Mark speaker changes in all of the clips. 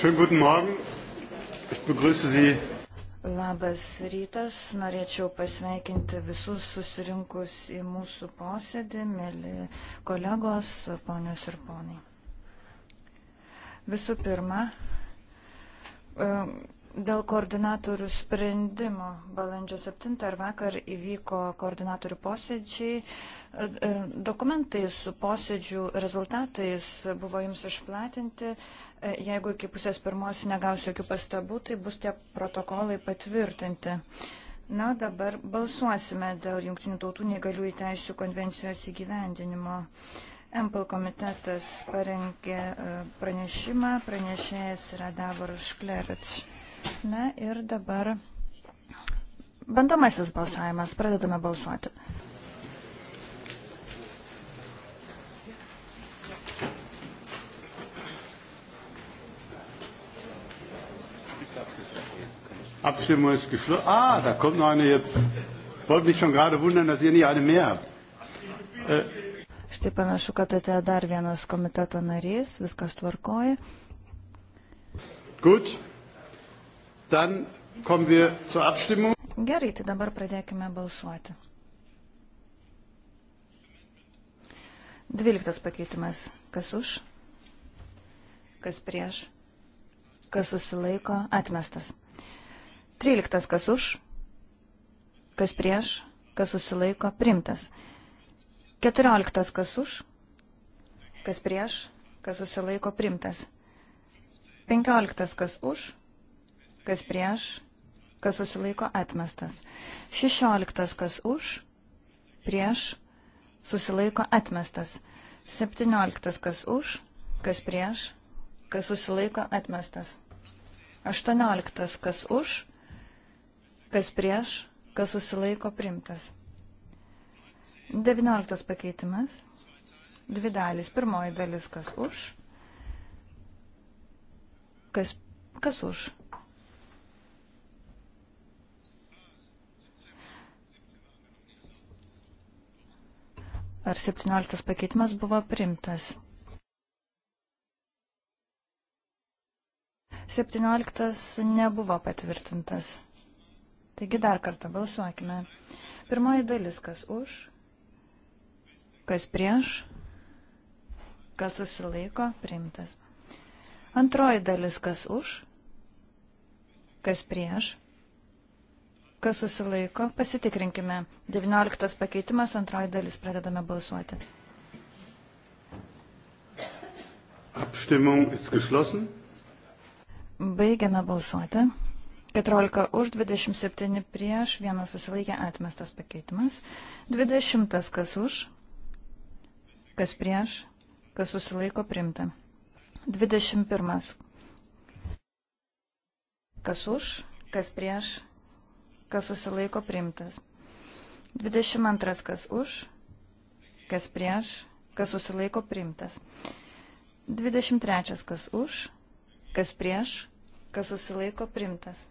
Speaker 1: Schönen guten Morgen. Ich begrüße Sie.
Speaker 2: Labas rytas. Norėčiau pasveikinti visus susirinkus į mūsų posėdį, mėly kolegos, ponios ir ponai. Visų pirma, um, Dėl koordinatorių sprendimo balandžio 7 ar vakar įvyko koordinatorių posėdžiai. E, e, dokumentai su posėdžių rezultatais buvo jums išplatinti. E, jeigu iki pusės pirmos negausiu jokių pastabų, tai bus tie protokolai patvirtinti. Na, dabar balsuosime dėl Junktinių tautų neįgaliųjų teisų konvencijos įgyvendinimo. MPL komitetas parengė pranešimą, pranešėjas yra Davor Šklerats. Na ir dabar bandomasis balsavimas. Pradedame balsuoti.
Speaker 1: Abstimmung ist geschlossen. Ah, da kommt noch eine jetzt. Ich wollte mich schon gerade wundern, dass ihr nicht eine mehr habt. Äh. Štai panašu,
Speaker 2: kad atėjo dar vienas komiteto narys, viskas tvarkoja.
Speaker 1: Gut, Dann kommen wir zur Abstimmung.
Speaker 2: Gerai, tai dabar pradėkime balsuoti. Dvyliktas pakeitimas. Kas už? Kas prieš? Kas susilaiko? Atmestas. Tryliktas. Kas už? Kas prieš? Kas susilaiko? Primtas. Keturioliktas. Kas už? Kas prieš? Kas susilaiko? Primtas. Penkioliktas. Kas už? kas prieš, kas susilaiko atmestas. 16. kas už, prieš, susilaiko atmestas. 17. kas už, kas prieš, kas susilaiko atmestas. 18. kas už, kas prieš, kas susilaiko primtas. 19. pakeitimas. Dvi dalis. Pirmoji dalis kas už, kas, kas už, ar 17 pakeitimas buvo primtas. 17 nebuvo patvirtintas. Taigi dar kartą balsuokime. Pirmoji dalis, kas už, kas prieš, kas susilaiko, priimtas. Antroji dalis, kas už, kas prieš, Kas susilaiko? Pasitikrinkime. 19 pakeitimas, antroji dalis, pradedame balsuoti.
Speaker 1: Abstimmung ist geschlossen.
Speaker 2: Baigiame balsuoti. 14 už, 27 prieš, vienas susilaikė atmestas pakeitimas. 20 kas už, kas prieš, kas susilaiko primta. 21 kas už, kas prieš, kas susilaiko priimtas. 22 kas už, kas prieš, kas susilaiko priimtas. 23 kas už, kas prieš, kas susilaiko priimtas.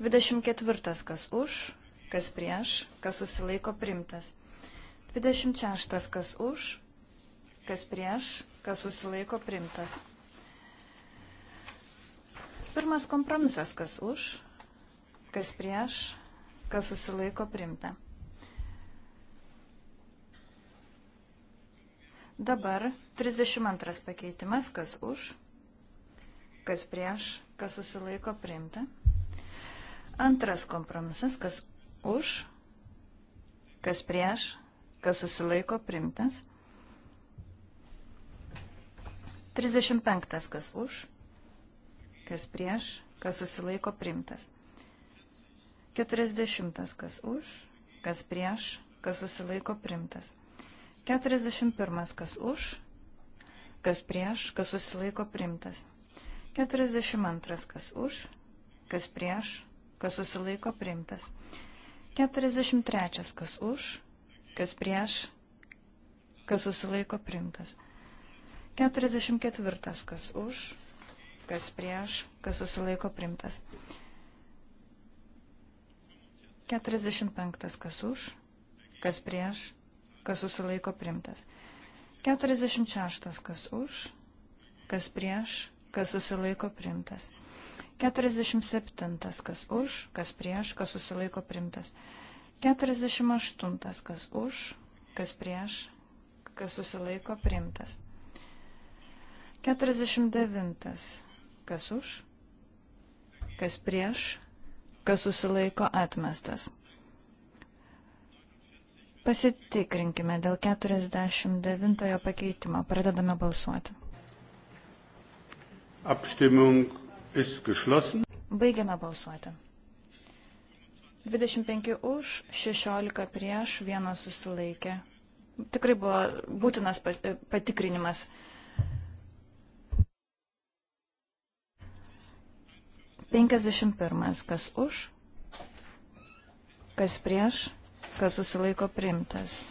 Speaker 2: 24 kas už, kas prieš, kas susilaiko priimtas. 26 kas už, kas prieš, kas susilaiko priimtas. Pirmas kompromisas kas už, kas prieš, kas susilaiko primta. Dabar 32 pakeitimas, kas už, kas prieš, kas susilaiko primta. Antras kompromisas, kas už, kas prieš, kas susilaiko primtas. 35 kas už, kas prieš, kas susilaiko primtas. 40. Kas už, kas prieš, kas susilaiko primtas. 41. Kas už, kas prieš, kas susilaiko primtas. 42. Kas už, kas prieš, kas susilaiko primtas. 43. Kas už, kas prieš, kas susilaiko primtas. 44. Kas už, kas prieš, kas susilaiko primtas. 45. Kas už, kas prieš, kas susilaiko primtas. 46. Kas už, kas prieš, kas susilaiko primtas. 47. Kas už, kas prieš, kas susilaiko primtas. 48. Kas už, kas prieš, kas susilaiko primtas. 49. Kas už, kas prieš, kas susilaiko atmestas. Pasitikrinkime dėl 49 pakeitimo. Pradedame balsuoti.
Speaker 1: Abstimmung ist geschlossen.
Speaker 2: Baigiame balsuoti. 25 už, 16 prieš, vienas susilaikė. Tikrai buvo būtinas patikrinimas. 51. Kas už, kas prieš, kas susilaiko primtas.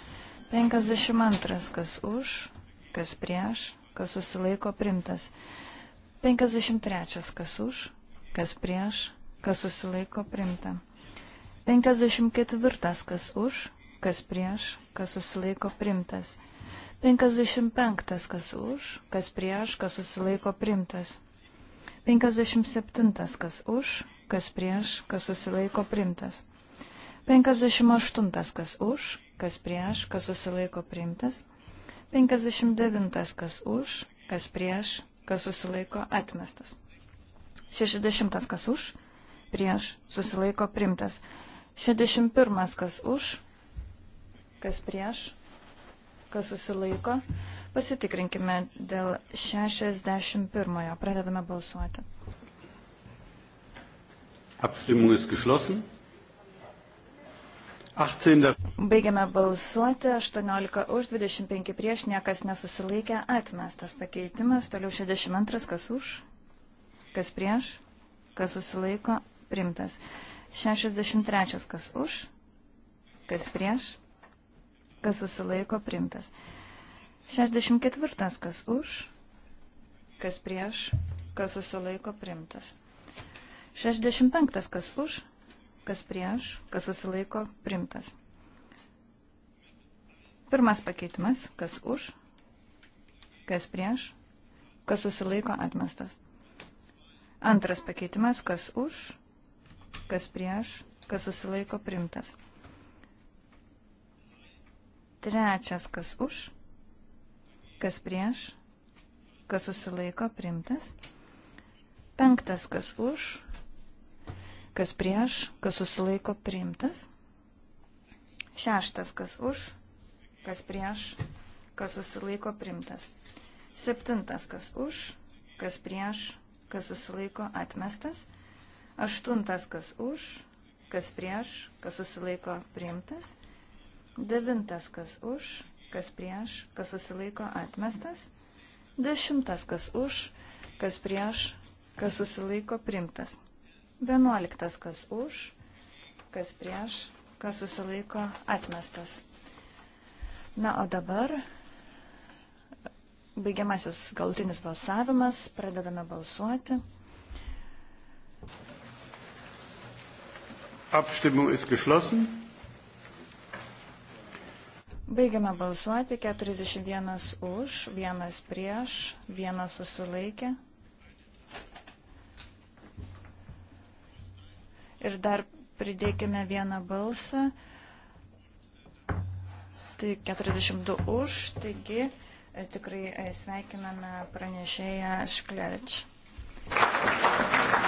Speaker 2: 52. Kas už, kas prieš, kas susilaiko primtas. 53. Kas už, kas prieš, kas susilaiko primta. 54. Kas už, kas prieš, kas susilaiko primtas. 55. Kas už, kas prieš, kas susilaiko primtas. 57. Kas už, kas prieš, kas susilaiko primtas. 58. Kas už, kas prieš, kas susilaiko primtas. 59. Kas už, kas prieš, kas susilaiko atmestas. 60. Kas už, prieš, susilaiko primtas. 61. Kas už, kas prieš, kas susilaiko. Pasitikrinkime dėl 61. Pradedame balsuoti.
Speaker 1: Abstimmung ist geschlossen. 18.
Speaker 2: Baigiame balsuoti. 18 už, 25 prieš, niekas nesusilaikė. Atmestas pakeitimas. Toliau 62. Kas už? Kas prieš? Kas susilaiko? Primtas. 63. Kas už? Kas prieš? kas susilaiko primtas. 64. Kas už, kas prieš, kas susilaiko primtas. 65. Kas už, kas prieš, kas susilaiko primtas. Pirmas pakeitimas, kas už, kas prieš, kas susilaiko atmestas. Antras pakeitimas, kas už, kas prieš, kas susilaiko primtas. Trečias, kas už, kas prieš, kas susilaiko, primtas. Penktas, kas už, kas prieš, kas susilaiko, primtas. Šeštas, kas už, kas prieš, kas susilaiko, primtas. Septintas, kas už, kas prieš, kas susilaiko, atmestas. Aštuntas, kas už, kas prieš, kas susilaiko, primtas. Devintas, kas už, kas prieš, kas susilaiko atmestas. Dešimtas, kas už, kas prieš, kas susilaiko primtas. Vienuoliktas, kas už, kas prieš, kas susilaiko atmestas. Na, o dabar baigiamasis galutinis balsavimas, pradedame balsuoti.
Speaker 1: Abstimmung ist geschlossen.
Speaker 2: Baigiame balsuoti. 41 už, 1 prieš, 1 susilaikė. Ir dar pridėkime vieną balsą. Tai 42 už, taigi e, tikrai e, sveikiname pranešėją Šklevič. Thank you.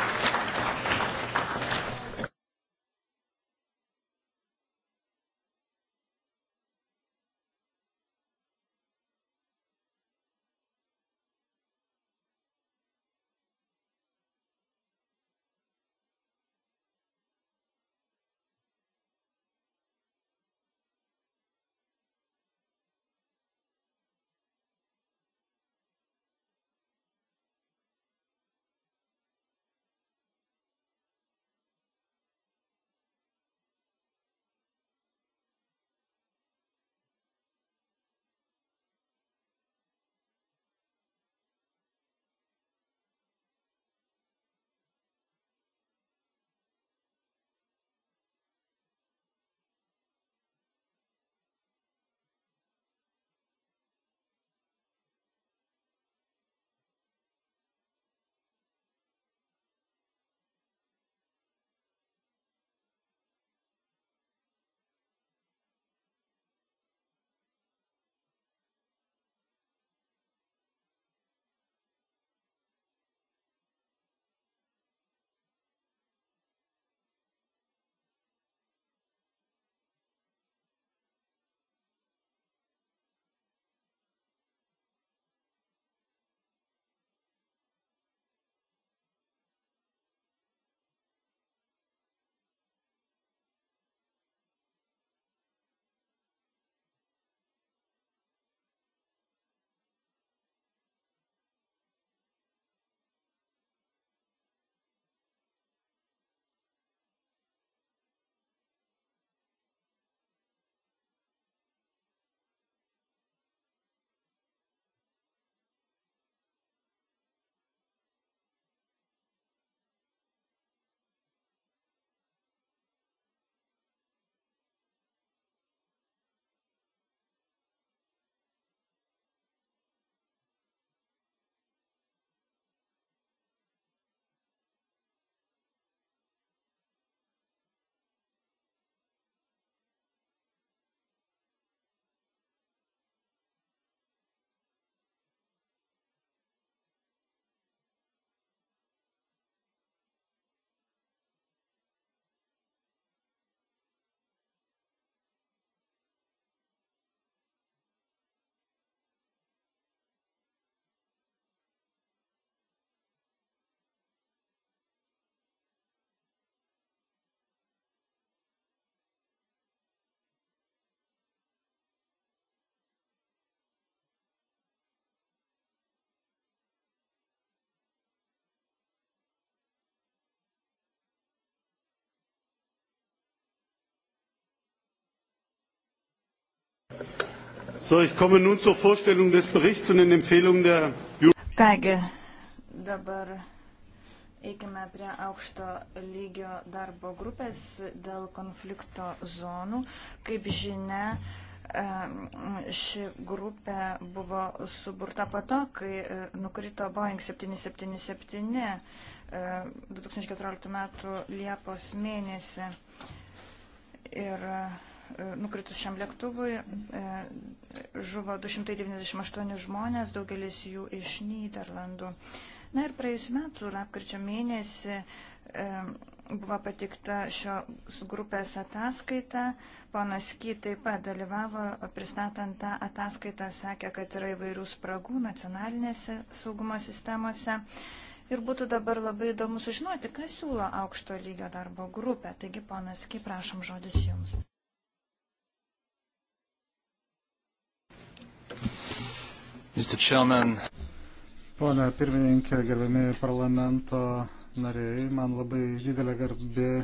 Speaker 1: So, ich komme nun zur Vorstellung des Berichts und den Empfehlungen der Kągi,
Speaker 2: dabar eikime prie aukšto lygio darbo grupės dėl konflikto zonų. Kaip žinia, ši grupė buvo suburta po to, kai e, nukrito Boeing 777 2014 m. Liepos mėnesį. Ir nukritus šiam lėktuvui e, žuvo 298 žmonės, daugelis jų iš Niderlandų. Na ir praėjusiu metu, lapkričio mėnesį, e, buvo patikta šio grupės ataskaita. Ponas Ky taip pat dalyvavo, pristatant tą ataskaitą, sakė, kad yra įvairių spragų nacionalinėse saugumo sistemose. Ir būtų dabar labai įdomu sužinoti, kas siūlo aukšto lygio darbo grupę. Taigi, ponas Ky, prašom žodis jums. Pone
Speaker 3: pirmininkė, gerbiami parlamento nariai, man labai didelė garbė e,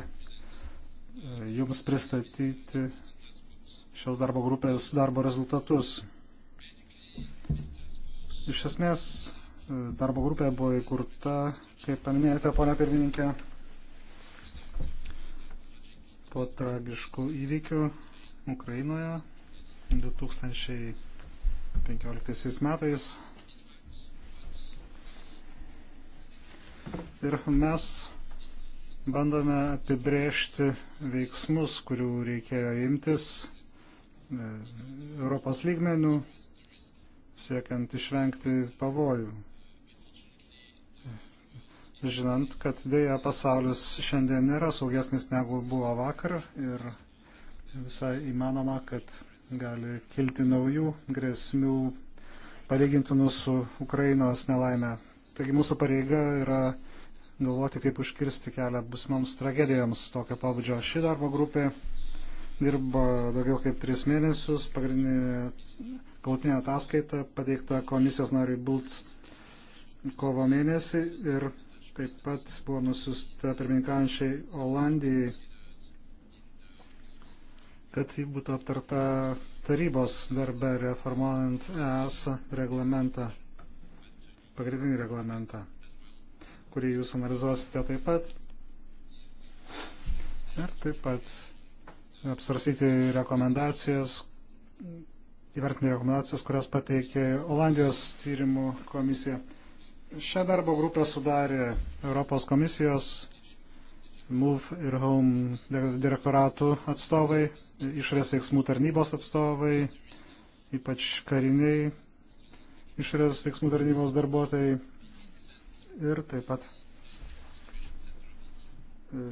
Speaker 3: Jums pristatyti šios darbo grupės darbo rezultatus. Iš esmės, e, darbo grupė buvo įkurta, kaip paminėjote, ponia pirmininkė, po tragiškų įvykių Ukrainoje 2000. 15 metais. Ir mes bandome apibrėžti veiksmus, kurių reikėjo imtis e, Europos lygmenių, siekiant išvengti pavojų. Žinant, kad dėja pasaulis šiandien nėra saugesnis negu buvo vakar ir visai įmanoma, kad gali kilti naujų grėsmių palygintinų su Ukrainos nelaime. Taigi mūsų pareiga yra galvoti, kaip užkirsti kelią busimoms tragedijoms tokio pabudžio. Ši darbo grupė dirba daugiau kaip tris mėnesius. Pagrindinė galutinė ataskaita pateikta komisijos nariui Bults kovo mėnesį ir taip pat buvo nusiusta pirmininkaujančiai Olandijai kad ji būtų aptarta tarybos darbe reformuojant ES reglamentą, pagrindinį reglamentą, kurį jūs analizuosite taip pat. Ir taip pat apsvarstyti rekomendacijas, įvertinti rekomendacijas, kurias pateikė Olandijos tyrimų komisija. Šią darbo grupę sudarė Europos komisijos MOVE ir HOME direktoratų atstovai, išorės veiksmų tarnybos atstovai, ypač kariniai išorės veiksmų tarnybos darbuotojai ir taip pat e,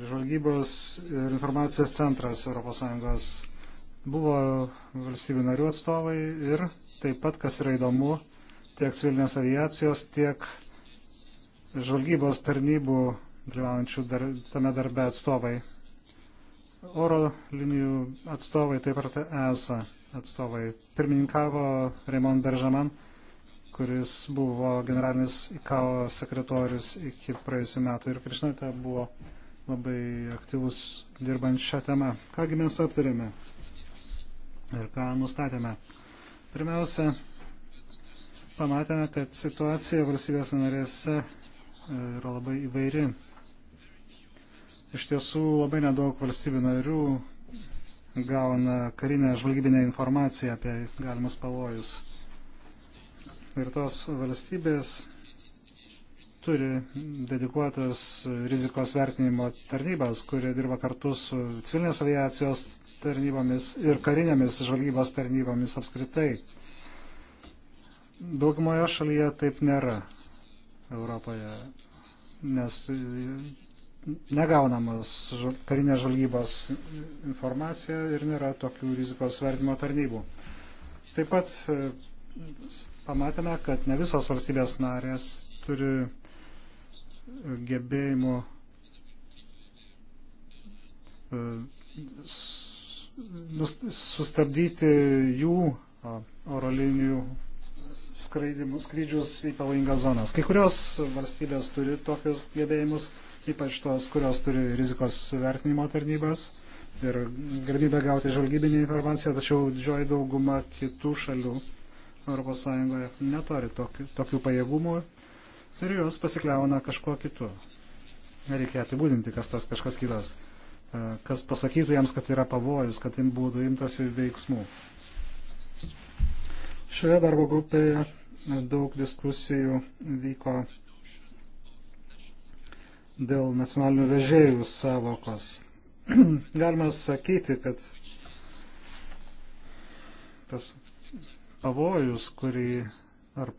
Speaker 3: žvalgybos ir informacijos centras ES. Buvo valstybių narių atstovai ir taip pat, kas yra įdomu, tiek civilinės aviacijos, tiek žvalgybos tarnybų dalyvaujančių dar, tame darbe atstovai. Oro linijų atstovai, taip pat ESA atstovai. Pirmininkavo Raimond Beržaman, kuris buvo generalinis ICAO sekretorius iki praėjusių metų ir, kaip žinote, buvo labai aktyvus dirbant šią temą. Kągi mes aptarėme ir ką nustatėme. Pirmiausia, pamatėme, kad situacija valstybės narėse e, yra labai įvairi. Iš tiesų labai nedaug valstybių narių gauna karinę žvalgybinę informaciją apie galimus pavojus. Ir tos valstybės turi dedikuotas rizikos vertinimo tarnybas, kurie dirba kartu su civilinės aviacijos tarnybomis ir karinėmis žvalgybos tarnybomis apskritai. Daugumoje šalyje taip nėra Europoje, nes negaunamos karinės žvalgybos informacija ir nėra tokių rizikos vertimo tarnybų. Taip pat e, pamatėme, kad ne visos valstybės narės turi gebėjimų e, sustabdyti jų oro linijų skrydžius į pavojingas zonas. Kai kurios valstybės turi tokius gebėjimus, ypač tos, kurios turi rizikos vertinimo tarnybas ir galimybę gauti žvalgybinį informaciją, tačiau didžioji dauguma kitų šalių ES neturi tokių, tokių pajėgumų ir jos pasikliauna kažkuo kitu. Nereikia apibūdinti, kas tas kažkas kitas, e, kas pasakytų jiems, kad yra pavojus, kad jiems būtų imtasi veiksmų. Šioje darbo grupėje daug diskusijų vyko dėl nacionalinių vežėjų savokos. Galima sakyti, kad tas pavojus, kurį ar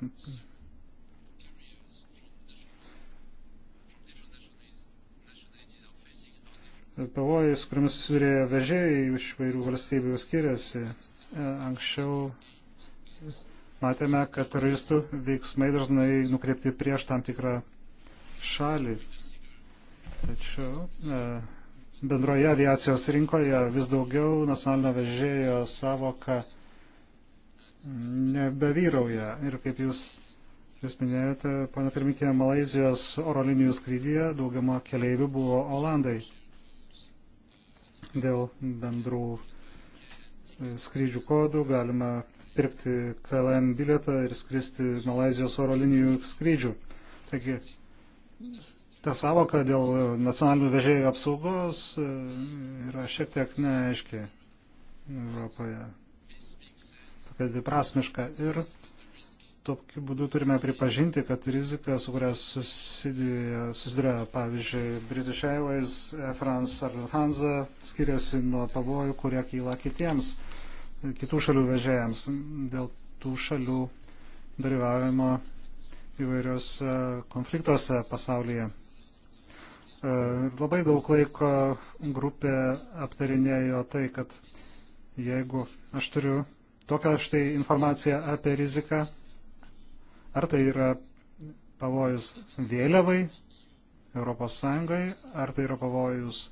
Speaker 3: pavojus, kuriamis susidurėjo vežėjai iš vairių valstybių skiriasi. E, anksčiau matėme, kad teroristų veiksmai dažnai nukreipti prieš tam tikrą šalį. Tačiau e, bendroje aviacijos rinkoje vis daugiau nacionalinio vežėjo savoka nebevyrauja. Ir kaip jūs vis minėjote, pana pirmininkė, Malazijos oro linijų skrydyje daugama keleivių buvo Olandai dėl bendrų e, skrydžių kodų galima pirkti KLM bilietą ir skristi Malazijos oro linijų skrydžių. Taigi ta savoka dėl nacionalinių vežėjų apsaugos e, yra šiek tiek neaiški Europoje. Tokia dviprasmiška. Ir tokiu būdu turime pripažinti, kad rizika, su kuria susiduria, pavyzdžiui, British Airways, France ar Lufthansa, skiriasi nuo pavojų, kurie kyla kitiems, kitų šalių vežėjams dėl tų šalių dalyvavimo įvairios konfliktuose pasaulyje. E, labai daug laiko grupė aptarinėjo tai, kad jeigu aš turiu tokią štai informaciją apie riziką, ar tai yra pavojus vėliavai Europos Sąjungai, ar tai yra pavojus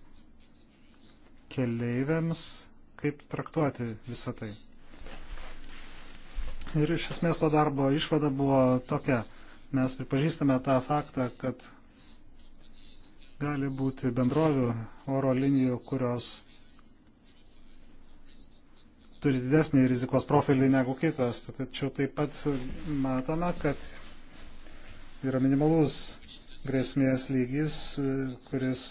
Speaker 3: keleiviams, kaip traktuoti visą tai. Ir iš esmės to darbo išvada buvo tokia. Mes pripažįstame tą faktą, kad gali būti bendrovių oro linijų, kurios turi didesnį rizikos profilį negu kitos. Tačiau taip pat matome, kad yra minimalus grėsmės lygis, kuris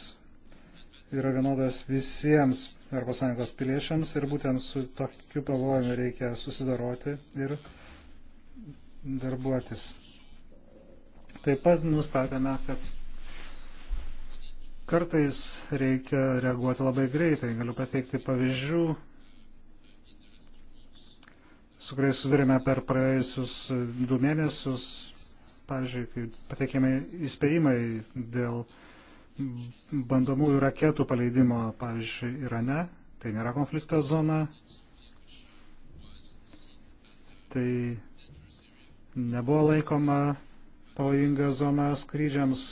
Speaker 3: yra vienodas visiems ES piliečiams ir būtent su tokiu pavojumi reikia susidoroti ir darbuotis. Taip pat nustatėme, kad Kartais reikia reaguoti labai greitai. Galiu pateikti pavyzdžių, su kuriais sudarėme per praėjusius du mėnesius. Pavyzdžiui, kai pateikėme įspėjimai dėl bandomųjų raketų paleidimo, pavyzdžiui, Irane, tai nėra konflikto zona, tai nebuvo laikoma pavojinga zona skrydžiams,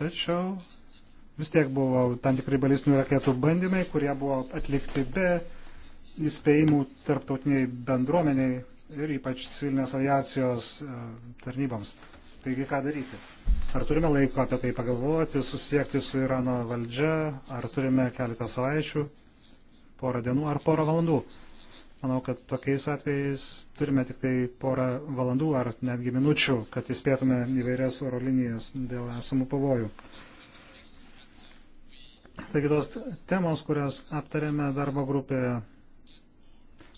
Speaker 3: tačiau vis tiek buvo tam tikrai balistinių raketų bandymai, kurie buvo atlikti be įspėjimų tarptautiniai bendruomeniai ir ypač civilinės aviacijos e, tarnyboms. Taigi ką daryti? Ar turime laiko apie tai pagalvoti, susiekti su Irano valdžia, ar turime keletą savaičių, porą dienų ar porą valandų? Manau, kad tokiais atvejais turime tik tai porą valandų ar netgi minučių, kad įspėtume įvairias oro linijas dėl esamų pavojų. Taigi tos temos, kurias aptarėme darbo grupėje,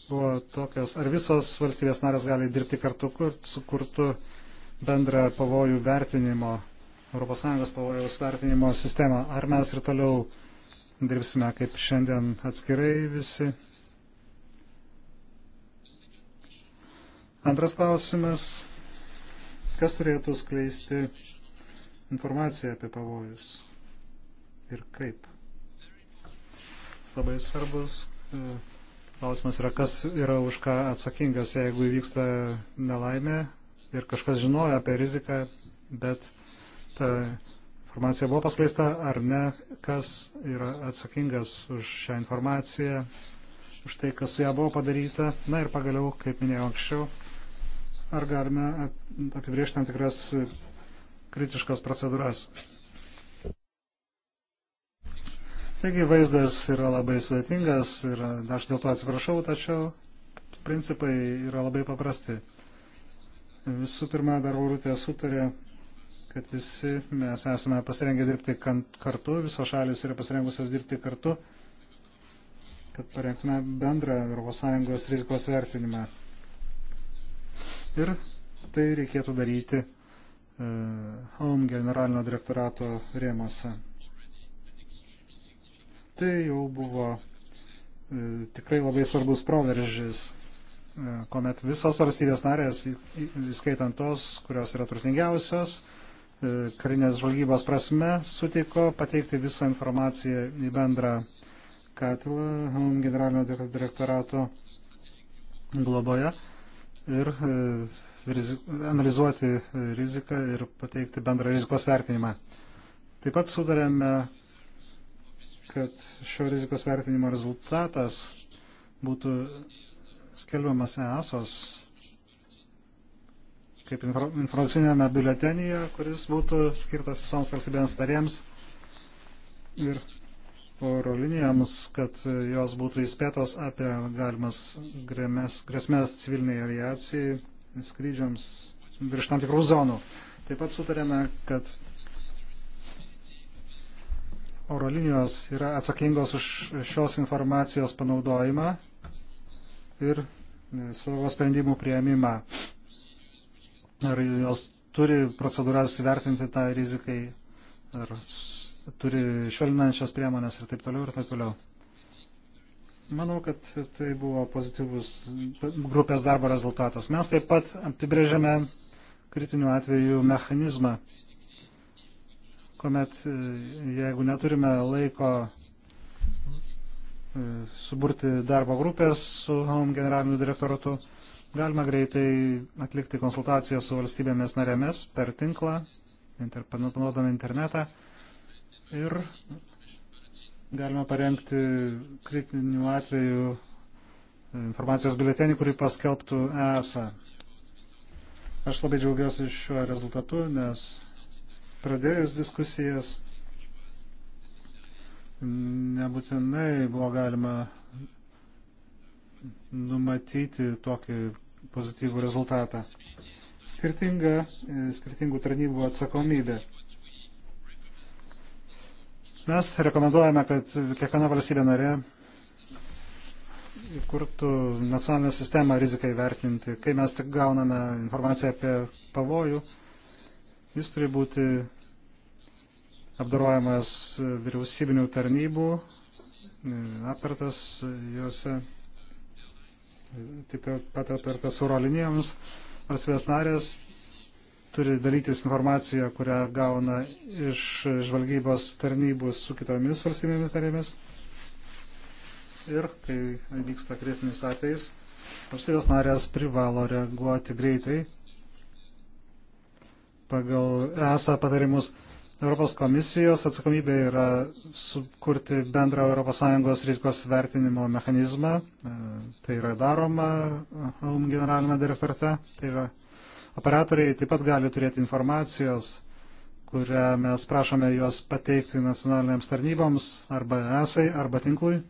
Speaker 3: buvo tokios, ar visos valstybės narės gali dirbti kartu, kur sukurtų bendrą pavojų vertinimo, ES pavojaus vertinimo sistemą. Ar mes ir toliau dirbsime kaip šiandien atskirai visi? Antras klausimas. Kas turėtų skleisti informaciją apie pavojus ir kaip? labai svarbus. E, Klausimas yra, kas yra už ką atsakingas, jeigu įvyksta nelaimė ir kažkas žinojo apie riziką, bet ta informacija buvo paskleista ar ne, kas yra atsakingas už šią informaciją, už tai, kas su ją buvo padaryta. Na ir pagaliau, kaip minėjau anksčiau, ar galime apibriežti tam tikras kritiškas procedūras. Taigi vaizdas yra labai sudėtingas ir aš dėl to atsiprašau, tačiau principai yra labai paprasti. Visų pirma, darbo rūtė sutarė, kad visi mes esame pasirengę dirbti kartu, visos šalis yra pasirengusios dirbti kartu, kad parengtume bendrą ES rizikos vertinimą. Ir tai reikėtų daryti e, HOME generalinio direktorato rėmose tai jau buvo e, tikrai labai svarbus proveržis, e, kuomet visos valstybės narės, įskaitant tos, kurios yra turtingiausios, e, karinės žvalgybos prasme sutiko pateikti visą informaciją į bendrą katilą Home generalinio direktorato globoje ir analizuoti riziką ir pateikti bendrą rizikos vertinimą. Taip pat sudarėme kad šio rizikos vertinimo rezultatas būtų skelbiamas EASOS kaip informacinėme biuletenyje, kuris būtų skirtas visoms valstybėms narėms ir oro linijams, kad jos būtų įspėtos apie galimas grėmės, grėsmės civiliniai aviacijai, skrydžiams virš tam tikrų zonų. Taip pat sutarėme, kad oro linijos yra atsakingos už šios informacijos panaudojimą ir e, savo sprendimų prieimimą. Ar jos turi procedūras vertinti tą tai rizikai, ar turi švelninančias priemonės ir taip toliau ir taip toliau. Manau, kad tai buvo pozityvus grupės darbo rezultatas. Mes taip pat apibrėžiame kritinių atvejų mechanizmą kuomet e, jeigu neturime laiko e, suburti darbo grupės su Home generaliniu direktoratu, galima greitai atlikti konsultaciją su valstybėmis narėmis per tinklą, inter, panaudodami internetą ir galima parengti kritinių atvejų e, informacijos biletenį, kurį paskelbtų ESA. Aš labai džiaugiuosi šiuo rezultatu, nes Pradėjus diskusijas nebūtinai buvo galima numatyti tokį pozityvų rezultatą. Skirtinga, skirtingų tarnybų atsakomybė. Mes rekomenduojame, kad kiekviena valstybė narė įkurtų nacionalinę sistemą rizikai vertinti. Kai mes tik gauname informaciją apie pavojų, Jis turi būti apdarojamas vyriausybinių tarnybų, apertas juose, taip pat apertas oro linijoms. Valstybės narės turi dalytis informaciją, kurią gauna iš žvalgybos tarnybų su kitomis valstybėmis narėmis. Ir kai vyksta kritinis atvejis, valstybės narės privalo reaguoti greitai pagal ESA patarimus Europos komisijos atsakomybė yra sukurti bendrą ES rizikos vertinimo mechanizmą. E, tai yra daroma HOM generalinėme direktorate. Tai yra operatoriai taip pat gali turėti informacijos, kurią mes prašome juos pateikti nacionalinėms tarnyboms arba ESAI arba tinklui.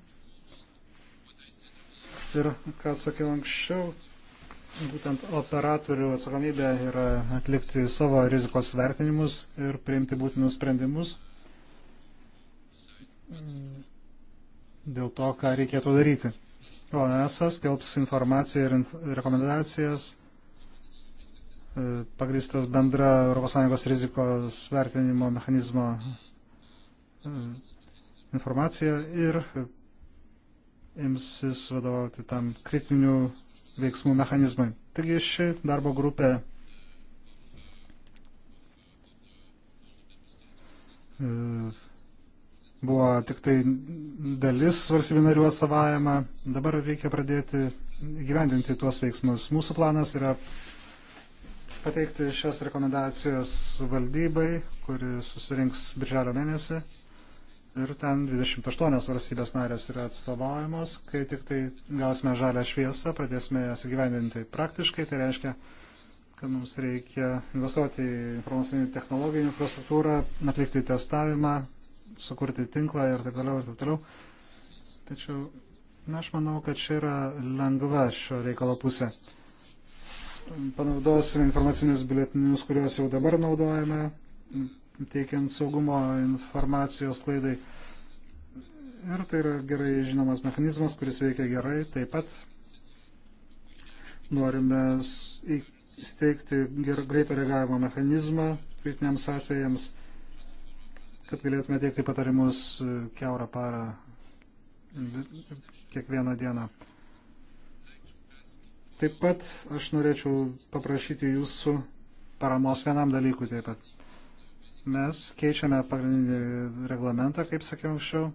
Speaker 3: Ir ką sakiau anksčiau, būtent operatorių atsakomybė yra atlikti savo rizikos vertinimus ir priimti būtinus sprendimus dėl to, ką reikėtų daryti. ONS skelbs informaciją ir inf rekomendacijas e, pagristas bendra ES rizikos vertinimo mechanizmo e, informacija ir e, imsis vadovauti tam kritinių veiksmų mechanizmai. Taigi ši darbo grupė e, buvo tik tai dalis valstybių narių atstovavimą. Dabar reikia pradėti gyvendinti tuos veiksmus. Mūsų planas yra pateikti šias rekomendacijas valdybai, kuri susirinks birželio mėnesį ir ten 28 valstybės narės yra atstovaujamos. Kai tik tai gausime žalę šviesą, pradėsime jas įgyvendinti praktiškai, tai reiškia, kad mums reikia investuoti į informacinių technologijų infrastruktūrą, atlikti testavimą, sukurti tinklą ir taip toliau ir taip toliau. Tačiau, na, aš manau, kad čia yra lengva šio reikalo pusė. Panaudosime informacinius biletinius, kuriuos jau dabar naudojame, teikiant saugumo informacijos klaidai. Ir tai yra gerai žinomas mechanizmas, kuris veikia gerai. Taip pat norime įsteigti greito reagavimo mechanizmą kritiniams atvejams, kad galėtume teikti patarimus e, keurą parą kiekvieną dieną. Taip pat aš norėčiau paprašyti jūsų paramos vienam dalykui taip pat. Mes keičiame pagrindinį reglamentą, kaip sakiau anksčiau.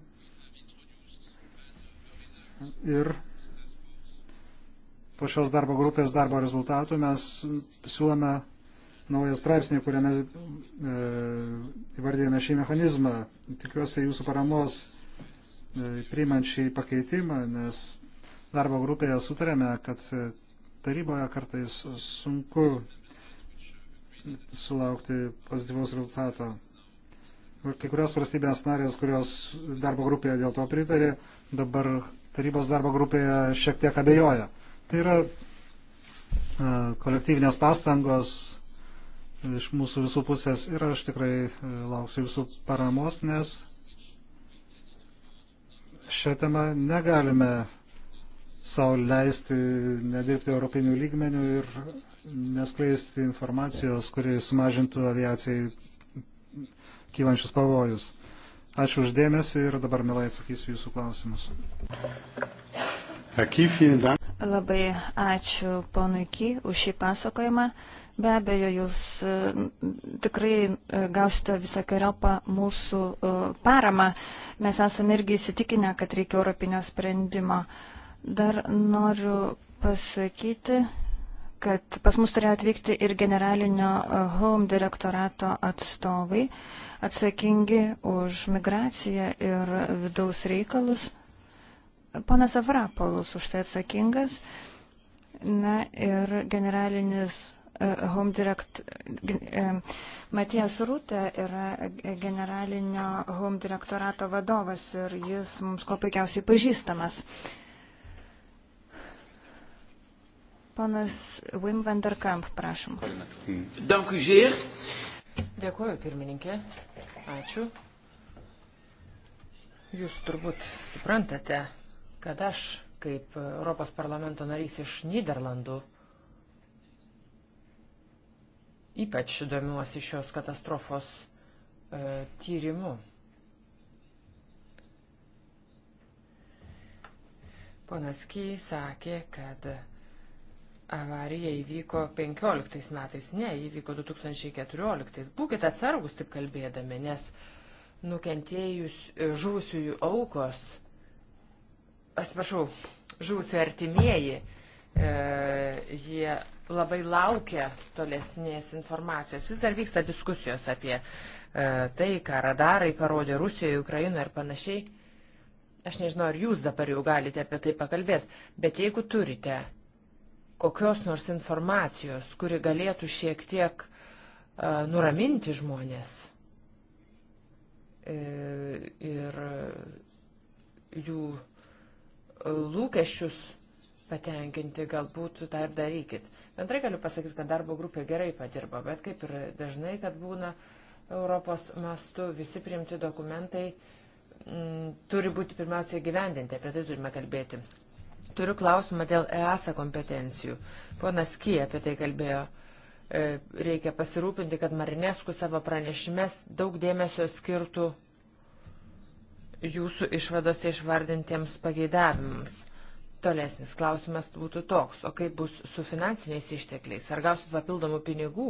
Speaker 3: Ir po šios darbo grupės darbo rezultatų mes siūlome naują straipsnį, kuriame e, įvardėjome šį mechanizmą. Tikiuosi jūsų paramos e, priimant šį pakeitimą, nes darbo grupėje sutarėme, kad e, taryboje kartais sunku sulaukti pozityvaus rezultato. Kai kurios valstybės narės, kurios darbo grupėje dėl to pritarė, dabar tarybos darbo grupėje šiek tiek abejoja. Tai yra e, kolektyvinės pastangos iš mūsų visų pusės ir aš tikrai e, lauksiu jūsų paramos, nes šią temą negalime savo leisti nedirbti europinių lygmenių ir neskleisti informacijos, kuri sumažintų aviacijai kylančius pavojus. Ačiū uždėmesi ir dabar mielai atsakysiu jūsų klausimus.
Speaker 2: Labai ačiū ponui Ky už šį pasakojimą. Be abejo, jūs e, tikrai e, gausite visokiojopą mūsų e, paramą. Mes esame irgi įsitikinę, kad reikia europinio sprendimo. Dar noriu pasakyti, kad pas mus turėjo atvykti ir generalinio e, Home direktorato atstovai, atsakingi už migraciją ir vidaus reikalus. Ponas Avrapolus už tai atsakingas. Na ir generalinis e, Home Direct, e, Matijas Rūtė yra generalinio Home direktorato vadovas ir jis mums kuo puikiausiai pažįstamas. Uh, Panas Wim van der Kamp, prašom.
Speaker 4: Dėkuoju, pirmininkė. Ačiū. Jūs turbūt suprantate, kad aš, kaip Europos parlamento narys iš Niderlandų, ypač domiuosi šios katastrofos e, tyrimu. Ponas Ky sakė, kad Avarija įvyko 15 metais, ne, įvyko 2014. Būkite atsargus taip kalbėdami, nes nukentėjus e, žuvusiųjų aukos, atsiprašau, žuvusių artimieji, e, jie labai laukia tolesnės informacijos. Vis dar vyksta diskusijos apie e, tai, ką radarai parodė Rusijoje, Ukrainoje ir panašiai. Aš nežinau, ar jūs dabar jau galite apie tai pakalbėti, bet jeigu turite kokios nors informacijos, kuri galėtų šiek tiek uh, nuraminti žmonės e, ir jų lūkesčius patenkinti, galbūt tą ir darykit. Bendrai galiu pasakyti, kad darbo grupė gerai padirba, bet kaip ir dažnai, kad būna Europos mastu, visi priimti dokumentai m, turi būti pirmiausiai gyvendinti, apie tai turime kalbėti. Turiu klausimą dėl EASA kompetencijų. Ponas Kyja apie tai kalbėjo. E, reikia pasirūpinti, kad Marinesku savo pranešimės daug dėmesio skirtų jūsų išvadose išvardintiems pageidavimams. Tolesnis klausimas būtų toks, o kaip bus su finansiniais ištekliais? Ar gausit papildomų pinigų?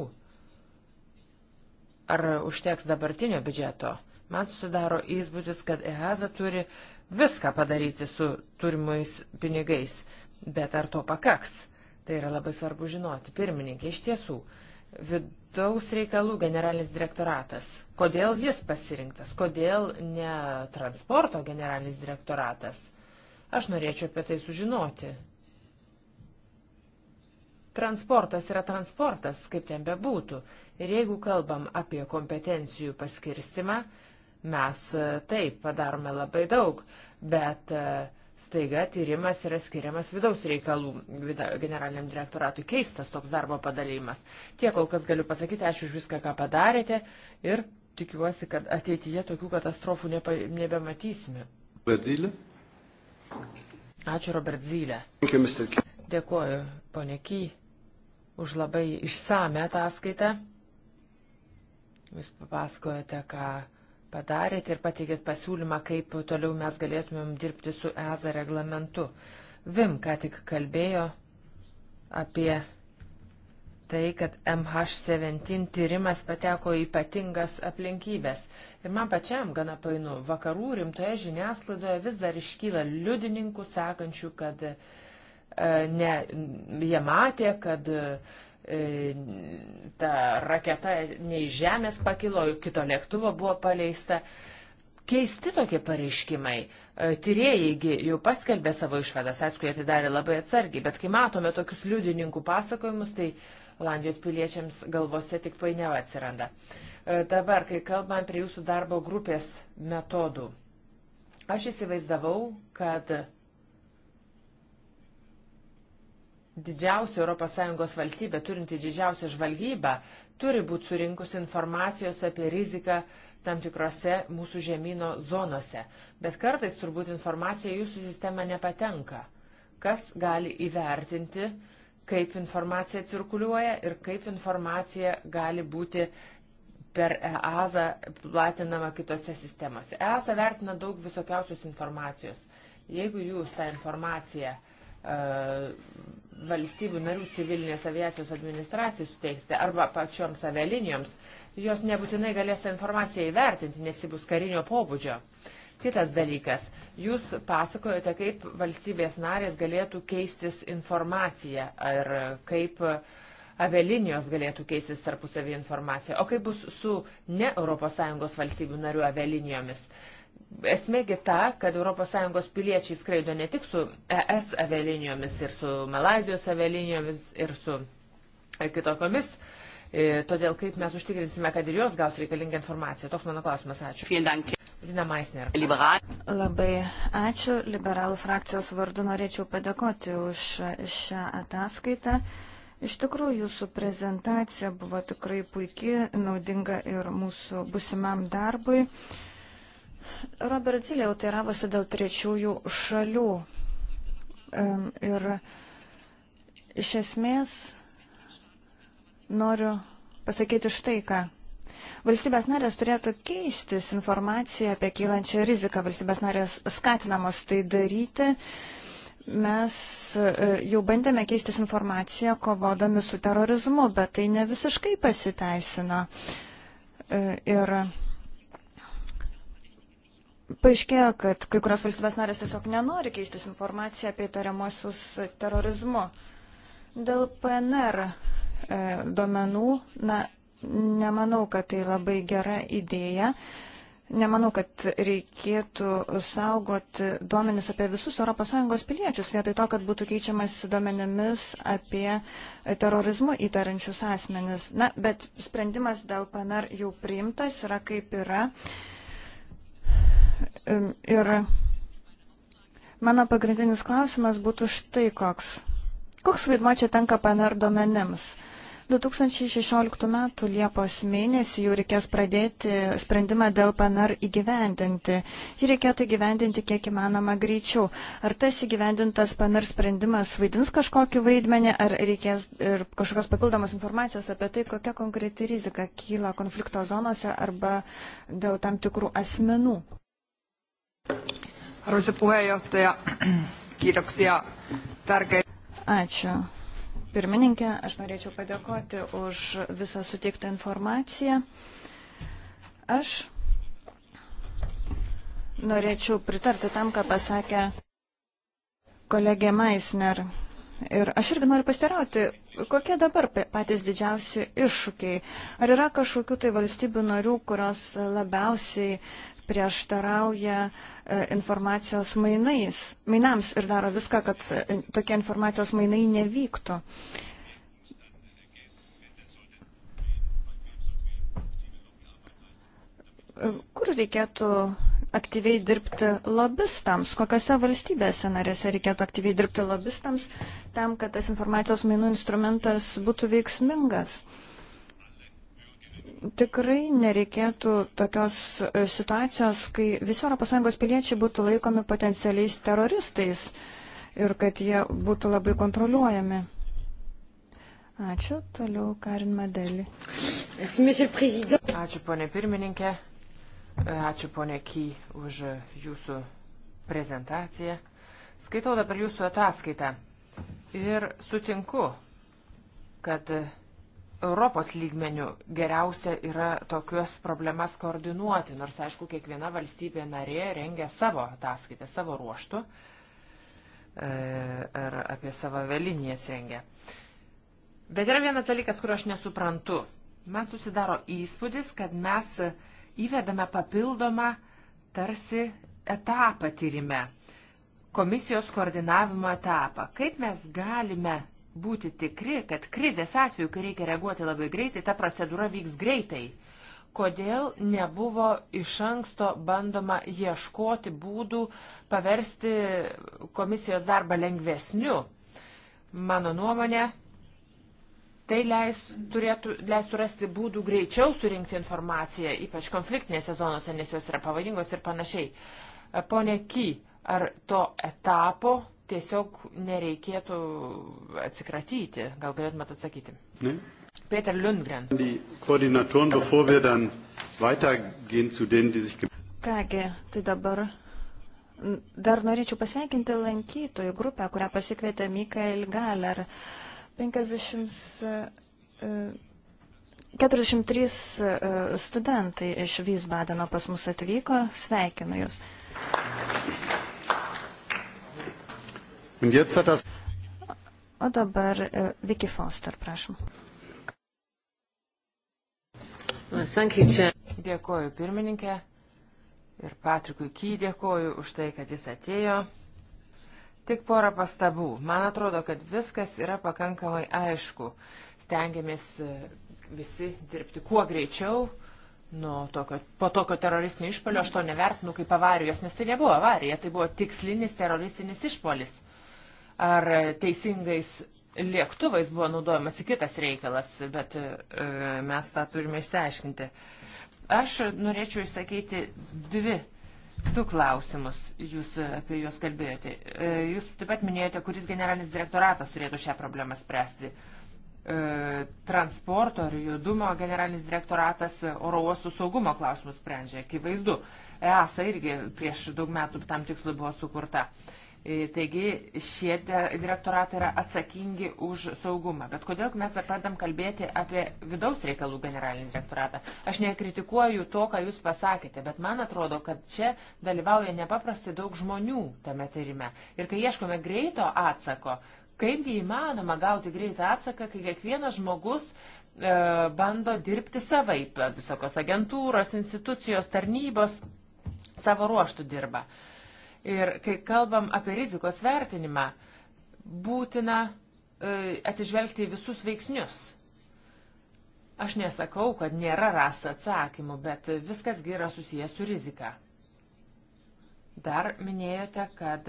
Speaker 4: Ar užteks dabartinio biudžeto? Man susidaro įspūdis, kad EASA turi uh, viską padaryti su turimais pinigais, bet ar to pakaks? Tai yra labai svarbu žinoti. Pirmininkė, iš tiesų, vidaus reikalų generalinis direktoratas. Kodėl jis pasirinktas? Kodėl ne transporto generalinis direktoratas? Aš norėčiau apie tai sužinoti. Transportas yra transportas, kaip ten bebūtų. Ir jeigu kalbam apie kompetencijų paskirstimą, Mes e, taip padarome labai daug, bet e, staiga tyrimas yra skiriamas vidaus reikalų generaliniam direktoratui. Keistas toks darbo padalymas. Tiek kol kas galiu pasakyti, ačiū už viską, ką padarėte ir tikiuosi, kad ateityje tokių katastrofų nepa, nebematysime. Bedylė. Ačiū Robert Zylė. Dėkuoju, ponė Ky, už labai išsame ataskaitą. Jūs papasakojate, ką padarėt ir pateikėt pasiūlymą, kaip toliau mes galėtumėm dirbti su EZA reglamentu. Vim ką tik kalbėjo apie tai, kad MH17 tyrimas pateko į ypatingas aplinkybės. Ir man pačiam gana painu, vakarų rimtoje žiniasklaidoje vis dar iškyla liudininkų sakančių, kad e, ne, jie matė, kad e, E, ta raketa nei žemės pakilo, kito lėktuvo buvo paleista. Keisti tokie pareiškimai. E, tyrėjai jau paskelbė savo išvadas, aišku, jie tai darė labai atsargiai, bet kai matome tokius liudininkų pasakojimus, tai Olandijos piliečiams galvose tik painiava atsiranda. E, dabar, kai kalbam prie jūsų darbo grupės metodų, aš įsivaizdavau, kad didžiausia ES valstybė, turinti didžiausią žvalgybą, turi būti surinkusi informacijos apie riziką tam tikrose mūsų žemynų zonose. Bet kartais turbūt informacija jūsų sistema nepatenka. Kas gali įvertinti, kaip informacija cirkuliuoja ir kaip informacija gali būti per EASA platinama kitose sistemose. EASA vertina daug visokiausios informacijos. Jeigu jūs tą informaciją uh, E, valstybių narių civilinės aviacijos administracijai suteiksite arba pačioms avialinijoms, jos nebūtinai galės tą informaciją įvertinti, nes ji bus karinio pobūdžio. Kitas dalykas, jūs pasakojote, kaip valstybės narės galėtų keistis informaciją ir kaip avialinijos galėtų keistis tarpusavį informaciją. O kaip bus su ne ES valstybių narių avialinijomis? Uh, Esmėgi ta, kad ES piliečiai skraido ne tik su ES avialinijomis ir su Malazijos avialinijomis ir su e, kitokiomis, e, todėl kaip mes užtikrinsime, kad ir jos gaus reikalingą informaciją. Toks mano klausimas. Ačiū. Zina Maisner. Liberal.
Speaker 2: Labai ačiū. Liberalų frakcijos vardu norėčiau padėkoti už šią ataskaitą. Iš tikrųjų, jūsų prezentacija buvo tikrai puikiai, naudinga ir mūsų busimam darbui. Uh, Robert Zilė jau teiravosi dėl trečiųjų šalių. Ir iš esmės noriu pasakyti štai ką. Valstybės narės turėtų keistis informaciją apie kylančią riziką. Valstybės narės skatinamos tai daryti. Mes e, jau bandėme keistis informaciją kovodami su terorizmu, bet tai ne visiškai pasiteisino. E, ir Paaiškėjo, kad kai kurios valstybės narės tiesiog nenori keistis informaciją apie įtariamuosius terorizmu. Dėl PNR e, duomenų, na, nemanau, kad tai labai gera idėja. Nemanau, kad reikėtų saugoti duomenis apie visus ES piliečius, vietoj to, kad būtų keičiamas duomenimis apie terorizmu įtarančius asmenis. Na, bet sprendimas dėl PNR jau priimtas yra kaip yra. E, Ir mano pagrindinis klausimas būtų štai koks. Koks vaidmo čia tenka PNR domenims? 2016 m. Liepos mėnesį jau reikės pradėti sprendimą dėl PNR įgyvendinti. Jį reikėtų įgyvendinti kiek įmanoma greičiau. Ar tas įgyvendintas PNR sprendimas vaidins kažkokį vaidmenį, ar reikės ir kažkokios papildomos informacijos apie tai, kokia konkreti rizika kyla konflikto zonose arba dėl tam tikrų asmenų? Arvoisa puheenjohtaja, kiitoksia tärkeitä. Ačiū. Pirmininkė, aš norėčiau padėkoti už visą suteiktą informaciją. Aš norėčiau pritarti tam, ką pasakė kolegė Maisner. Ir aš irgi noriu pastarauti, kokie dabar patys didžiausi iššūkiai? Ar yra kažkokių tai valstybių narių, kurios labiausiai prieštarauja e, informacijos mainais, mainams ir daro viską, kad e, tokie informacijos mainai nevyktų. E, kur reikėtų aktyviai dirbti lobistams, kokiose valstybėse narėse reikėtų aktyviai dirbti lobistams, tam, kad tas informacijos mainų instrumentas būtų veiksmingas. Uh, tikrai nereikėtų tokios e, situacijos, kai visi ES piliečiai būtų laikomi potencialiais teroristais ir kad jie būtų labai kontroliuojami. Ačiū. Toliau Karin Madelį.
Speaker 4: Ačiū, ponė pirmininkė. E, ačiū, ponė Ky, už jūsų prezentaciją. Skaitau dabar jūsų ataskaitą ir sutinku, kad Europos lygmenių geriausia yra tokias problemas koordinuoti, nors aišku, kiekviena valstybė narė rengia savo ataskaitę, savo ruoštų e, ar apie savo velinijas rengia. Bet yra vienas dalykas, kurio aš nesuprantu. Man susidaro įspūdis, kad mes įvedame papildomą tarsi etapą tyrime, komisijos koordinavimo etapą. Kaip mes galime būti tikri, kad krizės atveju, kai reikia reaguoti labai greitai, ta procedūra vyks greitai. Kodėl nebuvo iš anksto bandoma ieškoti būdų paversti komisijos darbą lengvesniu? Mano nuomonė, tai leis, turėtų, leistų rasti būdų greičiau surinkti informaciją, ypač konfliktinėse zonose, nes jos yra pavojingos ir panašiai. Pone Ky, ar to etapo tiesiog nereikėtų atsikratyti. Gal galėtumėt atsakyti? Ne? Peter Lundgren. Kągi, tai
Speaker 2: dabar dar norėčiau pasveikinti lankytojų grupę, kurią pasikvietė Mikael Galer. 50 43 studentai iš Vysbadeno pas mus atvyko. Sveikinu Jūs. O dabar e, Vicky Foster, prašom.
Speaker 4: Dėkoju pirmininkė ir Patrikui Ky dėkoju už tai, kad jis atėjo. Tik porą pastabų. Man atrodo, kad viskas yra pakankamai aišku. Stengiamės e, visi dirbti kuo greičiau. Nu, tokio, po tokio teroristinio išpolio aš to nevertinu kaip avarijos, nes tai nebuvo avarija, tai buvo tikslinis teroristinis išpolis. Uh, ar teisingais lėktuvais buvo naudojamas į kitas reikalas, bet e, mes tą turime išsiaiškinti. Aš norėčiau išsakyti dvi, du klausimus, jūs apie juos kalbėjote. E, jūs taip pat minėjote, kuris generalinis direktoratas turėtų šią problemą spręsti. E, transporto ir judumo generalinis direktoratas oro uostų saugumo klausimus sprendžia, akivaizdu. EASA irgi prieš daug metų tam tikslu buvo sukurta. Uh, E, taigi šie direktoratai yra atsakingi už saugumą. Bet kodėl mes pradam kalbėti apie vidaus reikalų generalinį direktoratą? Aš nekritikuoju to, ką jūs pasakėte, bet man atrodo, kad čia dalyvauja nepaprastai daug žmonių tame tyrime. Ir kai ieškome greito atsako, kaipgi įmanoma gauti greitą atsaką, kai kiekvienas žmogus e, bando dirbti savaip, visokios agentūros, institucijos, tarnybos savo ruoštų dirba. E, Ir kai kalbam apie rizikos vertinimą, būtina e, atsižvelgti į visus veiksnius. Aš nesakau, kad nėra rasta atsakymų, bet viskasgi yra susijęs su rizika. Dar minėjote, kad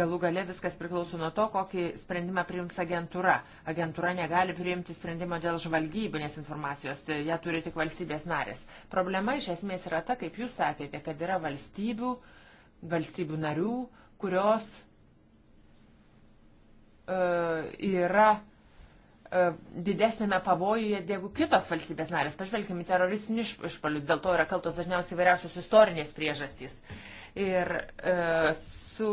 Speaker 4: galų gale viskas priklauso nuo to, kokį sprendimą priims agentūra. Agentūra negali priimti sprendimo dėl žvalgybinės informacijos, ją turi tik valstybės narės. Problema iš esmės yra ta, kaip jūs sakėte, kad yra valstybių, uh, valstybių narių, kurios uh, yra uh, didesnėme pavojuje negu kitos valstybės narės. Pažvelkime į teroristinius išpolius, dėl to yra kaltos dažniausiai vairiausios istorinės priežastys. Ir uh, su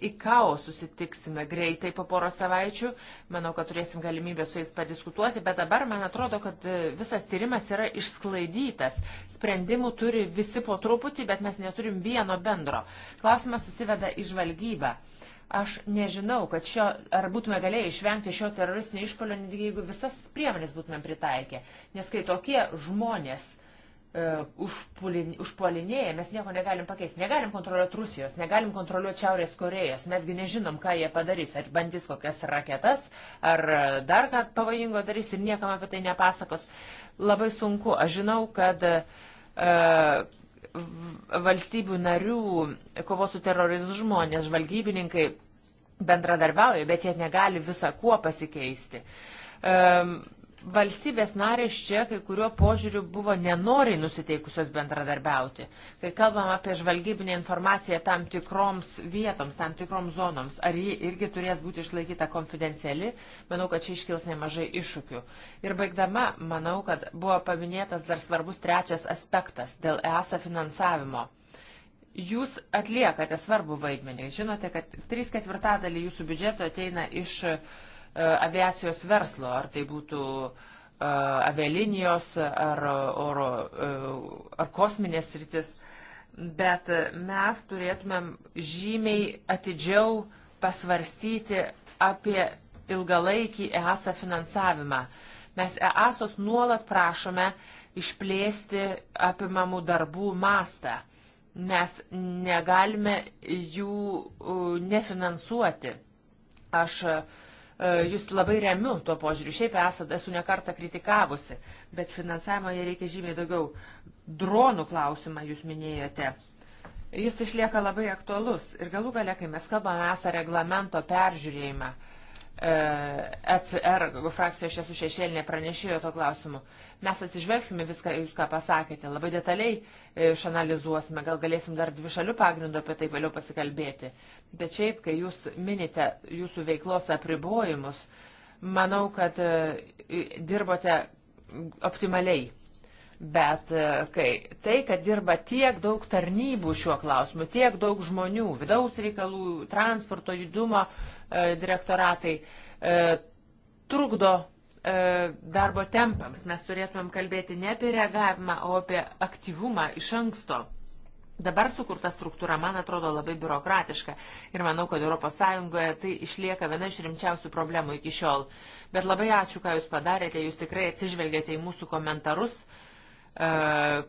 Speaker 4: ICAO susitiksime greitai po poro savaičių. Manau, kad turėsim galimybę su jais padiskutuoti, bet dabar man atrodo, kad e, visas tyrimas yra išsklaidytas. Sprendimų turi visi po truputį, bet mes neturim vieno bendro. Klausimas susiveda į žvalgybą. Aš nežinau, kad šio, ar būtume galėję išvengti šio teroristinio išpolio, netgi jeigu visas priemonės būtume pritaikę. Nes kai tokie žmonės E, užpuolinėja, mes nieko negalim pakeisti. Negalim kontroliuoti Rusijos, negalim kontroliuoti Šiaurės Korejos, mesgi nežinom, ką jie padarys, ar bandys kokias raketas, ar dar ką pavojingo darys ir niekam apie tai nepasakos. Labai sunku. Aš žinau, kad e, valstybių narių kovos su terorizmu žmonės, žvalgybininkai bendradarbiauja, bet jie negali visą kuo pasikeisti. E, valstybės narės čia kai kuriuo požiūriu buvo nenoriai nusiteikusios bendradarbiauti. Kai kalbam apie žvalgybinę informaciją tam tikroms vietoms, tam tikroms zonoms, ar ji irgi turės būti išlaikyta konfidenciali, manau, kad čia iškils nemažai iššūkių. Ir baigdama, manau, kad buvo paminėtas dar svarbus trečias aspektas dėl ESA finansavimo. Jūs atliekate svarbų vaidmenį. Žinote, kad 3 ketvirtadalį jūsų biudžeto ateina iš uh, E, aviacijos verslo, ar tai būtų e, avialinijos ar, oro, e, ar kosminės rytis, bet mes turėtumėm žymiai atidžiau pasvarstyti apie ilgalaikį EASA finansavimą. Mes EASOS nuolat prašome išplėsti apimamų darbų mastą. Mes negalime jų nefinansuoti. Aš uh, Jūs labai remiu tuo požiūriu. Šiaip esate, esu nekartą kritikavusi, bet finansavimo jie reikia žymiai daugiau. Dronų klausimą jūs minėjote. Jis išlieka labai aktualus. Ir galų gale, kai mes kalbame esą reglamento peržiūrėjimą, uh, ECR e frakcijos aš esu šešėlinė pranešėjo to klausimu. Mes atsižvelgsime viską, jūs ką pasakėte, labai detaliai e, išanalizuosime, gal galėsim dar dvi šalių pagrindų apie tai vėliau pasikalbėti. Bet šiaip, kai jūs minite jūsų veiklos apribojimus, manau, kad e, dirbote optimaliai. Bet kai tai, kad dirba tiek daug tarnybų šiuo klausimu, tiek daug žmonių, vidaus reikalų, transporto judumo, E, direktoratai e, trukdo e, darbo tempams. Mes turėtumėm kalbėti ne apie reagavimą, o apie aktyvumą iš anksto. Dabar sukurta struktūra, man atrodo, labai biurokratiška ir manau, kad ES tai išlieka viena iš rimčiausių problemų iki šiol. Bet labai ačiū, ką Jūs padarėte, Jūs tikrai atsižvelgėte į mūsų komentarus,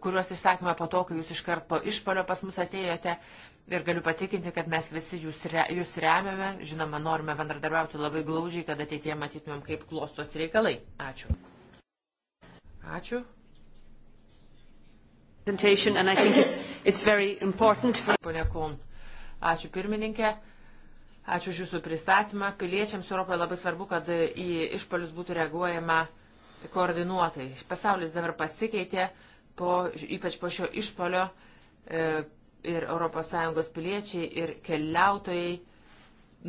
Speaker 4: kuriuos išsakėme po to, kai Jūs iškart po išpolio pas mus atėjote. Ir galiu patikinti, kad mes visi jūs, re, jūs remiame, žinoma, norime bendradarbiauti labai glaužiai, kad ateitie matytumėm, kaip klostos reikalai. Ačiū. Ačiū. It's, it's for... Pone Kun, ačiū pirmininkė. Ačiū už Jūsų pristatymą. Piliečiams Europoje labai svarbu, kad į išpalius būtų reaguojama koordinuotai. Pasaulis dabar pasikeitė, po, ypač po šio išpolio. E, ir ES piliečiai, ir keliautojai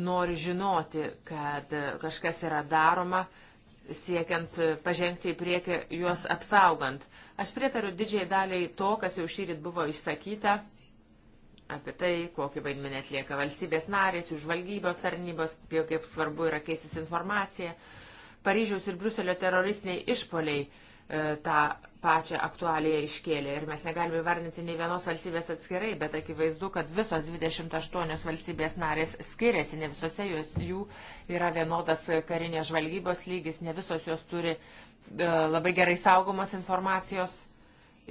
Speaker 4: nori žinoti, kad kažkas yra daroma, siekiant pažengti į priekį, juos apsaugant. Aš pritariu didžiai daliai to, kas jau šyrit buvo išsakyta apie tai, kokį vaidmenį atlieka valstybės narės, jų žvalgybos tarnybos, kaip svarbu yra keisis informacija. Paryžiaus ir Bruselio teroristiniai išpoliai E, tą pačią aktualiją iškėlė. Ir mes negalime įvardinti nei vienos valstybės atskirai, bet akivaizdu, kad visos 28 valstybės narės skiriasi, ne visose jos, jų yra vienodas karinės žvalgybos lygis, ne visos jos turi e, labai gerai saugomas informacijos.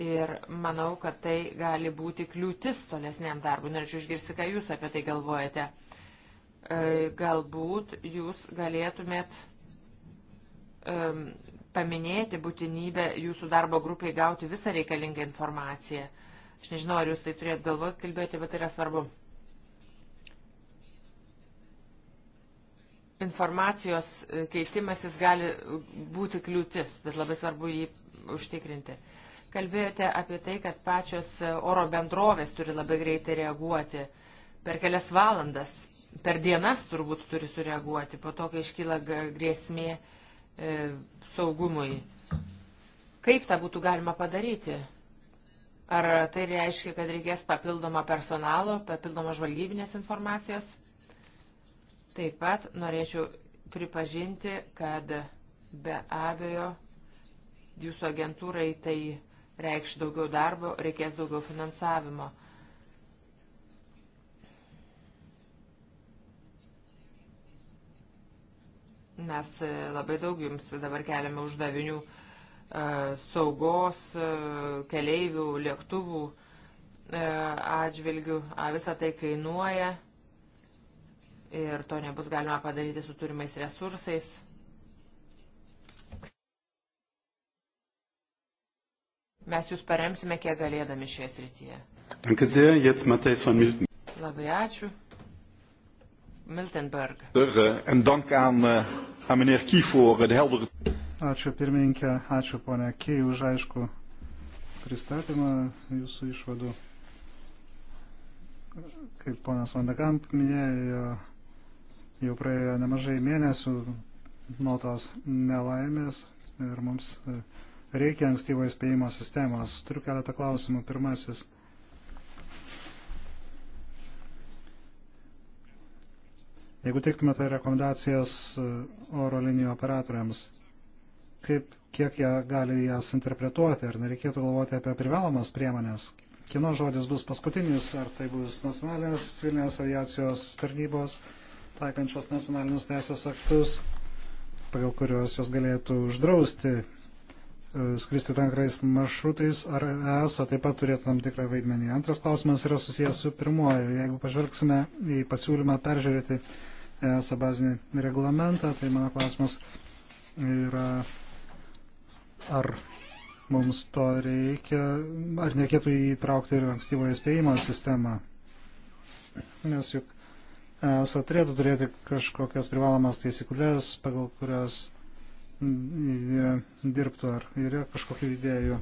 Speaker 4: Ir manau, kad tai gali būti kliūtis tolesniam darbui. Norėčiau išgirsti, ką jūs apie tai galvojate. E, galbūt jūs galėtumėt um, e, paminėti būtinybę jūsų darbo grupiai gauti visą reikalingą informaciją. Aš nežinau, ar jūs tai turėt galvoti, kalbėti, bet tai yra svarbu. Informacijos e, keitimasis gali būti kliūtis, bet labai svarbu jį užtikrinti. Kalbėjote apie tai, kad pačios e, oro bendrovės turi labai greitai reaguoti. Per kelias valandas, per dienas turbūt turi sureaguoti, po to, kai iškyla grėsmė e, saugumui. Kaip tą būtų galima padaryti? Ar tai reiškia, kad reikės papildomą personalo, papildomą žvalgybinės informacijos? Taip pat norėčiau pripažinti, kad be abejo jūsų agentūrai tai reikš daugiau darbo, reikės daugiau finansavimo. Mes e, labai daug jums dabar keliame uždavinių e, saugos, e, keleivių, lėktuvų atžvilgių. Visą tai kainuoja ir to nebus galima padaryti su turimais resursais. Mes jūs paremsime, kiek galėdami šioje srityje.
Speaker 3: Labai ačiū. Miltenberg.
Speaker 1: Eh, en dank aan, eh, aan meneer Kie voor eh, de heldere.
Speaker 3: Ačiū pirmininkė, ačiū ponia Kie už aišku pristatymą jūsų išvadų. Kaip ponas Vandekamp minėjo, jau praėjo nemažai mėnesių nuo tos nelaimės ir mums reikia ankstyvo įspėjimo sistemos. Turiu keletą klausimų. Pirmasis. Jeigu teiktumėte tai rekomendacijas e, oro linijų operatoriams, kaip, kiek jie gali jas interpretuoti, ar nereikėtų galvoti apie privalomas priemonės, kino žodis bus paskutinis, ar tai bus nacionalinės civilinės aviacijos tarnybos, taikančios nacionalinius teisės aktus, pagal kuriuos jos galėtų uždrausti e, skristi tankrais maršrutais, ar ESO taip pat turėtų tam tikrą vaidmenį. Antras klausimas yra susijęs su pirmuoju. Jeigu pažvelgsime į pasiūlymą peržiūrėti ESA bazinį reglamentą, tai mano klausimas yra, ar mums to reikia, ar nereikėtų įtraukti ir ankstyvo įspėjimo sistemą. Nes juk ESA turėtų turėti kažkokias privalomas taisyklės, pagal kurias jie dirbtų, ar yra kažkokių idėjų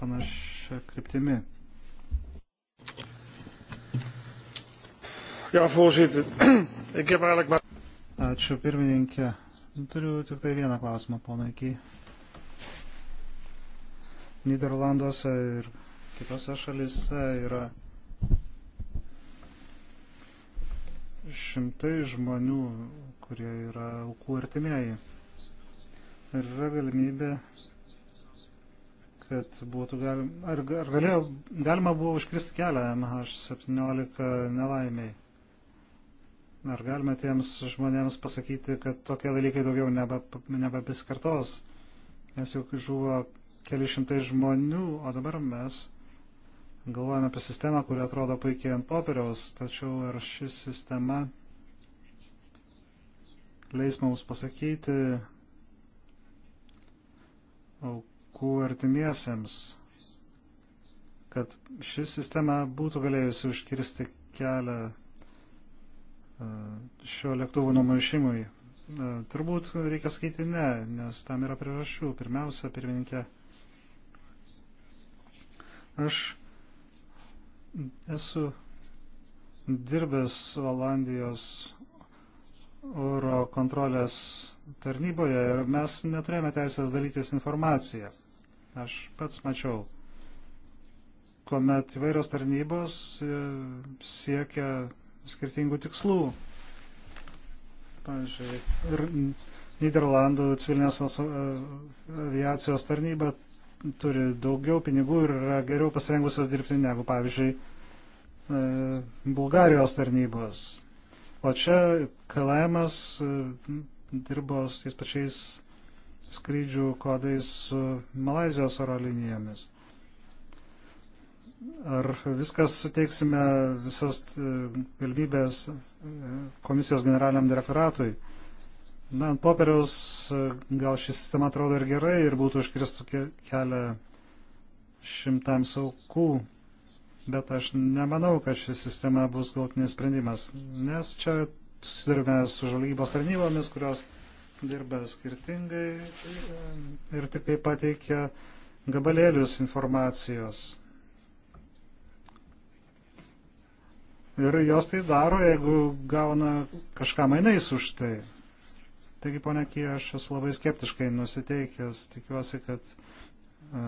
Speaker 3: panašia kryptimi. Ja, voorzitter. Ik heb eigenlijk maar... Ačiū pirmininkė. Turiu tik tai vieną klausimą, ponai Ky. Niderlanduose ir kitose šalise yra šimtai žmonių, kurie yra aukų artimieji. Ir yra galimybė, kad būtų galima, ar, ar galėjo, galima buvo užkristi kelią MH17 nelaimiai. Ar galime tiems žmonėms pasakyti, kad tokie dalykai daugiau nebepasikartos, nes juk žuvo keli šimtai žmonių, o dabar mes galvojame apie sistemą, kuri atrodo puikiai ant popieriaus, tačiau ar ši sistema leis mums pasakyti aukų artimiesiems, kad ši sistema būtų galėjusi užkirsti kelią E, šio lėktuvo numalšimui. E, turbūt reikia sakyti ne, nes tam yra priežasčių. Pirmiausia, pirmininkė, aš esu dirbęs Olandijos oro kontrolės tarnyboje ir mes neturėjome teisės dalytis informaciją. Aš pats mačiau, kuomet įvairios tarnybos e, siekia skirtingų tikslų. Pavyzdžiui, ir Niderlandų civilinės aviacijos tarnyba turi daugiau pinigų ir yra geriau pasirengusios dirbti negu, pavyzdžiui, Bulgarijos tarnybos. O čia KLM dirbo tais pačiais skrydžių kodais su Malazijos oro linijomis ar viskas suteiksime visas e, galimybės e, komisijos generaliniam direktoratui. Na, ant popieriaus e, gal ši sistema atrodo ir gerai ir būtų užkirstų kelią šimtams aukų, bet aš nemanau, kad ši sistema bus galtinis sprendimas, nes čia susidurime su žvalgybos tarnybomis, kurios dirba skirtingai ir tik tai pateikia gabalėlius informacijos Ir jos tai daro, jeigu gauna kažką mainais už tai. Taigi, ponia Kyja, aš esu labai skeptiškai nusiteikęs. Tikiuosi, kad uh, e,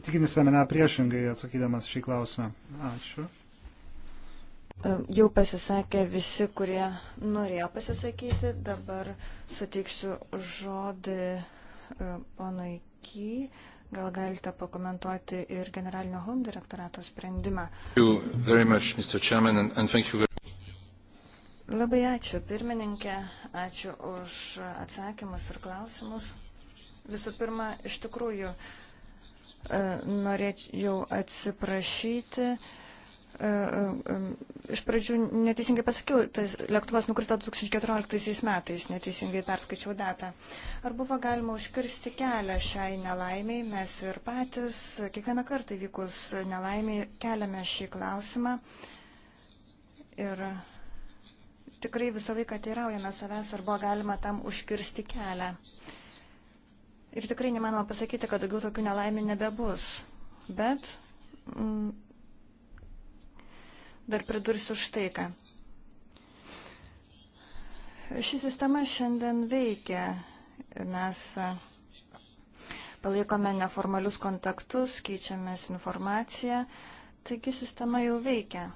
Speaker 3: įtikinsite mane priešingai atsakydamas šį klausimą. Ačiū.
Speaker 2: E, jau pasisakė visi, kurie norėjo pasisakyti. Dabar suteiksiu žodį uh, e, ponai Kyja Gal galite pakomentuoti ir generalinio HOM direktorato sprendimą. Labai ačiū, pirmininkė, ačiū už atsakymus ir klausimus. Visų pirma, iš tikrųjų, e, norėčiau atsiprašyti E, e, e, iš pradžių neteisingai pasakiau, tas lėktuvas nukrito 2014 metais, neteisingai perskaičiau datą. Ar buvo galima užkirsti kelią šiai nelaimiai? Mes ir patys kiekvieną kartą vykus nelaimiai keliame šį klausimą. Ir tikrai visą laiką teiraujame savęs, ar buvo galima tam užkirsti kelią. Ir tikrai nemanoma pasakyti, kad daugiau tokių nelaimių nebebus. Bet m, mm, dar pridursiu štai ką. Ši sistema šiandien veikia. Mes palaikome neformalius kontaktus, keičiamės informaciją, taigi sistema jau veikia.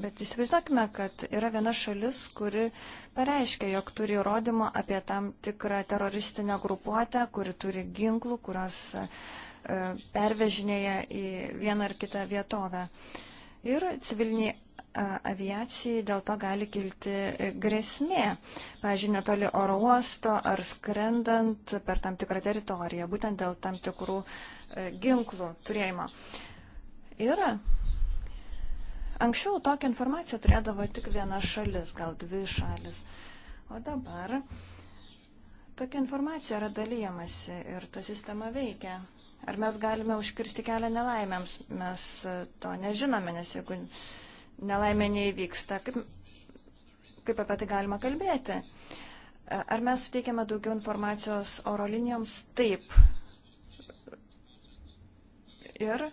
Speaker 2: Bet įsivaizduokime, kad yra viena šalis, kuri pareiškia, jog turi įrodymą apie tam tikrą teroristinę grupuotę, kuri turi ginklų, kurios uh, E, pervežinėja į vieną ar kitą vietovę. Ir civiliniai aviacijai dėl to gali kilti e, grėsmė. Pavyzdžiui, netoli oro uosto ar skrendant per tam tikrą teritoriją, būtent dėl tam tikrų e, ginklų turėjimo. Ir anksčiau tokią informaciją turėdavo tik viena šalis, gal dvi šalis. O dabar tokia informacija yra dalyjamasi ir ta sistema veikia. Ar mes galime užkirsti kelią nelaimėms? Mes e, to nežinome, nes jeigu nelaimė neįvyksta, kaip, kaip apie tai galima kalbėti? E, ar mes suteikiame daugiau informacijos oro linijoms? Taip. Ir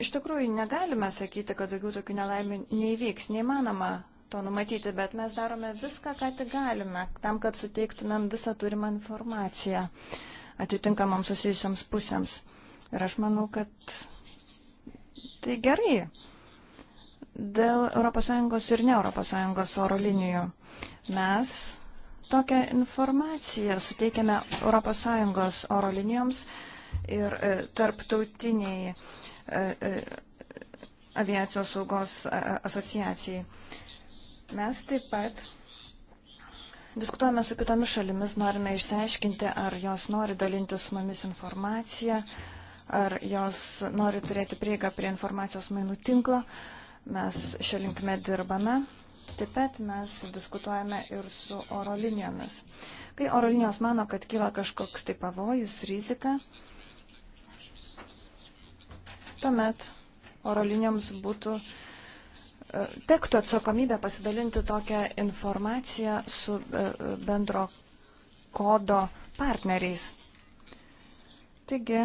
Speaker 2: iš tikrųjų negalime sakyti, kad daugiau tokių nelaimių neįvyks, neįmanoma to numatyti, bet mes darome viską, ką tik galime, tam, kad suteiktumėm visą turimą informaciją atitinkamam susijusiams pusėms. Ir aš manau, kad tai gerai dėl ES ir ne ES oro linijų. Mes tokią informaciją suteikiame ES oro linijoms ir e, tarptautiniai e, e, aviacijos saugos asociacijai. Mes taip pat diskutuojame su kitomis šalimis, norime išsiaiškinti, ar jos nori dalintis su mumis informaciją, ar jos nori turėti prieigą prie informacijos mainų tinklo. Mes šią linkme dirbame. Taip pat mes diskutuojame ir su oro linijomis. Kai oro linijos mano, kad kyla kažkoks tai pavojus, rizika, tuomet oro linijoms būtų uh, tektų atsakomybė pasidalinti tokią informaciją su e, e, bendro kodo partneriais. Taigi,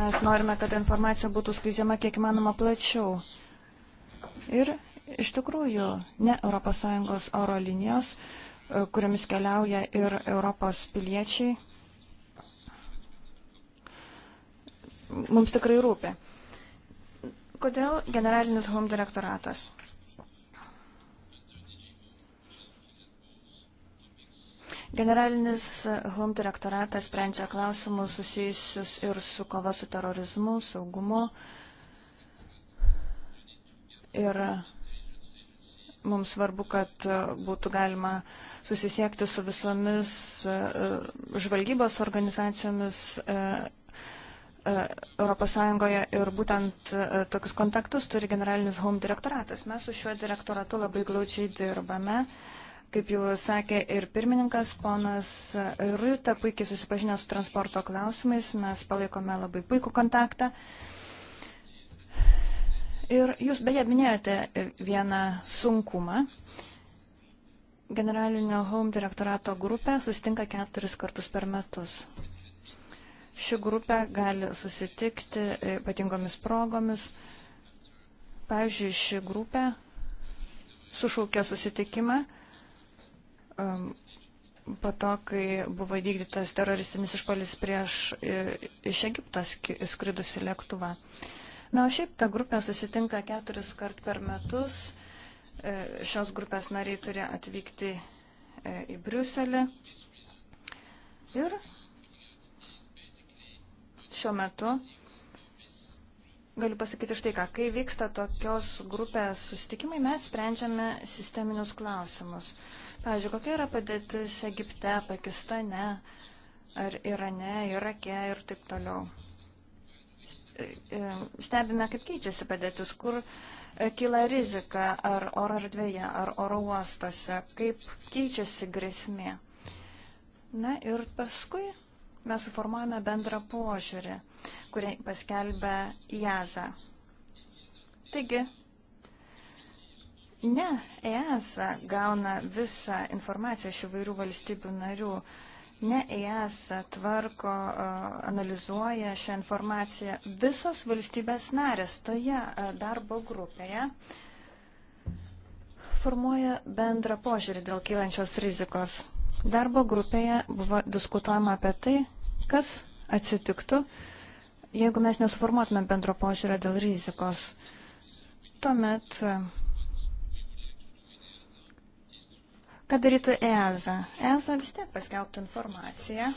Speaker 2: mes norime, kad informacija būtų skleidžiama kiek įmanoma plačiau. Ir iš tikrųjų, ne ES oro linijos, e, kuriamis keliauja ir Europos piliečiai, mums tikrai rūpi. Kodėl generalinis Home direktoratas? Generalinis Home direktoratas sprendžia klausimus susijusius ir su kova su terorizmu, saugumu. Ir mums svarbu, kad būtų galima susisiekti su visomis žvalgybos organizacijomis ES ir būtent e, tokius kontaktus turi generalinis Home direktoratas. Mes su šiuo direktoratu labai glaučiai dirbame. Kaip jau sakė ir pirmininkas, ponas Rūta puikiai susipažinę su transporto klausimais, mes palaikome labai puikų kontaktą. Ir jūs beje minėjote vieną sunkumą. Generalinio Home direktorato grupė sustinka keturis kartus per metus. Ši grupė gali susitikti ypatingomis progomis. Pavyzdžiui, ši grupė sušaukė susitikimą um, po to, kai buvo įvykdytas teroristinis išpolis prieš iš Egipto skridusi lėktuvą. Na, o šiaip ta grupė susitinka keturis kart per metus. E, šios grupės nariai turi atvykti e, į Briuselį. Ir šiuo metu. Galiu pasakyti štai ką, kai vyksta tokios grupės susitikimai, mes sprendžiame sisteminius klausimus. Pavyzdžiui, kokia yra padėtis Egipte, Pakistane, ar Irane, Irake ir taip toliau. Stebime, kaip keičiasi padėtis, kur kyla rizika, ar oro erdvėje, ar oro uostose, kaip keičiasi grėsmė. Na ir paskui mes suformuojame bendrą požiūrį, kurį paskelbė JAZA. Taigi, ne, EASA gauna visą informaciją iš įvairių valstybių narių. Ne EASA tvarko, analizuoja šią informaciją. Visos valstybės narės toje darbo grupėje formuoja bendrą požiūrį dėl kylančios rizikos. Darbo grupėje buvo diskutuojama apie tai, kas atsitiktų, jeigu mes nesuformuotume bendro požiūrio dėl rizikos. Tuomet, ką darytų EASA? EASA vis tiek paskelbtų informaciją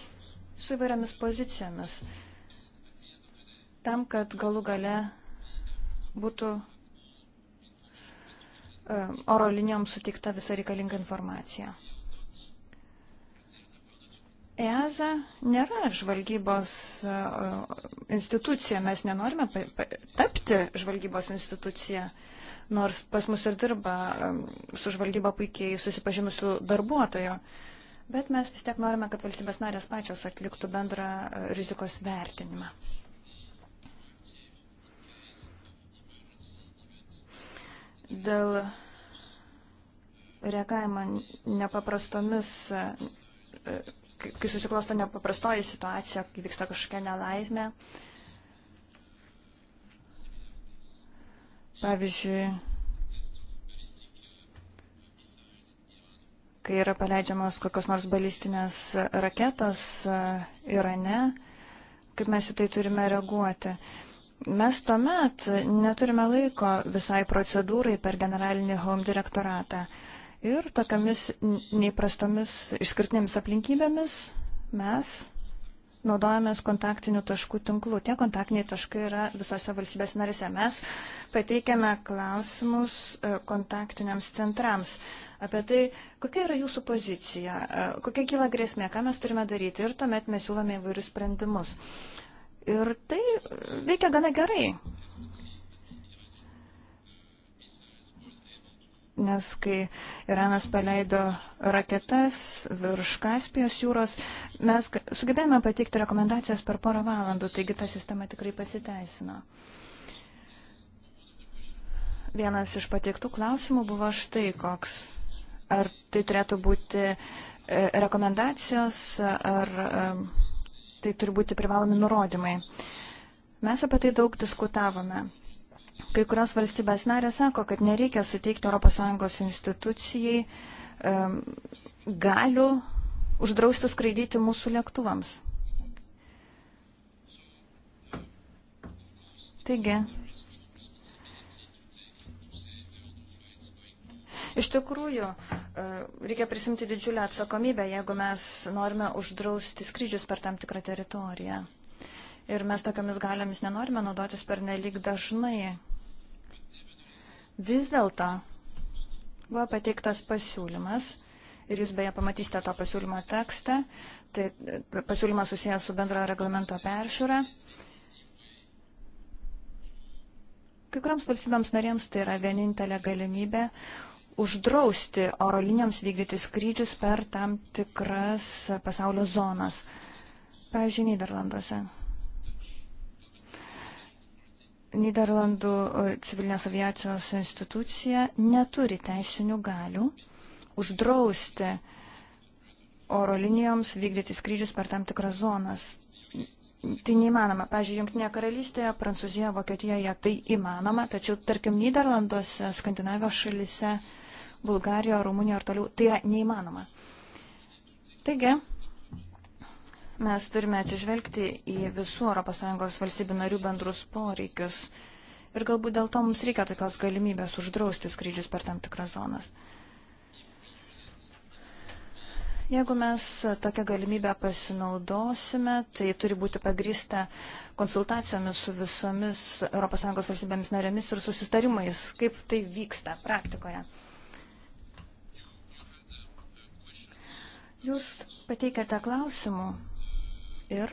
Speaker 2: su įvairiamis pozicijomis, tam, kad galų gale būtų e, oro linijoms suteikta visa reikalinga informacija. EASA nėra žvalgybos institucija, mes nenorime tapti žvalgybos institucija, nors pas mus ir dirba su žvalgyba puikiai susipažinusių darbuotojų, bet mes vis tiek norime, kad valstybės narės pačios atliktų bendrą rizikos vertinimą. Dėl reagavimo nepaprastomis kai susiklosto nepaprastoji situacija, kai vyksta kažkokia nelaimė. Pavyzdžiui, kai yra paleidžiamos kokios nors balistinės raketos e, Irane, kaip mes į tai turime reaguoti. Mes tuomet neturime laiko visai procedūrai per generalinį home direktoratą. Ir tokiamis neįprastomis išskirtinėmis aplinkybėmis mes naudojamės kontaktinių taškų tinklų. Tie kontaktiniai taškai yra visose valstybės narėse. Mes pateikėme klausimus e, kontaktiniams centrams apie tai, kokia yra jūsų pozicija, e, kokia kyla grėsmė, ką mes turime daryti ir tuomet mes siūlome įvairius sprendimus. Ir tai veikia gana gerai. nes kai Iranas paleido raketas virš Kaspijos jūros, mes sugebėjome pateikti rekomendacijas per porą valandų, taigi ta sistema tikrai pasiteisino. Vienas iš pateiktų klausimų buvo štai koks. Ar tai turėtų būti e, rekomendacijos, ar e, tai turi būti privalomi nurodymai. Mes apie tai daug diskutavome. Kai kurios valstybės narės sako, kad nereikia suteikti ES institucijai um, galių uždrausti skraidyti mūsų lėktuvams. Taigi, Iš tikrųjų, e, reikia prisimti didžiulę atsakomybę, jeigu mes norime uždrausti skrydžius per tam tikrą teritoriją. Ir mes tokiamis galiomis nenorime naudotis per nelik dažnai. Vis dėlto buvo pateiktas pasiūlymas ir jūs beje pamatysite to pasiūlymo tekstą, tai e, pasiūlymas susijęs su bendro reglamento peržiūra. Kai kuriams valstybėms narėms tai yra vienintelė galimybė uždrausti oro linijoms vykdyti skrydžius per tam tikras pasaulio zonas. Pavyzdžiui, Niderlanduose. Niderlandų civilinės aviacijos institucija neturi teisinių galių uždrausti oro linijoms vykdyti skrydžius per tam tikras zonas. Tai neįmanoma. Pavyzdžiui, Junktinėje karalystėje, Prancūzijoje, Vokietijoje tai įmanoma, tačiau, tarkim, Niderlanduose, Skandinavijos šalise, Bulgarijoje, Rumunijoje ir toliau tai yra neįmanoma. Taigi, Mes turime atsižvelgti į visų ES valstybių narių bendrus poreikius. Ir galbūt dėl to mums reikia tokios galimybės uždrausti skrydžius per tam tikras zonas. Jeigu mes tokią galimybę pasinaudosime, tai turi būti pagrįsta konsultacijomis su visomis ES valstybėmis narėmis ir susitarimais, kaip tai vyksta praktikoje. Jūs pateikėte klausimų ir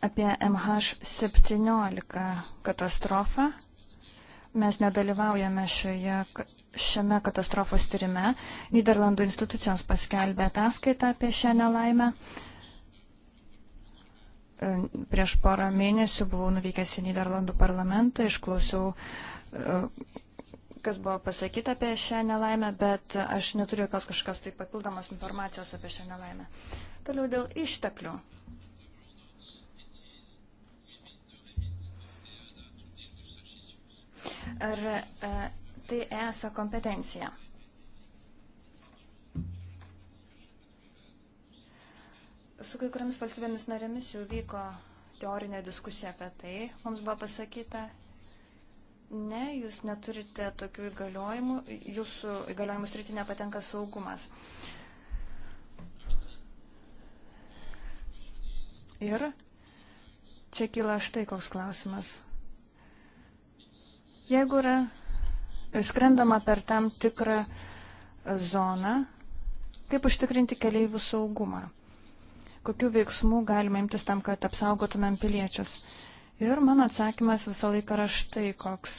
Speaker 2: apie MH17 katastrofą. Mes nedalyvaujame šioje, šiame katastrofos tyrime. Niderlandų institucijoms paskelbė ataskaitą apie šią nelaimę. E, prieš porą mėnesių buvau nuvykęs į Niderlandų parlamentą, išklausiau e, kas buvo pasakyta apie šią nelaimę, bet aš neturiu jokios kažkokios tai papildomos informacijos apie šią nelaimę. Toliau dėl išteklių. Ar e, tai esą kompetencija? Su kai kuriamis valstybėmis narėmis jau vyko teorinė diskusija apie tai. Mums buvo pasakyta, ne, jūs neturite tokių įgaliojimų, jūsų įgaliojimų srity nepatenka saugumas. E, Ir čia kyla štai koks klausimas. Jeigu yra skrendama per tam tikrą zoną, kaip užtikrinti keleivių saugumą? Kokių veiksmų galima imtis tam, kad apsaugotumėm piliečius? Ir mano atsakymas visą laiką yra štai koks.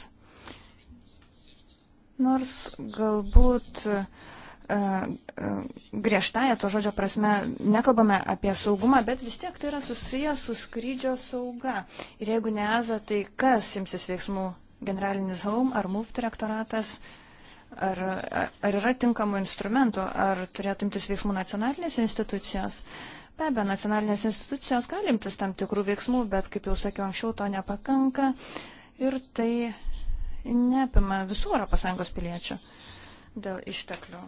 Speaker 2: Nors galbūt uh, griežtąją to žodžio prasme nekalbame apie saugumą, bet vis tiek tai yra susiję su skrydžio sauga. Ir jeigu ne EZA, tai kas imsis veiksmų? Generalinis Home ar MUF direktoratas? Ar, ar yra tinkamų instrumentų? Ar turėtų imtis veiksmų nacionalinės institucijos? Be abejo, nacionalinės institucijos gali imtis tam tikrų veiksmų, bet, kaip jau sakiau anksčiau, to nepakanka. Ir tai neapima visų ES piliečių dėl išteklių.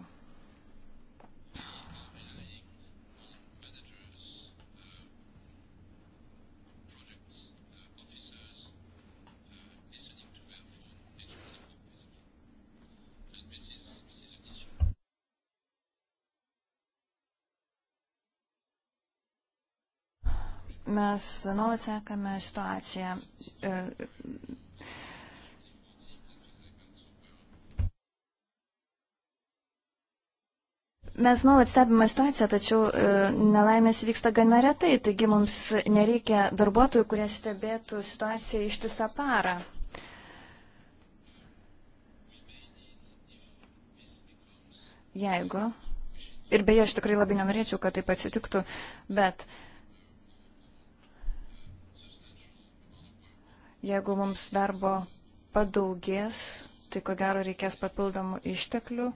Speaker 2: Mes nuolat sekame situaciją. E, Mes nuolat stebime situaciją, tačiau e, nelaimės vyksta gana retai, taigi mums nereikia darbuotojų, kurie stebėtų situaciją ištisą parą. Jeigu. Ir beje, aš tikrai labai nenorėčiau, kad taip atsitiktų, bet uh, Jeigu mums darbo padaugės, tai ko gero reikės papildomų išteklių,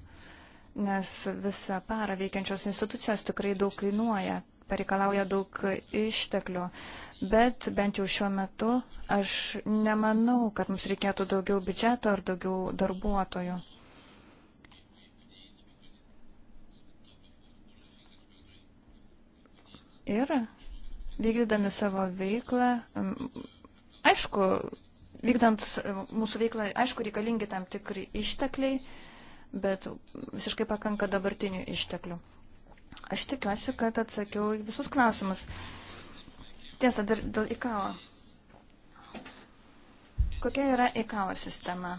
Speaker 2: nes visą parą veikiančios institucijos tikrai daug kainuoja, pareikalauja daug išteklių. Bet bent jau šiuo metu aš nemanau, kad mums reikėtų daugiau biudžeto ar daugiau darbuotojų. Ir vykdydami savo veiklą, Aišku, vykdant mūsų veiklą, aišku, reikalingi tam tikri ištekliai, bet visiškai pakanka dabartinių išteklių. Aš tikiuosi, kad atsakiau į visus klausimus. Tiesa, dar dėl IKAO. Kokia yra IKAO sistema?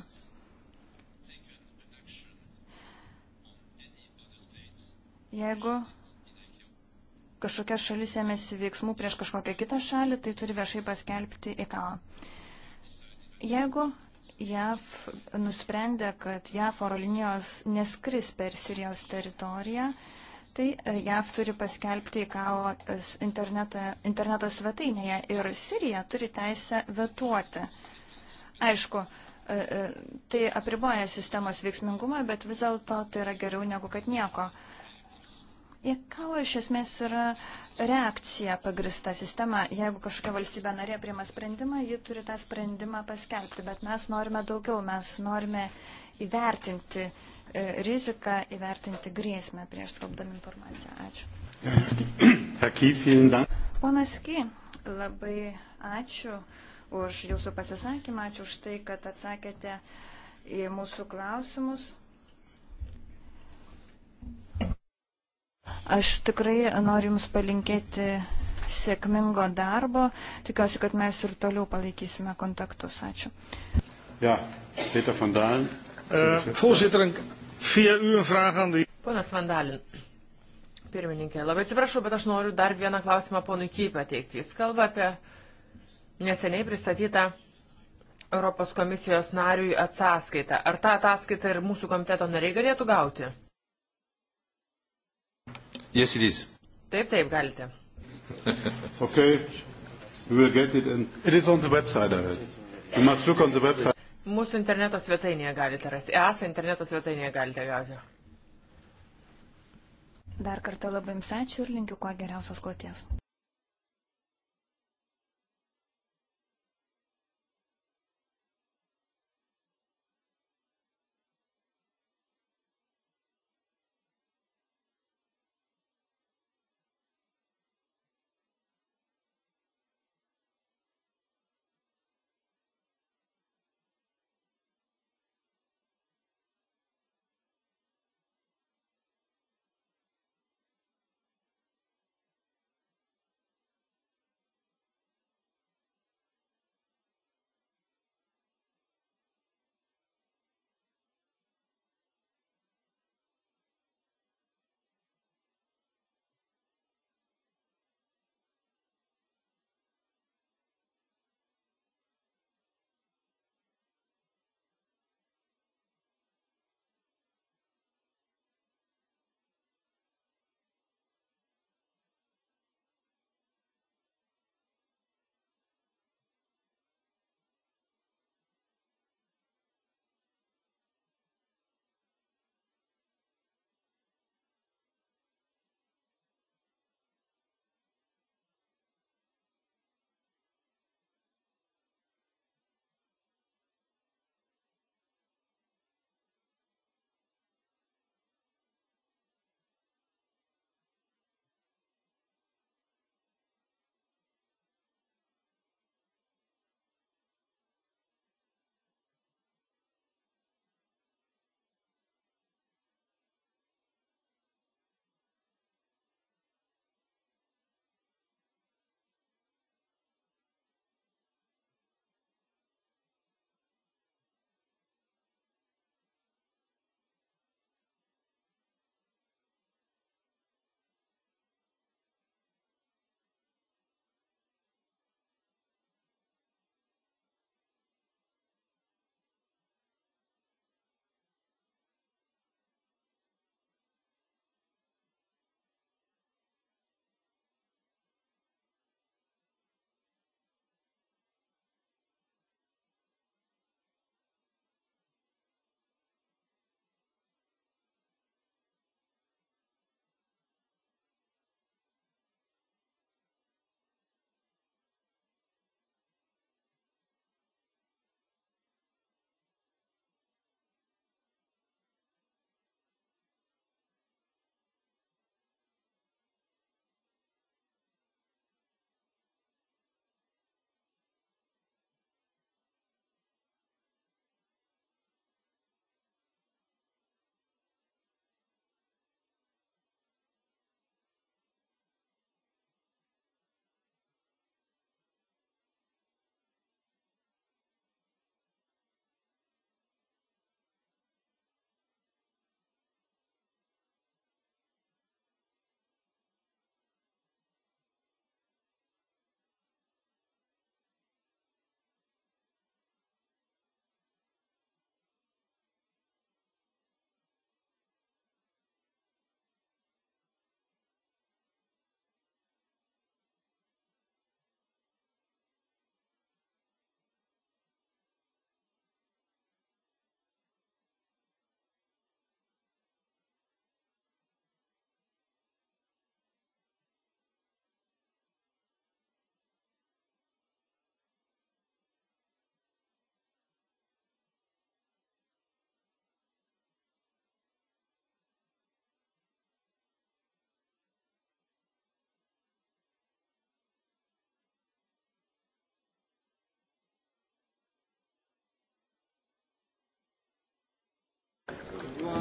Speaker 2: Jeigu kažkokia šalis ėmėsi veiksmų prieš kažkokią kitą šalį, tai turi viešai paskelbti ICAO. Jeigu JAV nusprendė, kad JAV oro linijos neskris per Sirijos teritoriją, tai e, JAV turi paskelbti ICAO interneto, interneto svetainėje ir Sirija turi teisę vetuoti. Aišku, e, e, tai apriboja sistemos veiksmingumą, bet vis dėlto tai yra geriau negu kad nieko. Iekavo iš esmės yra reakcija pagrista sistema. Jeigu kažkokia valstybė narė priima sprendimą, ji turi tą sprendimą paskelbti, bet mes norime daugiau, mes norime įvertinti e, riziką, įvertinti grėsmę prieš skalbdami informaciją.
Speaker 1: Ačiū.
Speaker 2: Ponas Ky, labai ačiū už jūsų pasisakymą, ačiū už tai, kad atsakėte į mūsų klausimus. Aš tikrai noriu Jums palinkėti sėkmingo darbo. Tikiuosi, kad mes ir toliau palaikysime
Speaker 4: kontaktus. Ačiū.
Speaker 1: Ja, Peter van Dalen. Eh, voorzitter,
Speaker 3: via u een vraag aan de.
Speaker 4: Ponas van Dalen. Pirmininkė, labai atsiprašau, bet aš noriu dar vieną klausimą ponui Kyj pateikti. Jis kalba apie neseniai pristatytą Europos komisijos nariui ataskaitą. Ar tą ataskaitą ir mūsų komiteto nariai galėtų gauti? Yes, it is. Taip, taip, galite.
Speaker 1: okay. We will get it and it is on the website, I read. You must look on the website.
Speaker 4: Mūsų interneto svetainėje galite rasti. ESA interneto svetainėje galite
Speaker 1: gauti.
Speaker 2: Dar kartą labai jums ačiū ir linkiu kuo geriausios kloties.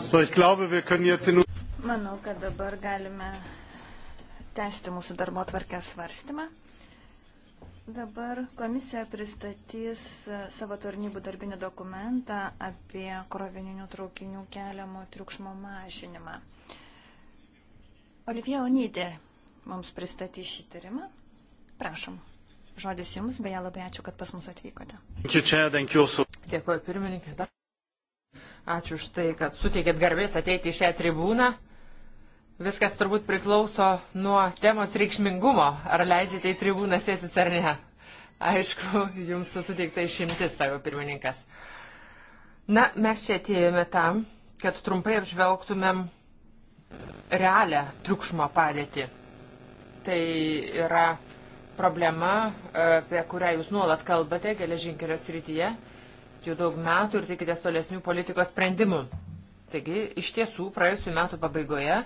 Speaker 3: So, ich
Speaker 1: glaube, wir können jetzt in...
Speaker 2: Manau, kad dabar galime tęsti mūsų darbo tvarkės svarstymą. Dabar komisija pristatys e, savo tarnybų darbinį dokumentą apie krovininių traukinių keliamo triukšmo mažinimą. Olivija Onydė mums pristatys šį tyrimą. Prašom. Žodis Jums, beje, labai ačiū, kad pas mus atvykote.
Speaker 1: Dėkuoju
Speaker 4: pirmininkė. Dar Ačiū už tai, kad suteikėt garbės ateiti į šią tribūną. Viskas turbūt priklauso nuo temos reikšmingumo, ar leidžiate į tribūną sėsis ar ne. Aišku, jums suteikta išimtis, savo pirmininkas. Na, mes čia atėjome tam, kad trumpai apžvelgtumėm realią triukšmo padėtį. Tai yra problema, e, apie kurią jūs nuolat kalbate geležinkelio srityje jau daug metų ir tikitės tolesnių politikos sprendimų. Taigi, iš tiesų, praėjusiu metu pabaigoje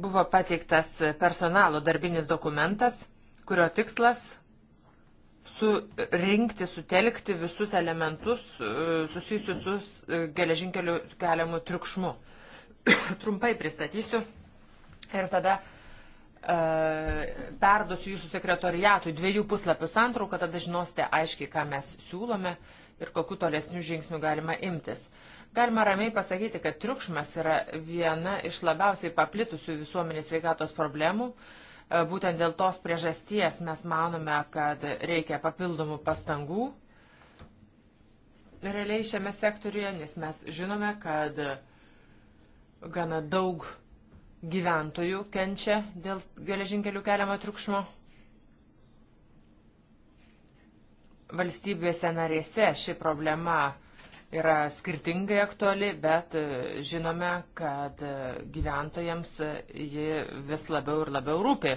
Speaker 4: buvo pateiktas personalo darbinis dokumentas, kurio tikslas surinkti, sutelkti visus elementus e, susijusius su e, geležinkeliu keliamu triukšmu. Trumpai pristatysiu ir tada e, perduosiu jūsų sekretoriatui dviejų puslapių santrauką, tada žinosite aiškiai, ką mes siūlome. E, ir kokiu tolesnių žingsnių galima imtis. Galima ramiai pasakyti, kad triukšmas yra viena iš labiausiai paplitusių visuomenės veikatos problemų. E, būtent dėl tos priežasties mes manome, kad reikia papildomų pastangų realiai šiame sektoriuje, nes mes žinome, kad gana daug gyventojų kenčia dėl geležinkelių keliamo triukšmo Valstybėse narėse ši problema yra skirtingai aktuali, bet e, žinome, kad e, gyventojams e, ji vis labiau ir labiau rūpi.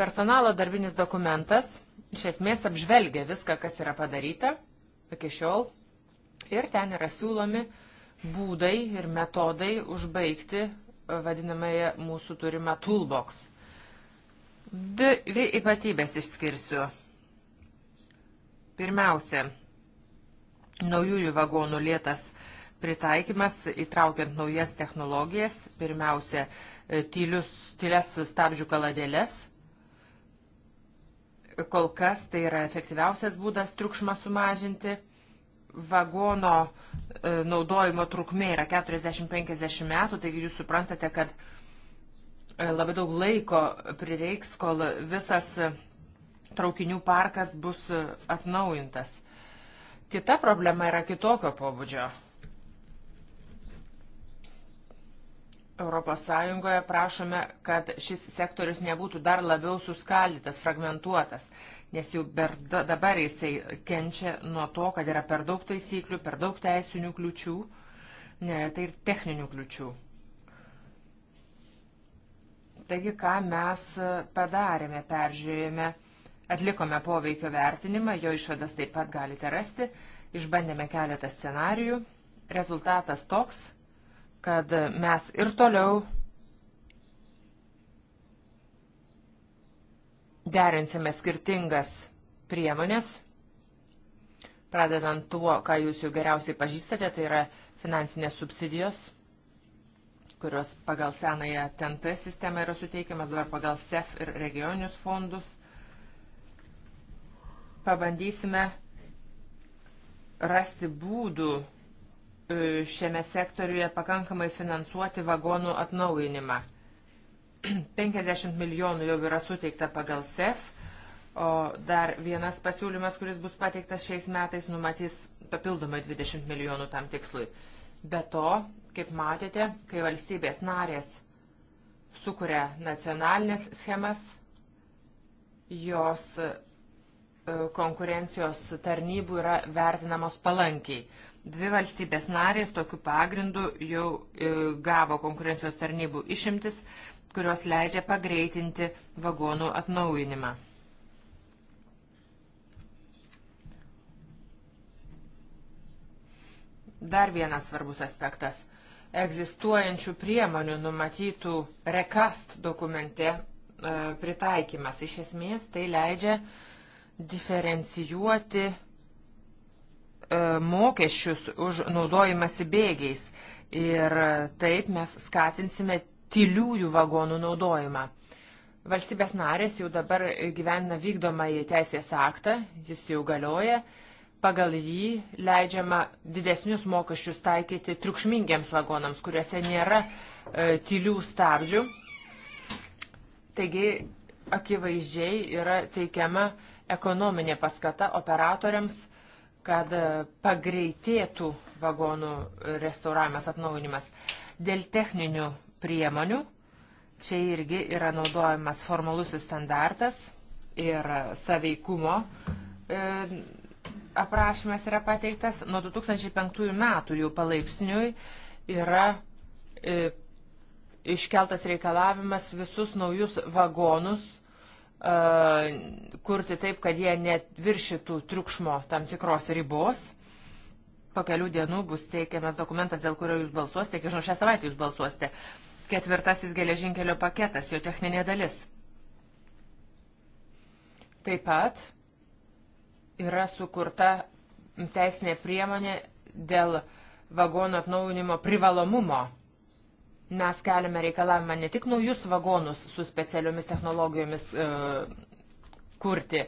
Speaker 4: Personalo darbinis dokumentas iš esmės apžvelgia viską, kas yra padaryta iki šiol ir ten yra siūlomi būdai ir metodai užbaigti vadinamąją mūsų turimą toolbox. Dvi ypatybės išskirsiu. Pirmiausia, naujųjų vagonų lėtas pritaikymas, įtraukiant naujas technologijas, pirmiausia, e, tylius, tylias stabdžių kaladėlės. Kol kas tai yra efektyviausias būdas triukšmą sumažinti. Vagono e, naudojimo trukmė yra 40-50 metų, taigi jūs suprantate, kad e, labai daug laiko prireiks, kol visas traukinių parkas bus atnaujintas. Kita problema yra kitokio pobūdžio. Europos Sąjungoje prašome, kad šis sektorius nebūtų dar labiau suskaldytas, fragmentuotas, nes jau ber, dabar jisai kenčia nuo to, kad yra per daug taisyklių, per daug teisinių kliučių, neretai ir techninių kliučių. Taigi, ką mes padarėme, peržiūrėjome Atlikome poveikio vertinimą, jo išvadas taip pat galite rasti, išbandėme keletą scenarijų. Rezultatas toks, kad mes ir toliau derinsime skirtingas priemonės, pradedant tuo, ką jūs jau geriausiai pažįstate, tai yra finansinės subsidijos, kurios pagal senąją TNT sistemą yra suteikiamas, dabar pagal SEF ir regioninius fondus – pabandysime rasti būdų e, šiame sektoriuje pakankamai finansuoti vagonų atnaujinimą. 50 milijonų jau yra suteikta pagal SEF, o dar vienas pasiūlymas, kuris bus pateiktas šiais metais, numatys papildomai 20 milijonų tam tikslui. Be to, kaip matėte, kai valstybės narės sukuria nacionalinės schemas, jos E, konkurencijos tarnybų yra vertinamos palankiai. Dvi valstybės narės tokiu pagrindu jau e, gavo konkurencijos tarnybų išimtis, kurios leidžia pagreitinti vagonų atnaujinimą. Dar vienas svarbus aspektas. Egzistuojančių priemonių numatytų rekast dokumente e, pritaikymas. Iš esmės tai leidžia uh, diferencijuoti e, mokesčius už naudojimąsi bėgiais ir taip mes skatinsime tyliųjų vagonų naudojimą. Valstybės narės jau dabar gyvena vykdomąjį teisės aktą, jis jau galioja, pagal jį leidžiama didesnius mokesčius taikyti triukšmingiems vagonams, kuriuose nėra e, tylių stabdžių. Taigi akivaizdžiai yra teikiama ekonominė paskata operatoriams, kad pagreitėtų vagonų restauravimas, atnaujinimas. Dėl techninių priemonių čia irgi yra naudojamas formalusis standartas ir saveikumo e, aprašymas yra pateiktas. Nuo 2005 metų jau palaipsniui yra e, iškeltas reikalavimas visus naujus vagonus kurti taip, kad jie neviršytų triukšmo tam tikros ribos. Po kelių dienų bus teikiamas dokumentas, dėl kurio jūs balsuosite, kiek žinau, šią savaitę jūs balsuosite. Ketvirtasis geležinkelio paketas, jo techninė dalis. Taip pat yra sukurta teisinė priemonė dėl vagonų atnaujinimo privalomumo Mes keliame reikalavimą ne tik naujus vagonus su specialiomis technologijomis e, kurti,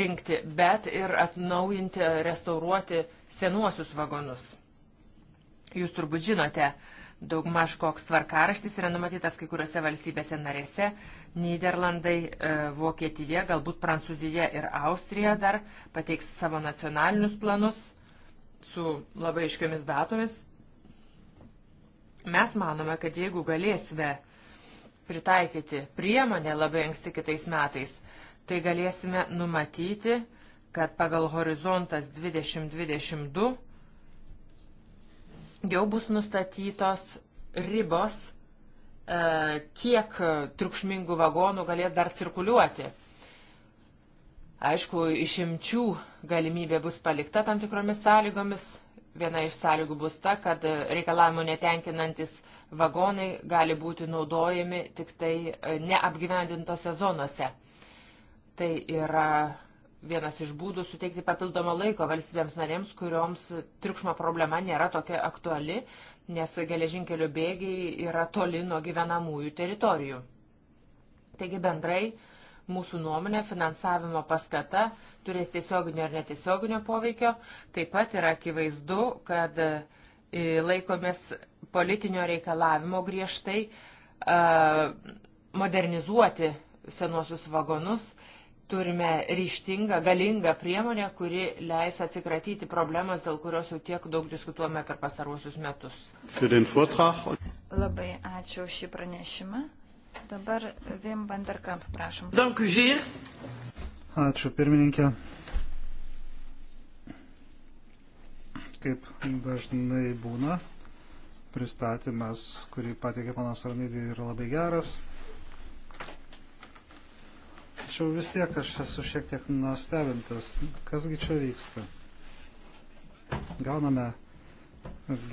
Speaker 4: rinkti, bet ir atnaujinti, restauruoti senuosius vagonus. Jūs turbūt žinote, daugmaž koks tvarkaraštis yra numatytas kai kuriuose valstybėse narėse - Niderlandai, e, Vokietija, galbūt Prancūzija ir Austrija dar pateiks savo nacionalinius planus su labai iškiomis datomis. Mes manome, kad jeigu galėsime pritaikyti priemonę labai anksti kitais metais, tai galėsime numatyti, kad pagal horizontas 2022 jau bus nustatytos ribos, e, kiek triukšmingų vagonų galės dar cirkuliuoti. Aišku, išimčių galimybė bus palikta tam tikromis sąlygomis, Viena iš sąlygų bus ta, kad reikalavimų netenkinantis vagonai gali būti naudojami tik tai e, neapgyvendintose zonose. Tai yra vienas iš būdų suteikti papildomą laiko valstybėms narėms, kurioms triukšmo problema nėra tokia aktuali, nes geležinkelių bėgiai yra toli nuo gyvenamųjų teritorijų. Taigi bendrai Mūsų nuomonė finansavimo paskata turės tiesioginio ir netiesioginio poveikio. Taip pat yra akivaizdu, kad e, laikomės politinio reikalavimo griežtai e, modernizuoti senuosius vagonus. Turime ryštingą, galingą priemonę, kuri leis atsikratyti problemas, dėl kurios jau tiek daug diskutuojame per pastaruosius metus.
Speaker 2: Labai ačiū už šį pranešimą. Dabar Vim Vanderkamp, prašom.
Speaker 3: Ačiū, pirmininkė. Kaip dažnai būna, pristatymas, kurį pateikė panas Arnydį, yra labai geras. Tačiau vis tiek aš esu šiek tiek nustebintas, kasgi čia vyksta. Gauname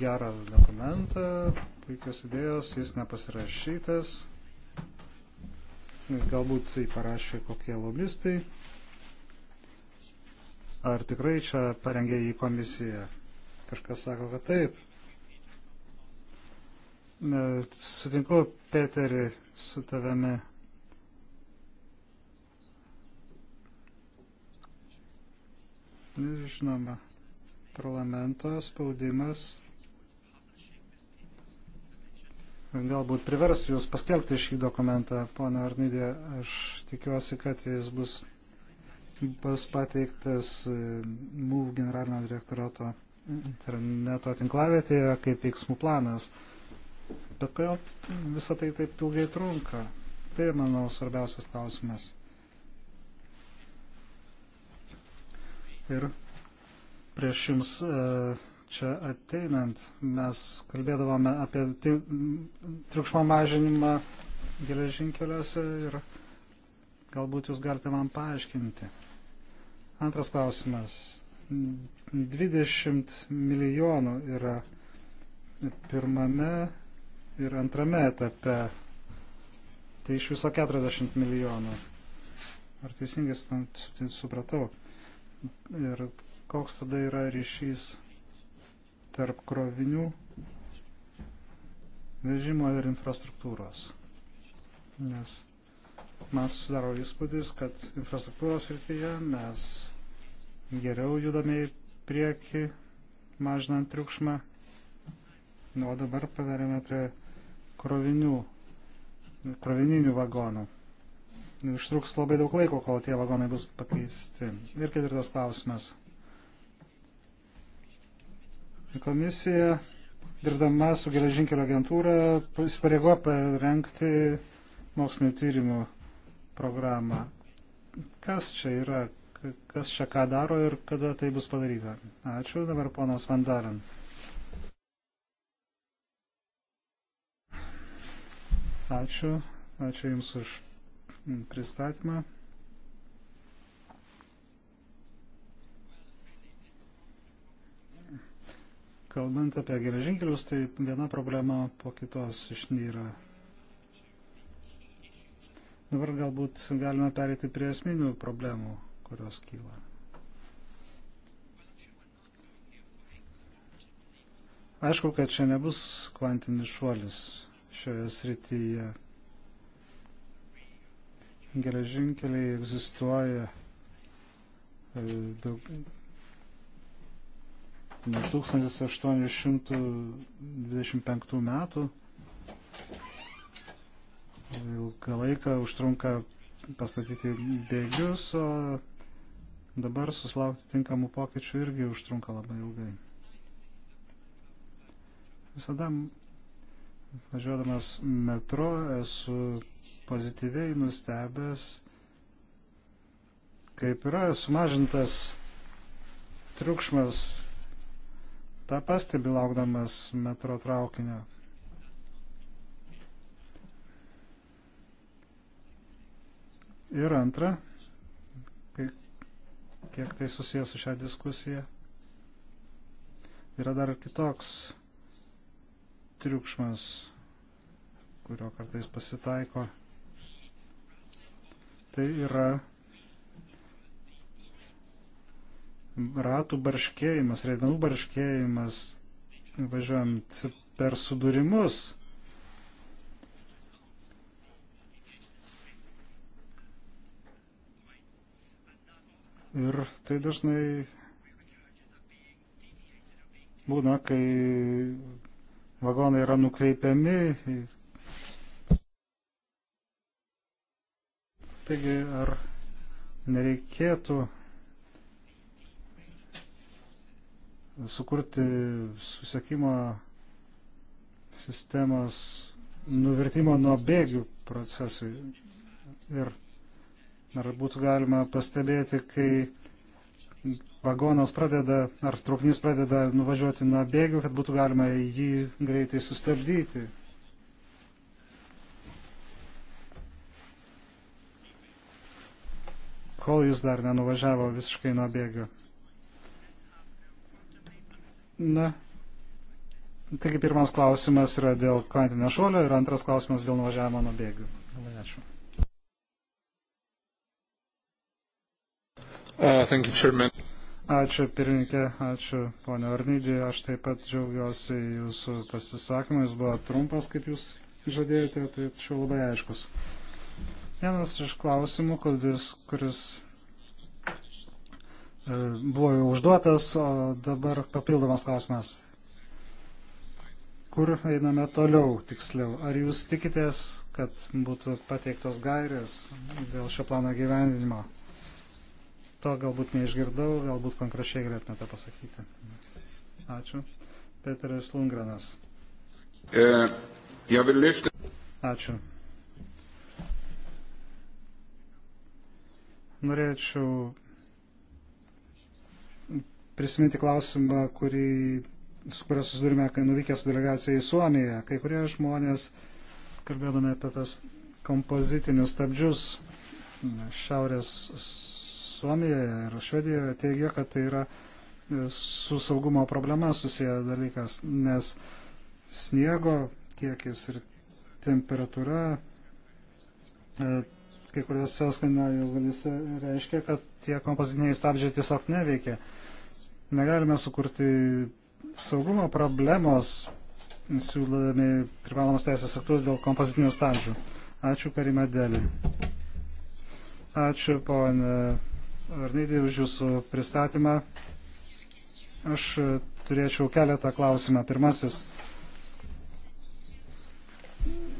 Speaker 3: gerą dokumentą, puikios idėjos, jis nepasirašytas, galbūt tai parašė kokie lobistai. Ar tikrai čia parengė į komisiją? Kažkas sako, kad taip. Sutinku, Peterį, su tavimi. Žinoma, parlamento spaudimas galbūt privers jūs paskelbti šį dokumentą, pono Arnidė. Aš tikiuosi, kad jis bus, bus pateiktas e, MUV generalinio direktorato interneto tinklavietėje kaip veiksmų planas. Bet kodėl visą tai taip ilgai trunka? Tai, manau, svarbiausias klausimas. Ir prieš jums uh, čia ateinant mes kalbėdavome apie triukšmo mažinimą geležinkeliuose ir galbūt jūs galite man paaiškinti. Antras klausimas. 20 milijonų yra pirmame ir antrame etape. Tai iš viso 40 milijonų. Ar teisingai supratau? Ir koks tada yra ryšys tarp krovinių vežimo ir infrastruktūros. Nes man susidaro įspūdis, kad infrastruktūros rytyje mes geriau judame į priekį, mažinant triukšmą. Nu, o dabar padarėme prie krovinių, krovininių vagonų. Užtruks labai daug laiko, kol tie vagonai bus pakeisti. Ir ketvirtas klausimas. Komisija, dirbdama su geležinkelio agentūra, įsipareigo parengti mokslinio tyrimų programą. Kas čia yra, kas čia ką daro ir kada tai bus padaryta? Ačiū, dabar ponas Vandalin. Ačiū, ačiū Jums už pristatymą. Kalbant apie geležinkelius, tai viena problema po kitos išnyra. Dabar galbūt galime perėti prie esminių problemų, kurios kyla. Aišku, kad čia nebus kvantinis šuolis šioje srityje. Geležinkeliai egzistuoja e, daug, 1825 metų. Ilgą laiką užtrunka pastatyti bėgius, o dabar susilaukti tinkamų pokyčių irgi užtrunka labai ilgai. Visada važiuodamas metro esu pozityviai nustebęs, kaip yra sumažintas triukšmas tą pastebi laukdamas metro traukinio. Ir antra, kai, kiek tai susijęs su šią diskusiją, yra dar kitoks triukšmas, kurio kartais pasitaiko. Tai yra ratų barškėjimas, reidmenų barškėjimas, važiuojant per sudūrimus. Ir tai dažnai būna, kai vagonai yra nukreipiami. Taigi, ar nereikėtų sukurti susiekimo sistemos nuvertimo nuo bėgių procesui. Ir ar būtų galima pastebėti, kai vagonas pradeda, ar traukinys pradeda nuvažiuoti nuo bėgių, kad būtų galima jį greitai sustabdyti. Kol jis dar nenuvažiavo visiškai nuo bėgių. Na, taigi pirmas klausimas yra dėl kvantinio šuolio ir antras klausimas dėl nuvažiavimo nuo bėgių. Labai ačiū. Uh, you, ačiū pirmininkė, ačiū ponio Arnydį, aš taip pat džiaugiuosi jūsų pasisakymą, jis buvo trumpas, kaip jūs žadėjote, tai čia labai aiškus. Vienas iš klausimų, kuris, kuris E, buvo jau užduotas, o dabar papildomas klausimas. Kur einame toliau tiksliau? Ar jūs tikitės, kad būtų pateiktos gairės dėl šio plano gyvenimo? To galbūt neišgirdau, galbūt konkrečiai galėtumėte pasakyti. Ačiū. Peteris Lungranas. E, Ačiū. Norėčiau prisiminti klausimą, kurį, su kuria susidurime, kai nuvykęs delegacija į Suomiją. Kai kurie žmonės, kalbėdami apie tas kompozitinius stabdžius šiaurės Suomijoje ir Švedijoje, teigia, kad tai yra e, su saugumo problema susiję dalykas, nes sniego kiekis ir temperatūra e, kai kuriuose Skandinavijos dalyse reiškia, kad tie kompozitiniai stabdžiai tiesiog neveikia. Negalime sukurti saugumo problemos, siūlydami privalomas teisės aktus dėl kompozitinių stabdžių. Ačiū Karime Deli. Ačiū ponė Arnydį už jūsų pristatymą. Aš turėčiau keletą klausimą. Pirmasis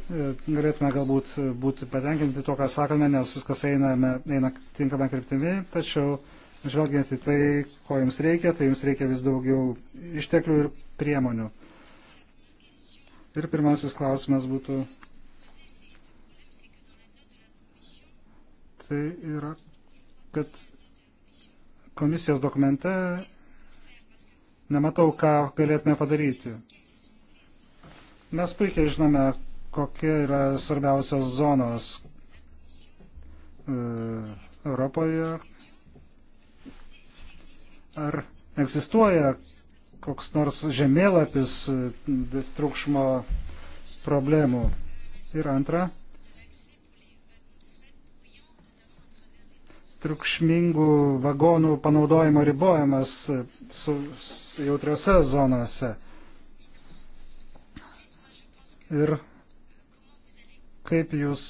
Speaker 3: galėtume galbūt būti patenkinti to, ką sakome, nes viskas eina, eina tinkama kryptimi, tačiau žvelgiant į tai, ko jums reikia, tai jums reikia vis daugiau išteklių ir priemonių. Ir pirmasis klausimas būtų. Tai yra, kad komisijos dokumente nematau, ką galėtume padaryti. Mes puikiai žinome, kokie yra svarbiausios zonos e, Europoje, Ar egzistuoja koks nors žemėlapis triukšmo problemų? Ir antra, triukšmingų vagonų panaudojimo ribojimas su, su jautriose zonose. Ir kaip jūs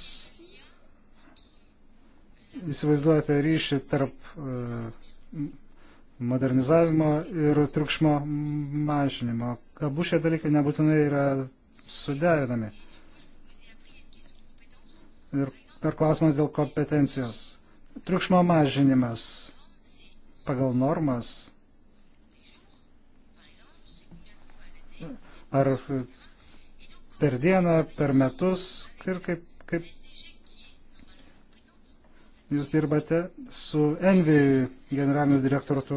Speaker 3: įsivaizduojate ryšį tarp uh, modernizavimo ir triukšmo mažinimo. Abu šie dalykai nebūtinai yra suderinami. Ir dar klausimas dėl kompetencijos. Triukšmo mažinimas pagal normas. Ar per dieną, per metus ir kaip, kaip jūs dirbate su Envi generaliniu direktoratu,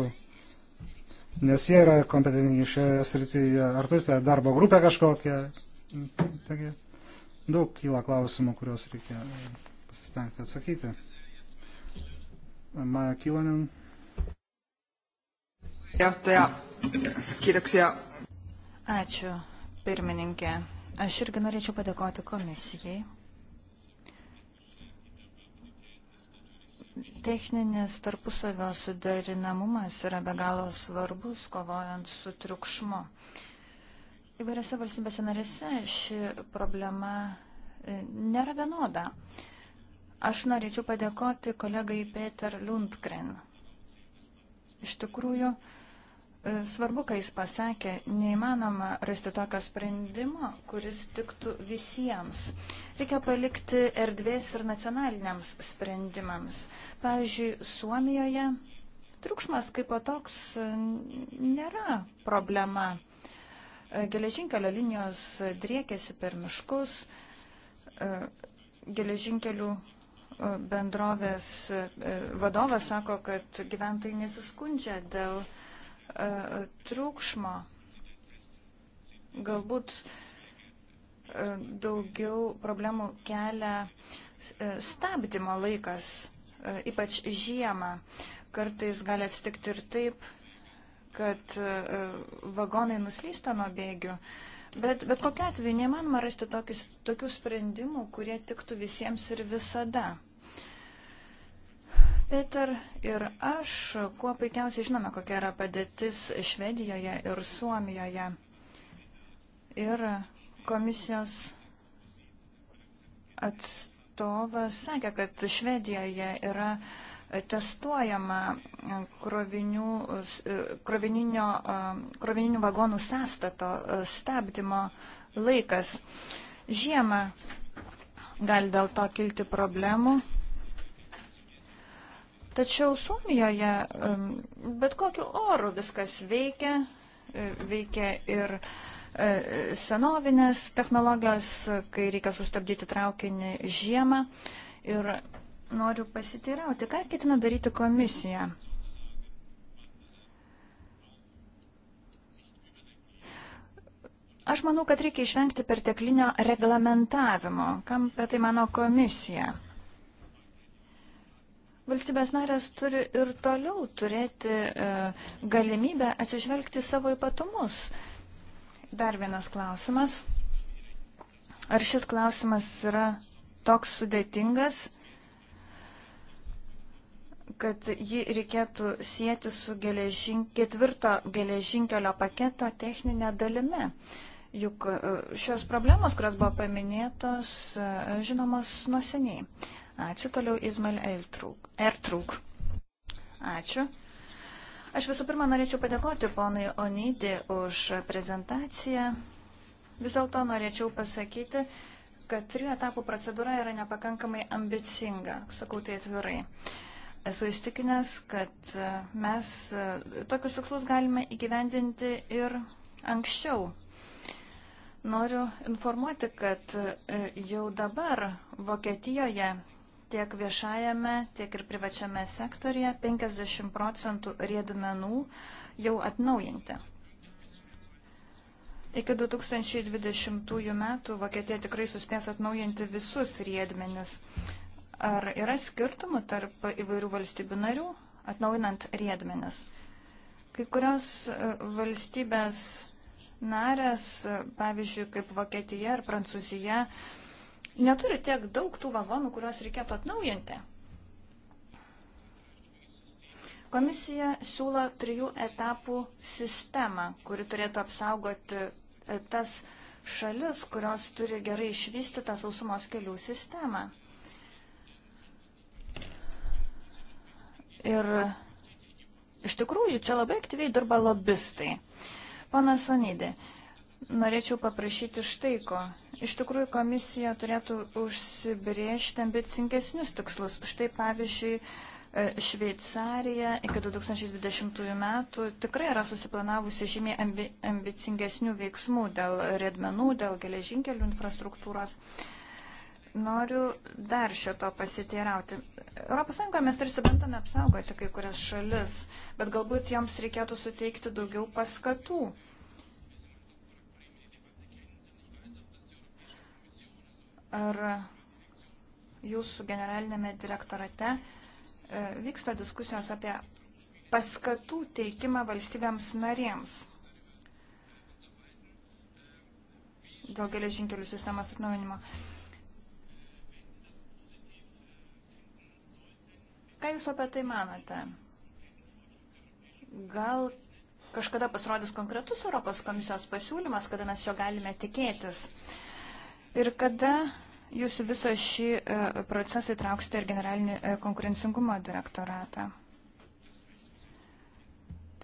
Speaker 3: nes jie yra kompetentingi šioje srityje. Ar turite darbo grupę kažkokią? Taigi, daug kyla klausimų, kuriuos reikia pasistengti atsakyti. Maja Kilonen. Johtaja, kiitoksia.
Speaker 2: Ačiū, pirmininkė. Aš irgi norėčiau padėkoti komisijai Techninis tarpusavio suderinamumas yra be galo svarbus, kovojant su triukšmu. Įvairiose valstybėse narėse ši problema e, nėra vienoda. Aš norėčiau padėkoti kolegai Peter Lundgren. Iš tikrųjų, uh, E, svarbu, ką jis pasakė, neįmanoma rasti tokio sprendimo, kuris tiktų visiems. Reikia palikti erdvės ir nacionaliniams sprendimams. Pavyzdžiui, Suomijoje triukšmas kaip toks e, nėra problema. E, geležinkelio linijos driekėsi per miškus, geležinkelių bendrovės vadovas sako, kad gyventojai nesiskundžia dėl E, triukšmo. Galbūt e, daugiau problemų kelia e, stabdymo laikas, ypač žiemą. Kartais gali atsitikti ir taip, kad vagonai nuslysta nuo bėgių. Bet, bet kokia atveju neįmanoma rasti tokius, tokių sprendimų, kurie tiktų visiems ir visada. Peter ir aš kuo puikiausiai žinome, kokia yra padėtis Švedijoje ir Suomijoje. Ir komisijos atstovas sakė, kad Švedijoje yra testuojama krovinių, krovininių vagonų sąstato stabdymo laikas. Žiemą gali dėl to kilti problemų. Tačiau Suomijoje bet kokiu oru viskas veikia, e, veikia ir e, senovinės technologijos, kai reikia sustabdyti traukinį žiemą. Ir noriu pasiteirauti, ką ketina daryti komisija. Aš manau, kad reikia išvengti perteklinio reglamentavimo. Kam apie tai mano komisija? valstybės narės turi ir toliau turėti e, galimybę atsižvelgti savo ypatumus. Dar vienas klausimas. Ar šis klausimas yra toks sudėtingas, kad jį reikėtų sieti su geležin, ketvirto geležinkelio paketo techninė dalimi? Juk e, šios problemos, kurios buvo paminėtos, e, žinomos nuo seniai. Ačiū toliau Izmail Ertrūk. Ačiū. Aš visų pirma norėčiau padėkoti ponai Onydį už prezentaciją. Vis dėlto norėčiau pasakyti, kad trijų etapų procedūra yra nepakankamai ambicinga, sakau tai atvirai. Esu įstikinęs, kad mes tokius tikslus galime įgyvendinti ir anksčiau. Noriu informuoti, kad jau dabar Vokietijoje tiek viešajame, tiek ir privačiame sektorija 50 procentų riedmenų jau atnaujinti. Iki 2020 metų Vokietija tikrai suspės atnaujinti visus riedmenis. Ar yra skirtumų tarp įvairių valstybių narių atnaujinant riedmenis? Kai kurios e, valstybės narės, e, pavyzdžiui, kaip Vokietija ar Prancūzija, uh, neturi tiek daug tų vagonų, kuriuos reikėtų atnaujinti. Komisija siūlo trijų etapų sistemą, kuri turėtų apsaugoti e, tas šalis, kurios turi gerai išvystytą sausumos kelių sistemą. Ir iš tikrųjų čia labai aktyviai dirba lobistai. Pana Sonidė, norėčiau paprašyti štai ko. Iš tikrųjų, komisija turėtų užsibriežti ambicingesnius tikslus. Štai pavyzdžiui, e, Šveicarija iki 2020 metų tikrai yra susiplanavusi žymiai ambi ambicingesnių veiksmų dėl riedmenų, dėl geležinkelių infrastruktūros. Noriu dar šito pasiteirauti. ES mes tarsi bandome apsaugoti kai kurias šalis, bet galbūt joms reikėtų suteikti daugiau paskatų. Uh, ar jūsų generalinėme direktorate e, vyksta diskusijos apie paskatų teikimą valstybėms narėms dėl geležinkelių sistemos atnaujinimo. Ką Jūs apie tai manote? Gal kažkada pasirodys konkretus Europos komisijos pasiūlymas, kada mes jo galime tikėtis? Uh, Ir kada jūs visą šį e, procesą įtrauksite ir generalinį e, konkurencingumo direktoratą?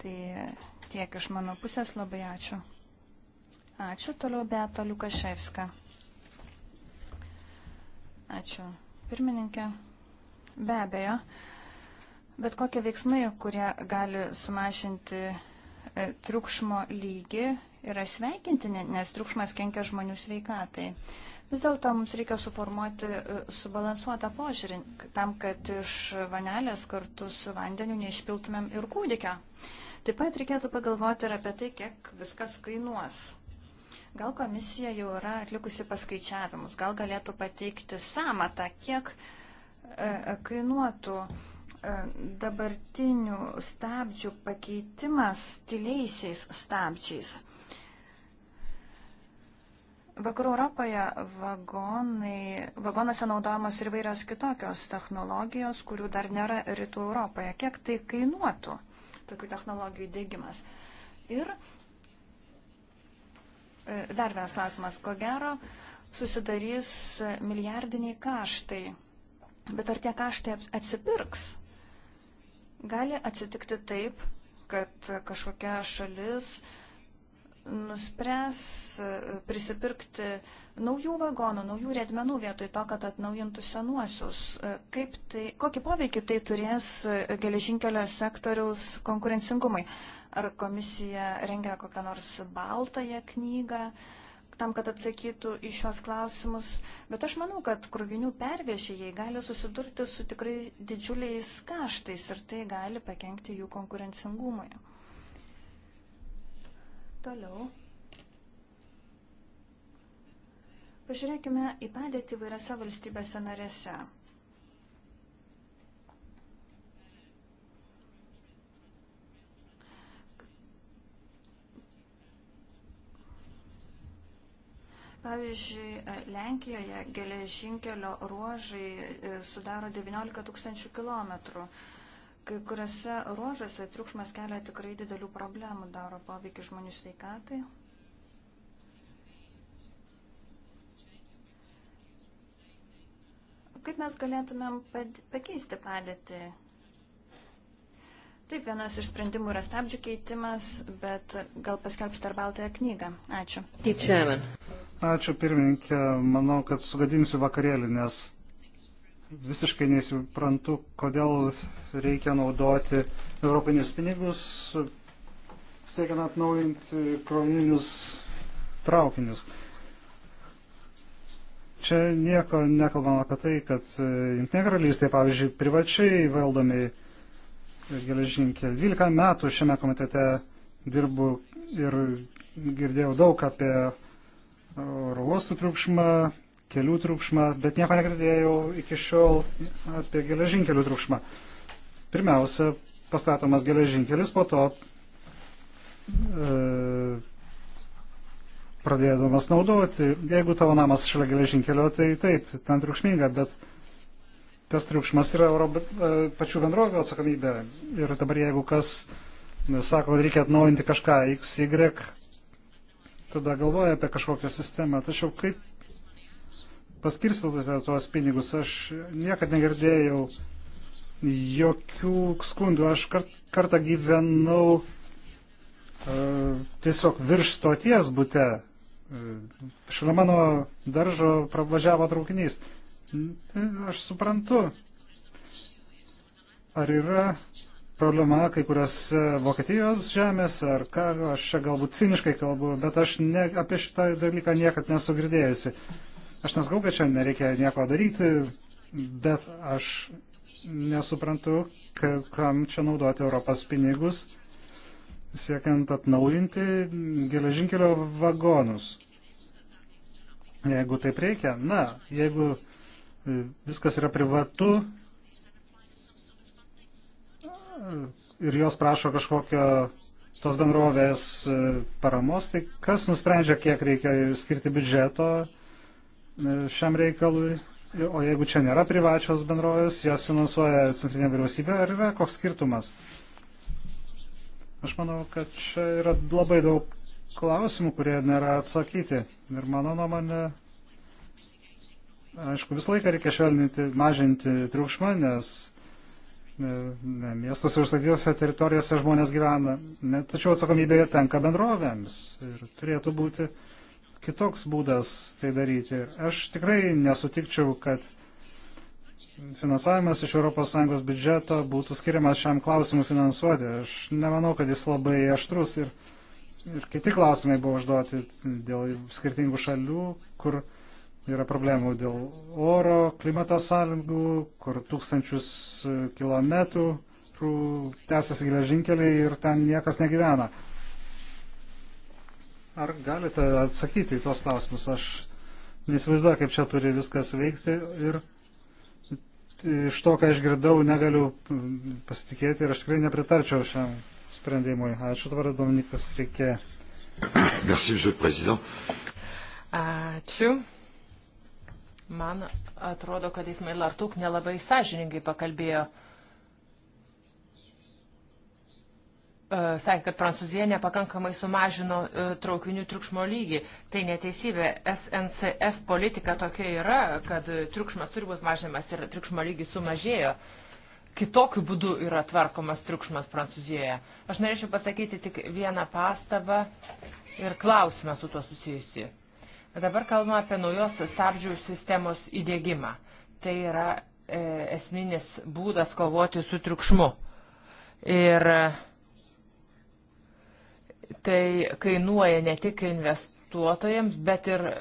Speaker 2: Tai tiek iš mano pusės labai ačiū. Ačiū toliau Beata Liukaševska. Ačiū pirmininkė. Be abejo, bet kokie veiksmai, kurie gali sumažinti e, triukšmo lygį, yra sveikintini, nes triukšmas kenkia žmonių sveikatai. Vis dėlto mums reikia suformuoti e, subalansuotą požiūrį tam, kad iš vanelės kartu su vandeniu neišpiltumėm ir kūdikio. Taip pat reikėtų pagalvoti ir apie tai, kiek viskas kainuos. Gal komisija jau yra atlikusi paskaičiavimus, gal galėtų pateikti samatą, kiek e, e, kainuotų dabartinių stabdžių pakeitimas tyliaisiais stabdžiais. Vakarų Europoje vagonai, vagonuose naudojamos ir vairios kitokios technologijos, kurių dar nėra rytų Europoje. Kiek tai kainuotų tokių technologijų dėgymas? Ir e, dar vienas klausimas, ko gero, susidarys milijardiniai kaštai. Bet ar tie kaštai atsipirks? Gali atsitikti taip, kad kažkokia šalis uh, nuspręs e, prisipirkti naujų vagonų, naujų redmenų vietoj to, kad atnaujintų senuosius. E, kaip tai, kokį poveikį tai turės e, geležinkelio sektoriaus konkurencingumai? Ar komisija rengia kokią nors baltąją knygą? tam, kad atsakytų į šios klausimus, bet aš manau, kad kruvinių pervešėjai gali susidurti su tikrai didžiuliais kaštais ir tai gali pakengti jų konkurencingumui. Toliau. Pažiūrėkime į padėtį vairiose valstybėse narėse. Pavyzdžiui, Lenkijoje geležinkelio ruožai sudaro 19 tūkstančių kilometrų. Kai kuriuose ruožuose triukšmas kelia tikrai didelių problemų, daro poveikį žmonių sveikatai. Kaip mes galėtumėm pakeisti padėtį? Taip, vienas iš sprendimų yra stabdžių keitimas, bet gal paskelbs dar baltąją knygą. Ačiū.
Speaker 3: Ačiū pirmininkė, manau, kad sugadinsiu vakarėlį, nes visiškai nesiprantu, kodėl reikia naudoti europinius pinigus, siekiant atnaujinti krovininius traukinius. Čia nieko nekalbam apie tai, kad Junktinė karalystė, pavyzdžiui, privačiai valdomi geležinkeliai. 12 metų šiame komitete dirbu ir girdėjau daug apie oro uostų triukšmą, kelių triukšmą, bet nieko negirdėjau iki šiol apie geležinkelių triukšmą. Pirmiausia, pastatomas geležinkelis, po to e, pradėdamas naudoti. Jeigu tavo namas šalia geležinkelio, tai taip, ten triukšminga, bet tas triukšmas yra Euro, e, pačių bendrovių atsakomybė. Ir dabar jeigu kas sako, kad reikia atnaujinti kažką X, Y, tada galvoja apie kažkokią sistemą. Tačiau kaip paskirstote tuos pinigus. Aš niekad negirdėjau jokių skundų. Aš kart, kartą gyvenau e, tiesiog virš stoties būte. E, šalia mano daržo pravažiavo traukinys. Aš suprantu. Ar yra problema kai kuriuose Vokietijos žemės, ar ką, aš čia galbūt ciniškai kalbu, bet aš ne, apie šitą dalyką niekad nesugirdėjusi. Aš nesakau, kad čia nereikia nieko daryti, bet aš nesuprantu, kam čia naudoti Europos pinigus, siekiant atnaujinti geležinkelio vagonus. Jeigu taip reikia, na, jeigu e, viskas yra privatu ir jos prašo kažkokio tos bendrovės e, paramos, tai kas nusprendžia, kiek reikia skirti biudžeto šiam reikalui, o jeigu čia nėra privačios bendrovės, jas finansuoja centrinė vyriausybė, ar yra koks skirtumas? Aš manau, kad čia yra labai daug klausimų, kurie nėra atsakyti. Ir mano nuomonė, aišku, visą laiką reikia švelninti, mažinti triukšmą, nes e, ne, miestuose užsakytose teritorijose žmonės gyvena. Ne, tačiau atsakomybė tenka bendrovėms ir turėtų būti uh, kitoks būdas tai daryti. Aš tikrai nesutikčiau, kad finansavimas iš ES biudžeto būtų skiriamas šiam klausimui finansuoti. Aš nemanau, kad jis labai aštrus ir, ir kiti klausimai buvo užduoti dėl skirtingų šalių, kur yra problemų dėl oro, klimato sąlygų, kur tūkstančius kilometrų tęsiasi geležinkeliai ir ten niekas negyvena. Ar galite atsakyti į tuos klausimus? Aš neįsivaizduoju, kaip čia turi viskas veikti ir iš to, ką išgirdau, negaliu pasitikėti ir aš tikrai nepritarčiau šiam sprendimui. Ačiū tvaru, Dominikas Reikė.
Speaker 4: Ačiū. Man atrodo, kad Ismail Artuk nelabai sąžiningai pakalbėjo. E, sakė, kad Prancūzija nepakankamai sumažino e, traukinių triukšmo lygį. Tai neteisybė. SNCF politika tokia yra, kad triukšmas turi būti mažinamas ir triukšmo lygis sumažėjo. Kitokiu būdu yra tvarkomas triukšmas Prancūzijoje. Aš norėčiau pasakyti tik vieną pastabą ir klausimą su tuo susijusi. Dabar kalbame apie naujos stabdžių sistemos įdėgymą. Tai yra e, esminis būdas kovoti su triukšmu. Ir e, tai kainuoja ne tik investuotojams, bet ir e,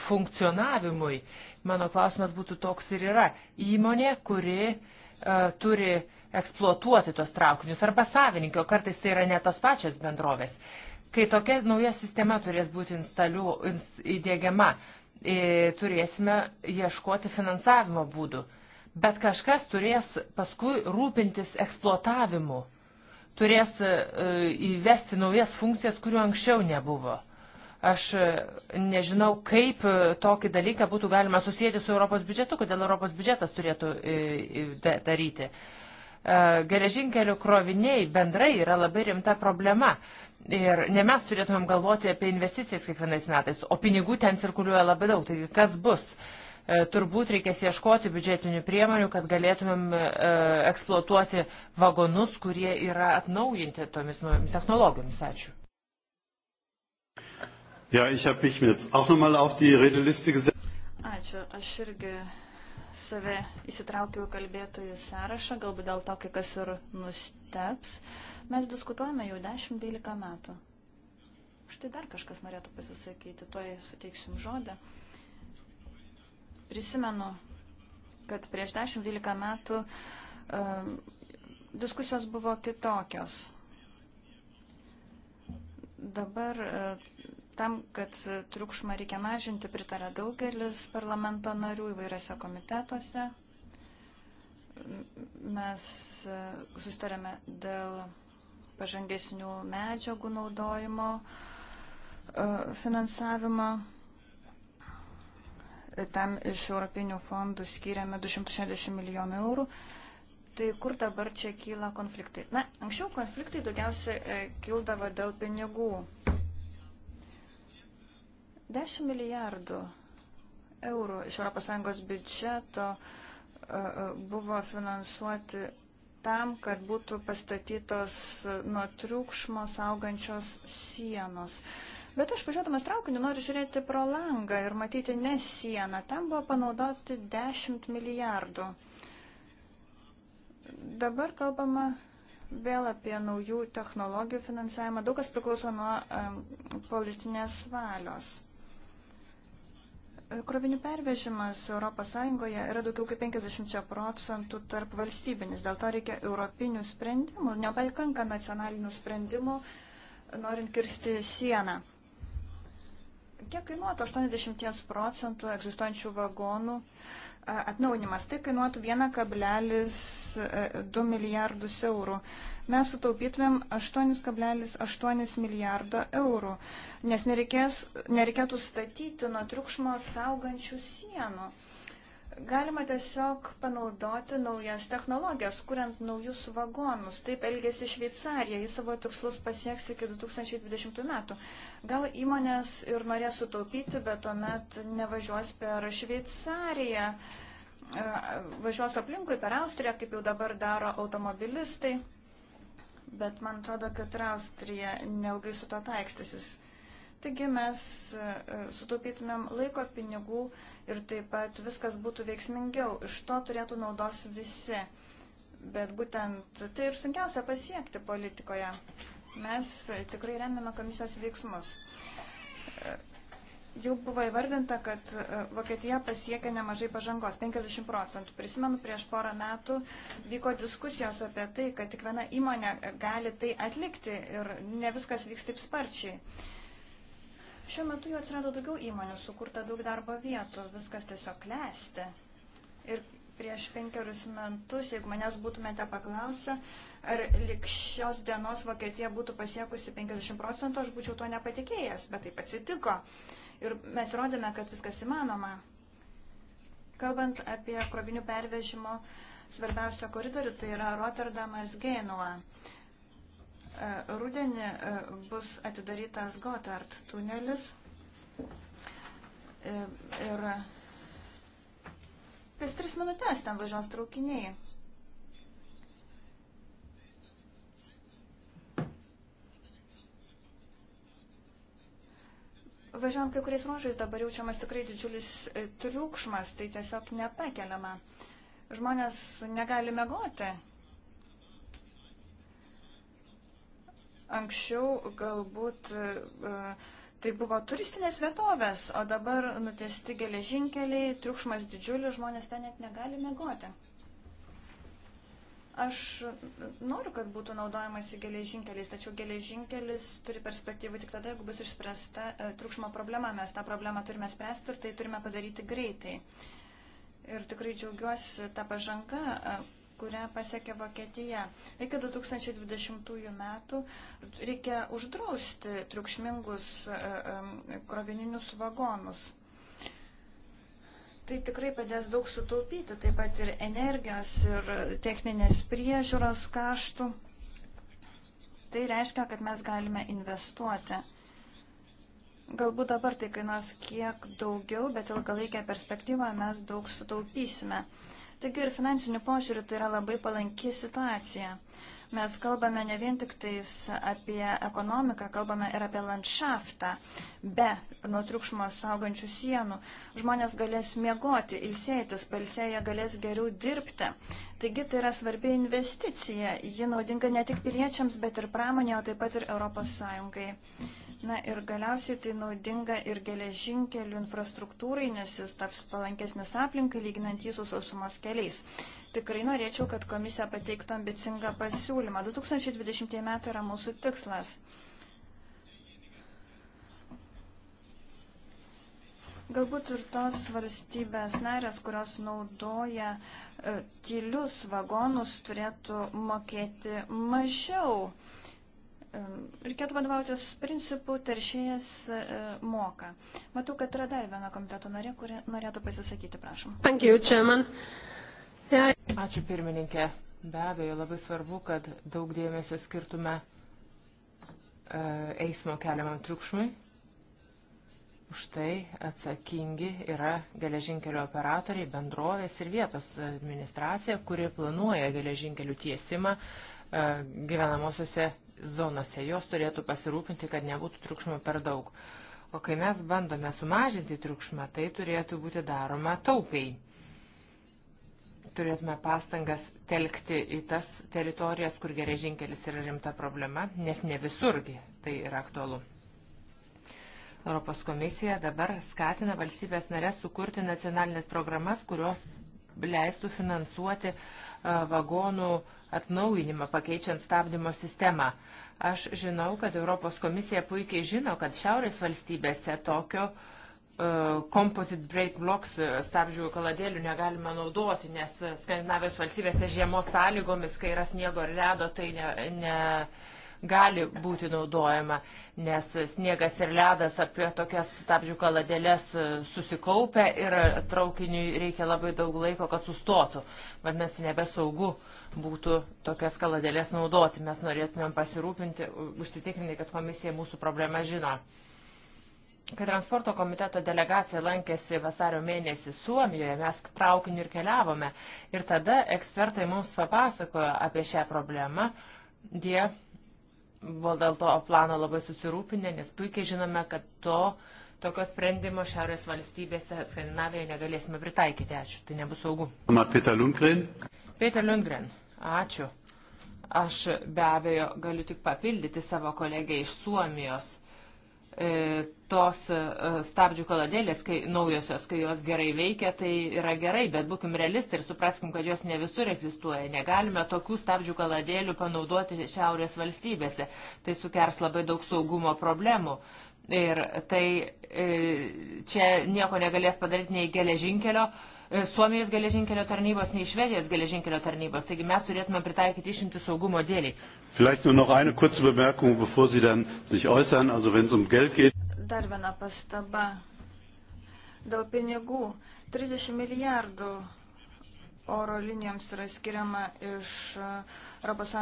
Speaker 4: funkcionavimui. Mano klausimas būtų toks ir yra. Įmonė, kuri e, turi eksploatuoti tuos traukinius arba savininkai, o kartais tai yra ne tos pačios bendrovės. Kai tokia nauja sistema turės būti instaliu, ins, įdėgiama, e, turėsime ieškoti finansavimo būdų. Bet kažkas turės paskui rūpintis eksploatavimu turės e, įvesti naujas funkcijas, kurių anksčiau nebuvo. Aš e, nežinau, kaip e, tokį dalyką būtų galima susijęti su Europos biudžetu, kodėl Europos biudžetas turėtų daryti. Geležinkelių kroviniai bendrai yra labai rimta problema. Ir ne mes turėtumėm galvoti apie investicijas kiekvienais metais, o pinigų ten cirkuliuoja labai daug. Taigi kas bus? Uh, E, turbūt reikės ieškoti biudžetinių priemonių, kad galėtumėm e, eksploatuoti vagonus, kurie yra atnaujinti tomis naujomis technologijomis. Ačiū.
Speaker 1: Ja, ich habe mich jetzt auch nochmal auf die Redeliste gesetzt.
Speaker 2: Ačiū, aš irgi save įsitraukiau į kalbėtojų sąrašą, galbūt dėl to kai kas ir nusteps. Mes diskutuojame jau 10-12 metų. Štai dar kažkas norėtų pasisakyti, tuoj suteiksiu jums žodį. Uh, Prisimenu, kad prieš 10-12 metų um, diskusijos buvo kitokios. Dabar uh, tam, kad triukšmą reikia mažinti, pritarė daugelis parlamento narių įvairiose komitetuose. Mes uh, sustarėme dėl pažangesnių medžiagų naudojimo, uh, finansavimo tam iš Europinių fondų skiriame 260 milijonų eurų. Tai kur dabar čia kyla konfliktai? Na, anksčiau konfliktai daugiausiai e, kildavo dėl pinigų. 10 milijardų eurų iš ES biudžeto e, e, buvo finansuoti tam, kad būtų pastatytos nuo triukšmo saugančios sienos. Uh, Bet aš važiuodamas traukiniu noriu žiūrėti pro langą ir matyti ne sieną. Tam buvo panaudoti 10 milijardų. Dabar kalbama vėl apie naujų technologijų finansavimą. Daug kas priklauso nuo um, politinės valios. Krovinių pervežimas ES yra daugiau kaip 50 procentų tarp valstybinis. Dėl to reikia europinių sprendimų. Nepakanka nacionalinių sprendimų, norint kirsti sieną. Kiek kainuotų 80 procentų egzistuojančių vagonų e, atnaunimas? Tai kainuotų 1,2 milijardus eurų. Mes sutaupytumėm 8,8 milijardo eurų, nes nereikės, nereikėtų statyti nuo triukšmo saugančių sienų. Galima tiesiog panaudoti naujas technologijas, kuriant naujus vagonus. Taip elgėsi Šveicarija, jis savo tikslus pasieks iki 2020 metų. Gal įmonės ir norės sutaupyti, bet tuomet nevažiuos per Šveicariją, e, važiuos aplinkui per Austriją, kaip jau dabar daro automobilistai. Bet man atrodo, kad ir Austrija nelgai su to taikstysis. Taigi mes e, e, sutaupytumėm laiko, pinigų ir taip pat viskas būtų veiksmingiau. Iš to turėtų naudos visi. Bet būtent tai ir sunkiausia pasiekti politikoje. Mes tikrai remiame komisijos veiksmus. E, jau buvo įvardinta, kad Vokietija pasiekė nemažai pažangos, 50 procentų. Prisimenu, prieš porą metų vyko diskusijos apie tai, kad tik viena įmonė gali tai atlikti ir ne viskas vyks taip sparčiai. Uh, Šiuo metu jau atsirado daugiau įmonių, sukurta daug darbo vietų, viskas tiesiog klesti. Ir prieš penkerius metus, jeigu manęs būtumėte paklausę, ar lik šios dienos Vokietija būtų pasiekusi 50 procentų, aš būčiau to nepatikėjęs, bet taip atsitiko. Ir mes rodėme, kad viskas įmanoma. Kalbant apie krovinių pervežimo svarbiausią koridorių, tai yra Rotterdamas Genua. E, Rūdienį e, bus atidarytas Gotard tunelis e, ir kas tris minutės ten važiuos traukiniai. važiuojam kai kuriais ruožais, dabar jaučiamas tikrai didžiulis triukšmas, tai tiesiog nepakeliama. Žmonės negali megoti, Anksčiau galbūt e, tai buvo turistinės vietovės, o dabar nutesti geležinkeliai, triukšmas didžiulis, žmonės ten net negali mėgoti. Aš noriu, kad būtų naudojamasi geležinkeliais, tačiau geležinkelis turi perspektyvų tik tada, jeigu bus išspręsta e, triukšmo problema. Mes tą problemą turime spręsti ir tai turime padaryti greitai. Ir tikrai džiaugiuosi tą pažangą, kurią pasiekė Vokietija. Iki 2020 metų reikia uždrausti triukšmingus e, e, krovininius vagonus. Tai tikrai padės daug sutaupyti, taip pat ir energijos, ir techninės priežiūros kaštų. Tai reiškia, kad mes galime investuoti. Galbūt dabar tai kainuos kiek daugiau, bet ilgalaikę perspektyvą mes daug sutaupysime. Uh, Taigi ir finansinių požiūrių tai yra labai palanki situacija. Mes kalbame ne vien tik tais apie ekonomiką, kalbame ir apie landšaftą. Be nuo triukšmo saugančių sienų žmonės galės miegoti, ilsėtis, palsėję galės geriau dirbti. Taigi tai yra svarbi investicija. Ji naudinga ne tik piliečiams, bet ir pramonė, o taip pat ir Europos Sąjungai. Na ir galiausiai tai naudinga ir geležinkelių infrastruktūrai, nes jis taps palankesnis aplinkai, lyginant jį su sausumos keliais. Tikrai norėčiau, kad komisija pateiktų ambicingą pasiūlymą. 2020 metai yra mūsų tikslas. Galbūt ir tos valstybės narės, kurios naudoja e, tylius vagonus, turėtų mokėti mažiau. Uh, Reikėtų vadovautis principų teršėjas e, moka. Matau, kad yra dar viena komiteto narė, kuri norėtų pasisakyti, prašom. Thank you, Chairman.
Speaker 4: Yeah. Ačiū pirmininkė. Be abejo, labai svarbu, kad daug dėmesio skirtume e, eismo keliamam triukšmui. Už tai atsakingi yra geležinkelio operatoriai, bendrovės ir vietos administracija, kuri planuoja geležinkelių tiesimą e, gyvenamosiose zonose. Jos turėtų pasirūpinti, kad nebūtų triukšmo per daug. O kai mes bandome sumažinti triukšmą, tai turėtų būti daroma taupiai. Turėtume pastangas telkti į tas teritorijas, kur geležinkelis yra rimta problema, nes ne visurgi tai yra aktualu. Europos komisija dabar skatina valstybės narės sukurti nacionalinės programas, kurios leistų finansuoti vagonų atnaujinimą, pakeičiant stabdymo sistemą. Aš žinau, kad Europos komisija puikiai žino, kad šiaurės valstybėse tokio uh, composite brake blocks stabdžių kaladėlių negalima naudoti, nes Skandinavijos valstybėse žiemos sąlygomis, kai yra sniego ir ledo, tai ne, ne, gali būti naudojama, nes sniegas ir ledas apie tokias stabdžių kaladėlės e, susikaupia ir traukiniui reikia labai daug laiko, kad sustotų. Vadinasi, nebesaugu būtų tokias kaladėlės naudoti. Mes norėtumėm pasirūpinti, užsitikrinti, kad komisija mūsų problemą žino. Kai transporto komiteto delegacija lankėsi vasario mėnesį Suomijoje, mes traukiniu ir keliavome. Ir tada ekspertai mums papasakojo apie šią problemą. Jie buvo dėl to plano labai susirūpinę, nes puikiai žinome, kad to tokio sprendimo šiaurės valstybėse Skandinavijoje negalėsime pritaikyti. Ačiū, tai nebus saugu.
Speaker 1: Peter Lundgren.
Speaker 4: Peter Lundgren, ačiū. Aš be abejo galiu tik papildyti savo kolegę iš Suomijos. E, tos e, stabdžių kaladėlės, kai naujosios, kai jos gerai veikia, tai yra gerai, bet būkim realistai ir supraskim, kad jos ne visur egzistuoja. Negalime tokių stabdžių kaladėlių panaudoti šiaurės valstybėse. Tai sukers labai daug saugumo problemų. Ir tai e, čia nieko negalės padaryti nei geležinkelio E, Suomijos geležinkelio tarnybos, nei Švedijos geležinkelio tarnybos. Taigi mes turėtume pritaikyti išimti saugumo dėliai. Um Dar viena pastaba dėl
Speaker 2: pinigų. 30 milijardų oro linijoms yra skiriama iš ES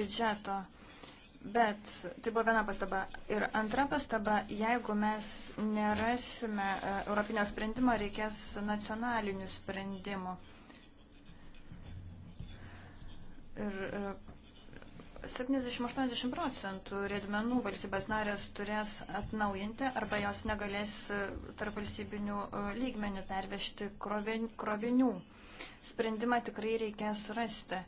Speaker 2: biudžeto. Bet tai buvo viena pastaba. Ir antra pastaba, jeigu mes nerasime e, europinio sprendimo, reikės nacionalinių sprendimų. Ir 70-80 e, procentų riedmenų valstybės narės turės atnaujinti arba jos negalės e, tarp valstybinių lygmenių pervežti krovinių. Sprendimą tikrai reikės rasti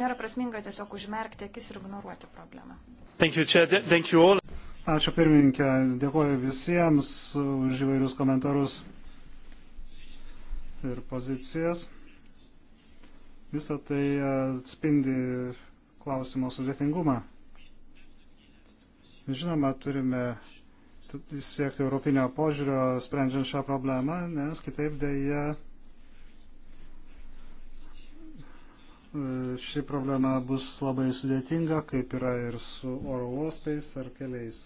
Speaker 2: nėra prasminga tiesiog užmerkti akis ir ignoruoti problemą.
Speaker 3: Thank you, Chair. Thank you all. Ačiū pirmininkė, dėkuoju visiems už įvairius komentarus ir pozicijas. Visą tai atspindi klausimo sudėtingumą. Žinoma, turime siekti europinio požiūrio sprendžiant šią problemą, nes kitaip dėja ši problema bus labai sudėtinga, kaip yra ir su oro uostais ar keliais.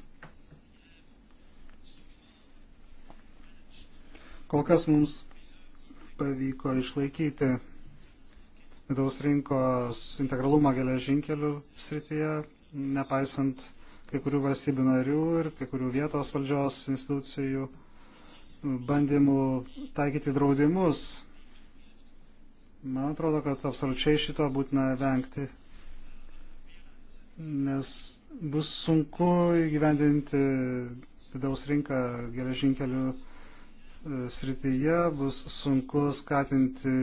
Speaker 3: Kol kas mums pavyko išlaikyti vidaus rinkos integralumą geležinkelių srityje, nepaisant kai kurių valstybių narių ir kai kurių vietos valdžios institucijų bandymų taikyti draudimus Man atrodo, kad absoliučiai šito būtina vengti, nes bus sunku įgyvendinti vidaus rinką geležinkelių e, srityje, bus sunku skatinti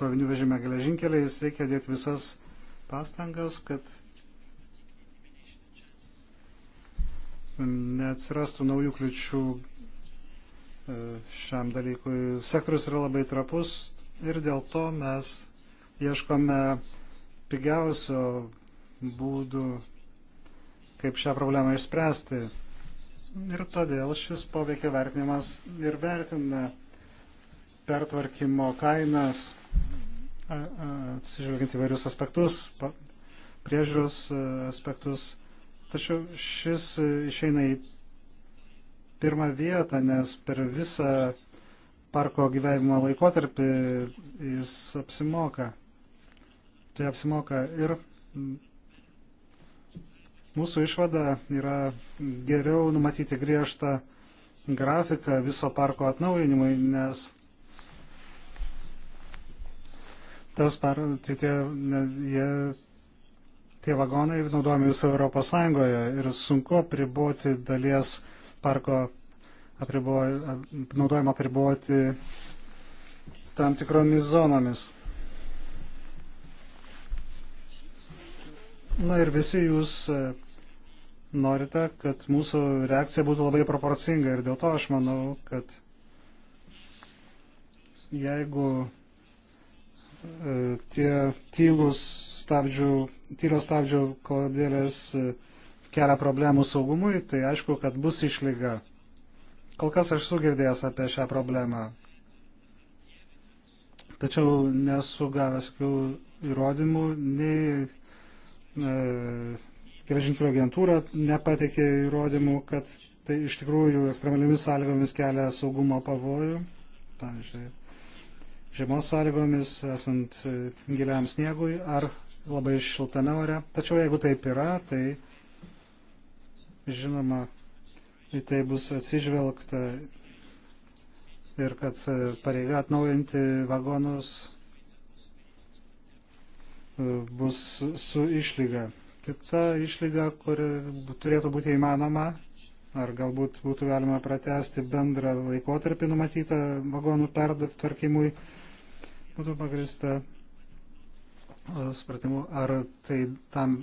Speaker 3: krovinių vežimą geležinkeliais, reikia dėti visas pastangas, kad neatsirastų naujų kliučių e, šiam dalykui. Sektorius yra labai trapus, ir dėl to mes ieškome pigiausio būdų, kaip šią problemą išspręsti. Ir todėl šis poveikio vertinimas ir vertina pertvarkymo kainas, atsižvelgiant įvairius aspektus, priežiūros aspektus. Tačiau šis išeina į pirmą vietą, nes per visą parko gyvenimo laikotarpį jis apsimoka. Tai apsimoka ir mūsų išvada yra geriau numatyti griežtą grafiką viso parko atnaujinimui, nes tas par, tai tie, jie, tie vagonai naudojami viso Europos Sąjungoje ir sunku priboti dalies parko apriboj, naudojimą apriboti tam tikromis zonomis. Na ir visi jūs e, norite, kad mūsų reakcija būtų labai proporcinga ir dėl to aš manau, kad jeigu e, tie tylus stabdžių, tyros stabdžių kolodėlės e, kelia problemų saugumui, tai aišku, kad bus išlyga. Kol kas aš sugirdėjęs apie šią problemą, tačiau nesu gavęs jokių įrodymų, nei e, geležinkelio agentūra nepateikė įrodymų, kad tai iš tikrųjų ekstremaliomis sąlygomis kelia saugumo pavojų. Pavyzdžiui, žiemos sąlygomis esant e, giliam sniegui ar labai šiltame ore. Tačiau jeigu taip yra, tai žinoma, į tai bus atsižvelgta ir kad e, pareiga atnaujinti vagonus e, bus su išlyga. Kita išlyga, kuri turėtų būti įmanoma, ar galbūt būtų galima pratesti bendrą laikotarpį numatytą vagonų pertvarkymui, būtų pagrista e, supratimu, ar tai tam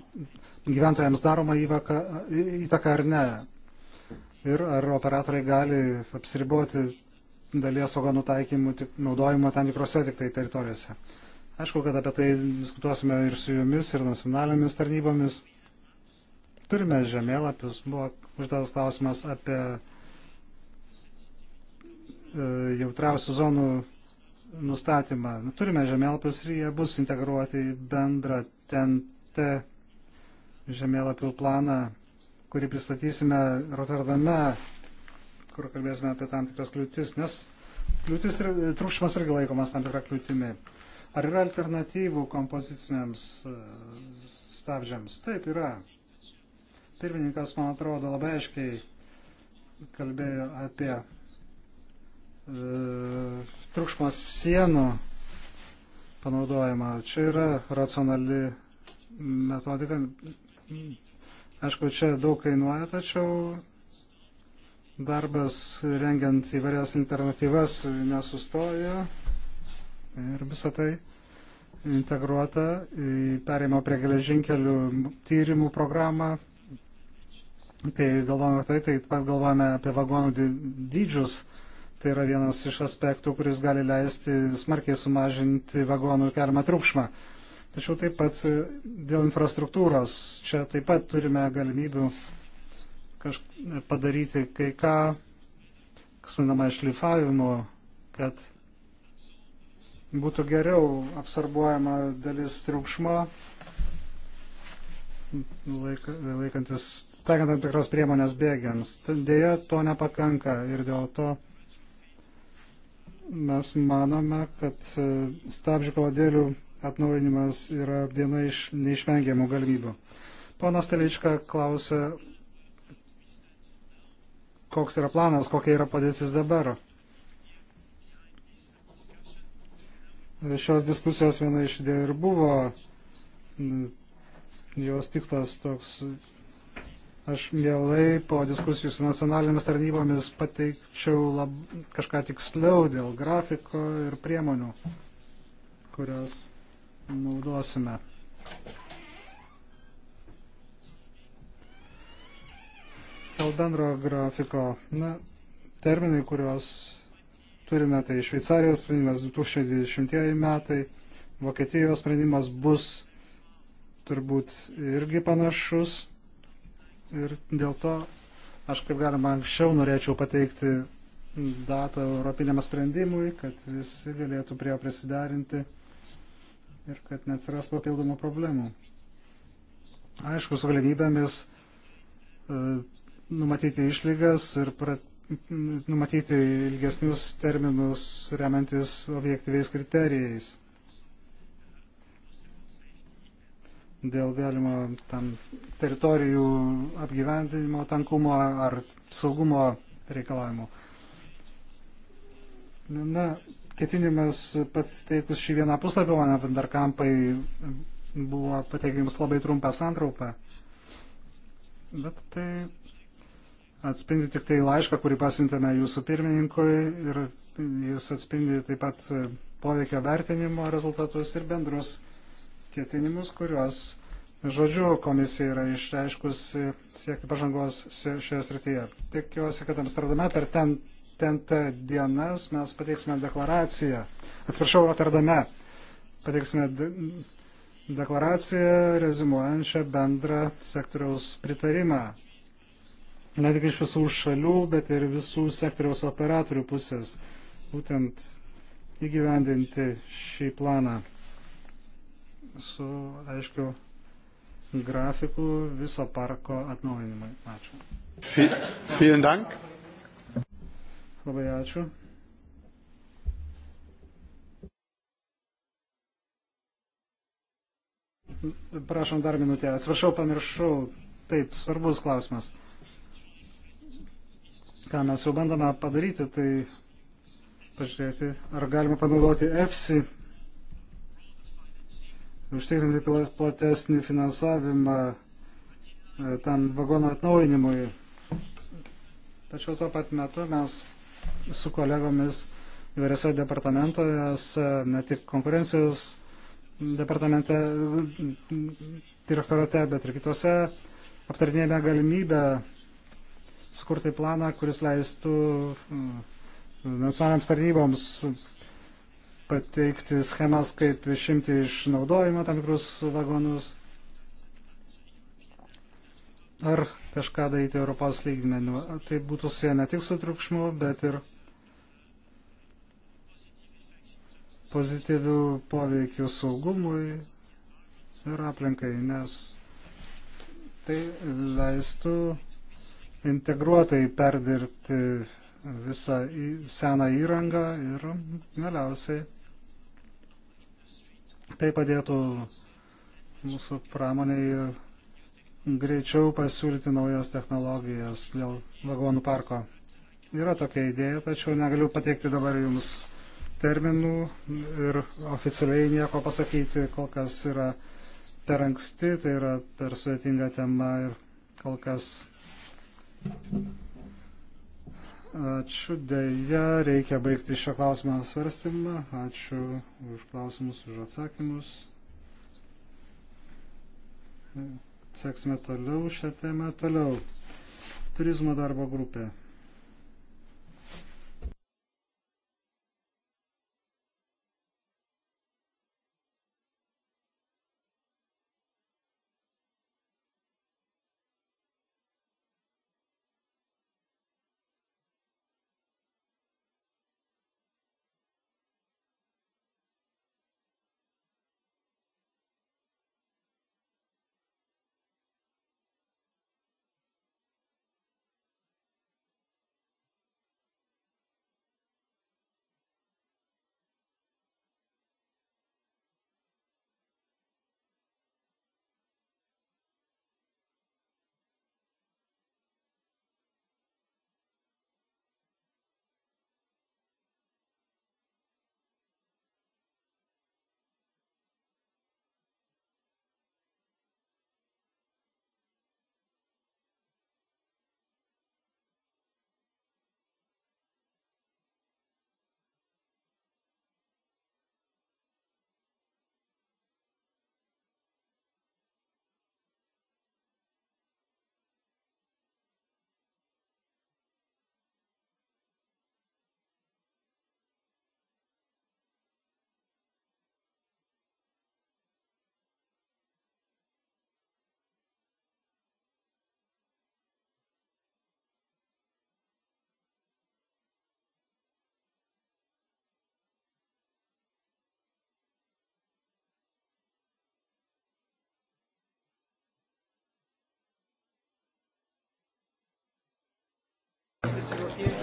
Speaker 3: gyventojams daroma įvaka, įtaka ar ne ir ar operatoriai gali apsiriboti dalies organų taikymų naudojimo tam tikrose tik tai teritorijose. Aišku, kad apie tai diskutuosime ir su jumis, ir nacionalinėmis tarnybomis. Turime žemėlapius, buvo užduotas klausimas apie e, jautriausių zonų nustatymą. Turime žemėlapius ir jie bus integruoti į bendrą TNT žemėlapių planą kurį pristatysime Rotterdame, kur kalbėsime apie tam tikras kliūtis, nes kliūtis ir e, triukšmas irgi laikomas tam tikrą kliūtimi. Ar yra alternatyvų kompoziciniams e, stabdžiams? Taip yra. Pirmininkas, man atrodo, labai aiškiai kalbėjo apie e, triukšmo sienų panaudojimą. Čia yra racionali metodika Aišku, čia daug kainuoja, tačiau darbas rengiant įvairias alternatyvas nesustoja ir visą tai integruota į perėjimo prie geležinkelių tyrimų programą. Kai galvojame apie tai, taip pat galvojame apie vagonų dydžius. Tai yra vienas iš aspektų, kuris gali leisti smarkiai sumažinti vagonų keliamą triukšmą. Tačiau taip pat e, dėl infrastruktūros čia taip pat turime galimybių kaž, padaryti kai ką, kas vadinama išlifavimu, kad būtų geriau absorbuojama dalis triukšmo, laik, laikantis, taikant tam tikras priemonės bėgiams. Deja, to nepakanka ir dėl to mes manome, kad e, stabdžių kaladėlių atnaujinimas yra viena iš neišvengiamų galimybių. Ponas Telička klausė, koks yra planas, kokia yra padėtis dabar. Šios diskusijos viena iš idėjų ir buvo, jos tikslas toks, aš mielai po diskusijų su nacionalinėmis tarnybomis pateikčiau lab, kažką tiksliau dėl grafiko ir priemonių, kurios naudosime. Dėl bendro grafiko, na, terminai, kuriuos turime, tai Šveicarijos sprendimas 2020 metai, Vokietijos sprendimas bus turbūt irgi panašus. Ir dėl to aš kaip galima anksčiau norėčiau pateikti datą Europinėm sprendimui, kad visi galėtų prie jo prisidarinti ir kad neatsiras papildomų problemų. Aišku, su galimybėmis e, numatyti išlygas ir pra, numatyti ilgesnius terminus remiantis objektyviais kriterijais. dėl galimo tam teritorijų apgyvendinimo tankumo ar saugumo reikalavimų. Na, ketinimas pateikus šį vieną puslapį, mane Vandarkampai buvo pateikimas labai trumpą santraupą. Bet tai atspindi tik tai laišką, kurį pasintame jūsų pirmininkui ir jis atspindi taip pat poveikio vertinimo rezultatus ir bendrus ketinimus, kuriuos žodžiu komisija yra išreiškus siekti pažangos šioje srityje. Tikiuosi, kad Amsterdame per ten TNT dienas mes pateiksime deklaraciją. Atsiprašau, Rotterdame pateiksime deklaraciją rezumuojančią bendrą sektoriaus pritarimą. Ne tik iš visų šalių, bet ir visų sektoriaus operatorių pusės. Būtent įgyvendinti šį planą su aiškiu grafiku viso parko atnaujinimai.
Speaker 1: Ačiū. Vielen Dank.
Speaker 3: Labai ačiū. Prašom dar minutę. Atsiprašau, pamiršau. Taip, svarbus klausimas. Ką mes jau bandome padaryti, tai pažiūrėti, ar galima panaudoti EFSI, užtikrinti platesnį finansavimą e, tam vagono atnaujinimui. Tačiau tuo pat metu mes su kolegomis įvairiose departamentojose, ne tik konkurencijos departamente, direktorate, bet ir kitose, aptarinėjame galimybę sukurti planą, kuris leistų mm, nacionaliniams tarnyboms pateikti schemas, kaip išimti iš naudojimo tam tikrus vagonus. Ar kažką daryti Europos lygmenių. Tai būtų susiję ne tik su triukšmu, bet ir pozityvių poveikių saugumui ir aplinkai, nes tai leistų integruotai perdirbti visą į, seną įrangą ir galiausiai tai padėtų mūsų pramoniai greičiau pasiūlyti naujas technologijas dėl vagonų parko. Yra tokia idėja, tačiau negaliu pateikti dabar jums terminų ir oficialiai nieko pasakyti, kol kas yra per anksti, tai yra per sudėtinga tema ir kol kas. Ačiū dėja, reikia baigti šio klausimą svarstymą. Ačiū už klausimus, už atsakymus. Yeah seksime toliau šią temą. Toliau. Turizmo darbo grupė.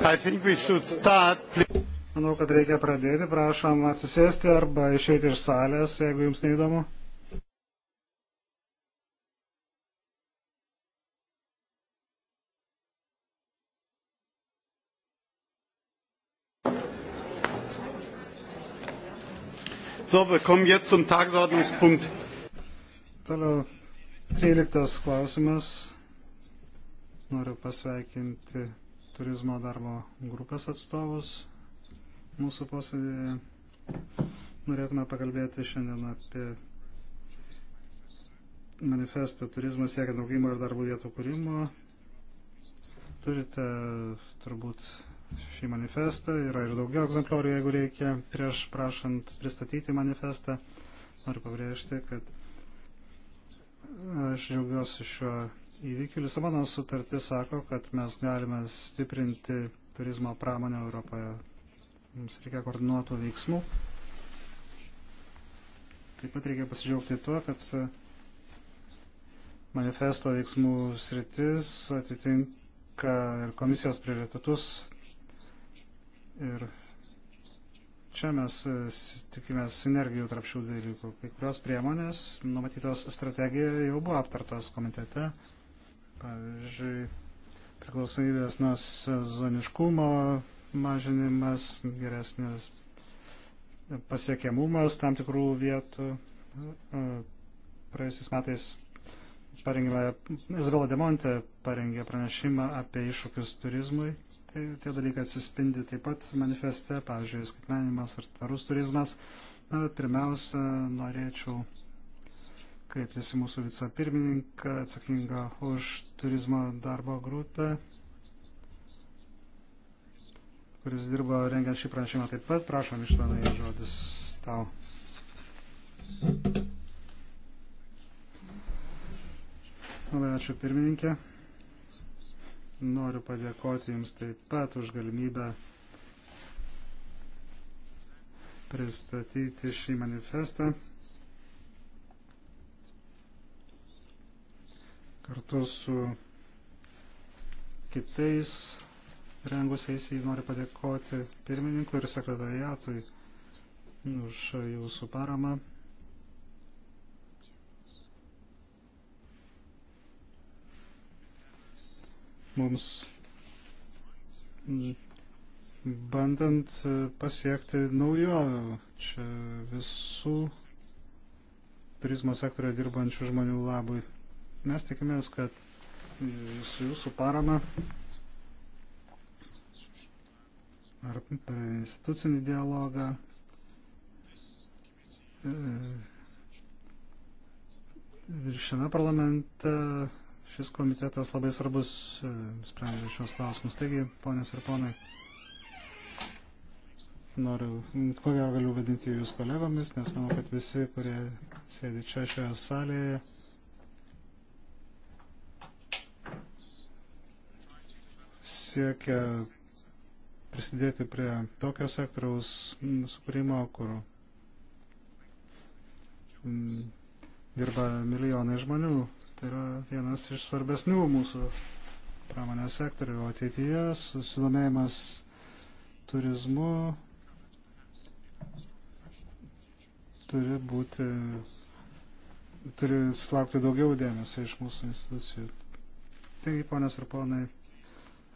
Speaker 3: Start, Manau, kad reikia pradėti. Prašom atsisėsti arba išeiti iš salės, jeigu jums neįdomu.
Speaker 1: So, wir kommen jetzt zum Tagesordnungspunkt.
Speaker 3: Toliau, 13 klausimas. Noriu pasveikinti turizmo darbo grupės atstovus mūsų posėdėje. Norėtume pakalbėti šiandien apie manifestą turizmą siekiant augimo ir darbo vietų kūrimo. Turite turbūt šį manifestą, yra ir daugiau egzempliorių, jeigu reikia, prieš prašant pristatyti manifestą. Noriu pabrėžti, kad Aš džiaugiuosi šiuo įvykiu. Lisabono sutartis sako, kad mes galime stiprinti turizmo pramonę Europoje. Mums reikia koordinuotų veiksmų. Taip pat reikia pasidžiaugti tuo, kad manifesto veiksmų sritis atitinka ir komisijos prioritetus ir Čia mes e, tikime sinergijų tarp šių dalykų. Kai kurios priemonės numatytos strategijoje jau buvo aptartos komitete. Pavyzdžiui, priklausomybės nuo sezoniškumo mažinimas, geresnis pasiekiamumas tam tikrų vietų. E, praėjusiais metais parengė, Izabela Demonte parengė pranešimą apie iššūkius turizmui Tai tie dalykai atsispindi taip pat manifeste, pavyzdžiui, skaitmenimas ir tvarus turizmas. Na, bet pirmiausia, norėčiau kreiptis į mūsų vicepirmininką, atsakingą už turizmo darbo grupę, kuris dirba rengiant šį pranešimą taip pat. Prašom iš tenai žodis tau. Labai ačiū pirmininkė. Noriu padėkoti Jums taip pat už galimybę pristatyti šį manifestą kartu su kitais rengusiais jį noriu padėkoti pirmininkui ir sekretariatui už jūsų paramą. mums bandant e, pasiekti naujovių. Čia visų turizmo sektorio dirbančių žmonių labui. Mes tikimės, kad su jūsų parama ar per institucinį dialogą e, ir šiame parlamente Šis komitetas labai svarbus e, sprendžia šios klausimus. Taigi, ponios ir ponai, noriu, ko gero galiu vadinti jūs kolegomis, nes manau, kad visi, kurie sėdi čia šioje salėje, siekia prisidėti prie tokio sektoriaus sukūrimo, kur dirba milijonai žmonių. Tai yra vienas iš svarbesnių mūsų pramonės sektorių. O ateityje susidomėjimas turizmu turi būti, turi slaukti daugiau dėmesio iš mūsų institucijų. Taigi, ponios ir ponai,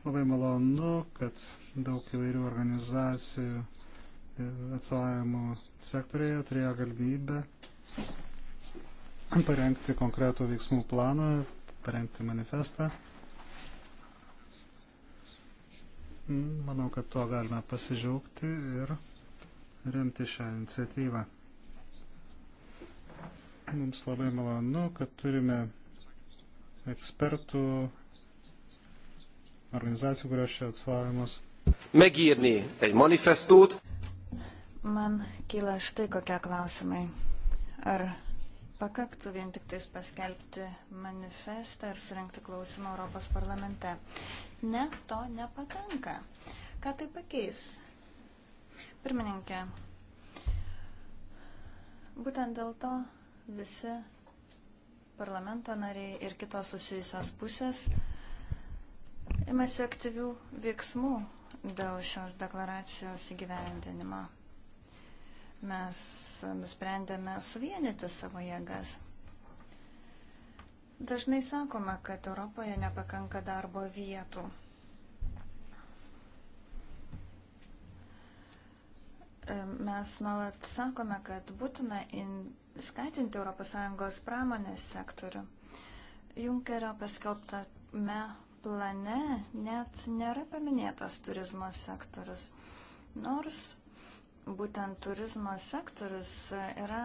Speaker 3: labai malonu, kad daug įvairių organizacijų atstovavimo sektorėje turėjo galimybę parengti konkretų veiksmų planą, parengti manifestą. Manau, kad tuo galime pasidžiaugti ir remti šią iniciatyvą. Mums labai malonu, kad turime ekspertų organizacijų, kurios čia atstovamos. Megírni egy manifestút.
Speaker 2: Man kyla štai kokie klausimai. Ar Pakaktų vien tik tais paskelbti manifestą ar surinkti klausimą Europos parlamente. Ne, to nepakanka. Ką tai pakeis? Pirmininkė, būtent dėl to visi parlamento nariai ir kitos susijusios pusės imasi aktyvių veiksmų dėl šios deklaracijos įgyvendinimo mes nusprendėme suvienyti savo jėgas. Dažnai sakoma, kad Europoje nepakanka darbo vietų. Mes nuolat sakome, kad būtina skatinti ES pramonės sektorių. Junkerio paskelbtame plane net nėra paminėtas turizmo sektorius, nors būtent turizmo sektorius yra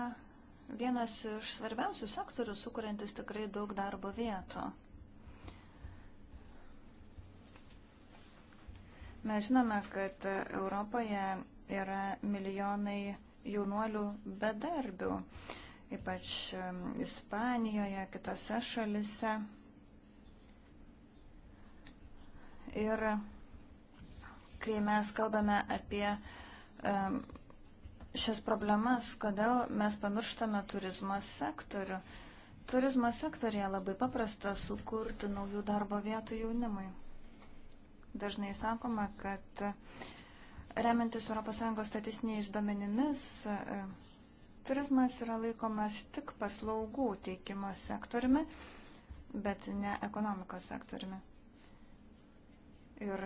Speaker 2: vienas iš svarbiausių sektorių, sukuriantis tikrai daug darbo vietų. Mes žinome, kad Europoje yra milijonai jaunuolių bedarbių, ypač Ispanijoje, kitose šalise. Ir kai mes kalbame apie uh, šias problemas, kodėl mes pamirštame turizmo sektorių. Turizmo sektorija labai paprasta sukurti naujų darbo vietų jaunimui. Dažnai sakoma, kad e, remiantis ES statistiniais duomenimis, e, turizmas yra laikomas tik paslaugų teikimo sektoriumi, bet ne ekonomikos sektoriumi. Ir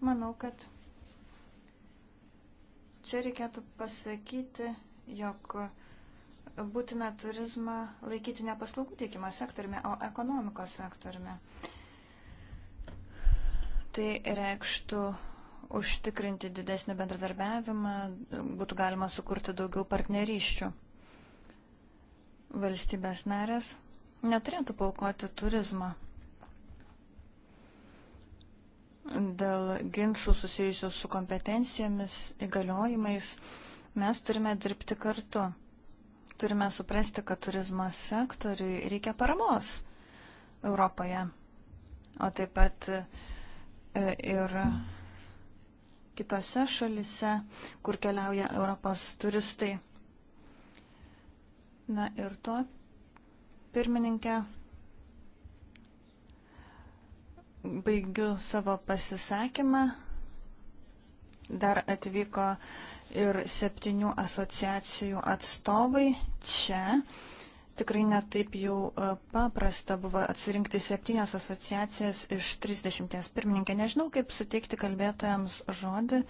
Speaker 2: manau, kad Čia reikėtų pasakyti, jog būtina turizmą laikyti ne paslaugų teikimo sektoriumi, o ekonomikos sektoriumi. Tai reikštų užtikrinti didesnį bendradarbiavimą, būtų galima sukurti daugiau partnerysčių. Valstybės narės neturėtų paukoti turizmą dėl ginčių susijusių su kompetencijomis, įgaliojimais, mes turime dirbti kartu. Turime suprasti, kad turizmo sektoriui reikia paramos Europoje, o taip pat e, ir kitose šalise, kur keliauja Europos turistai. Na ir to, pirmininkė, baigiu savo pasisakymą. Dar atvyko ir septynių asociacijų atstovai čia. Tikrai netaip jau e, paprasta buvo atsirinkti septynias asociacijas iš 30. Pirmininkė, nežinau, kaip suteikti kalbėtojams žodį,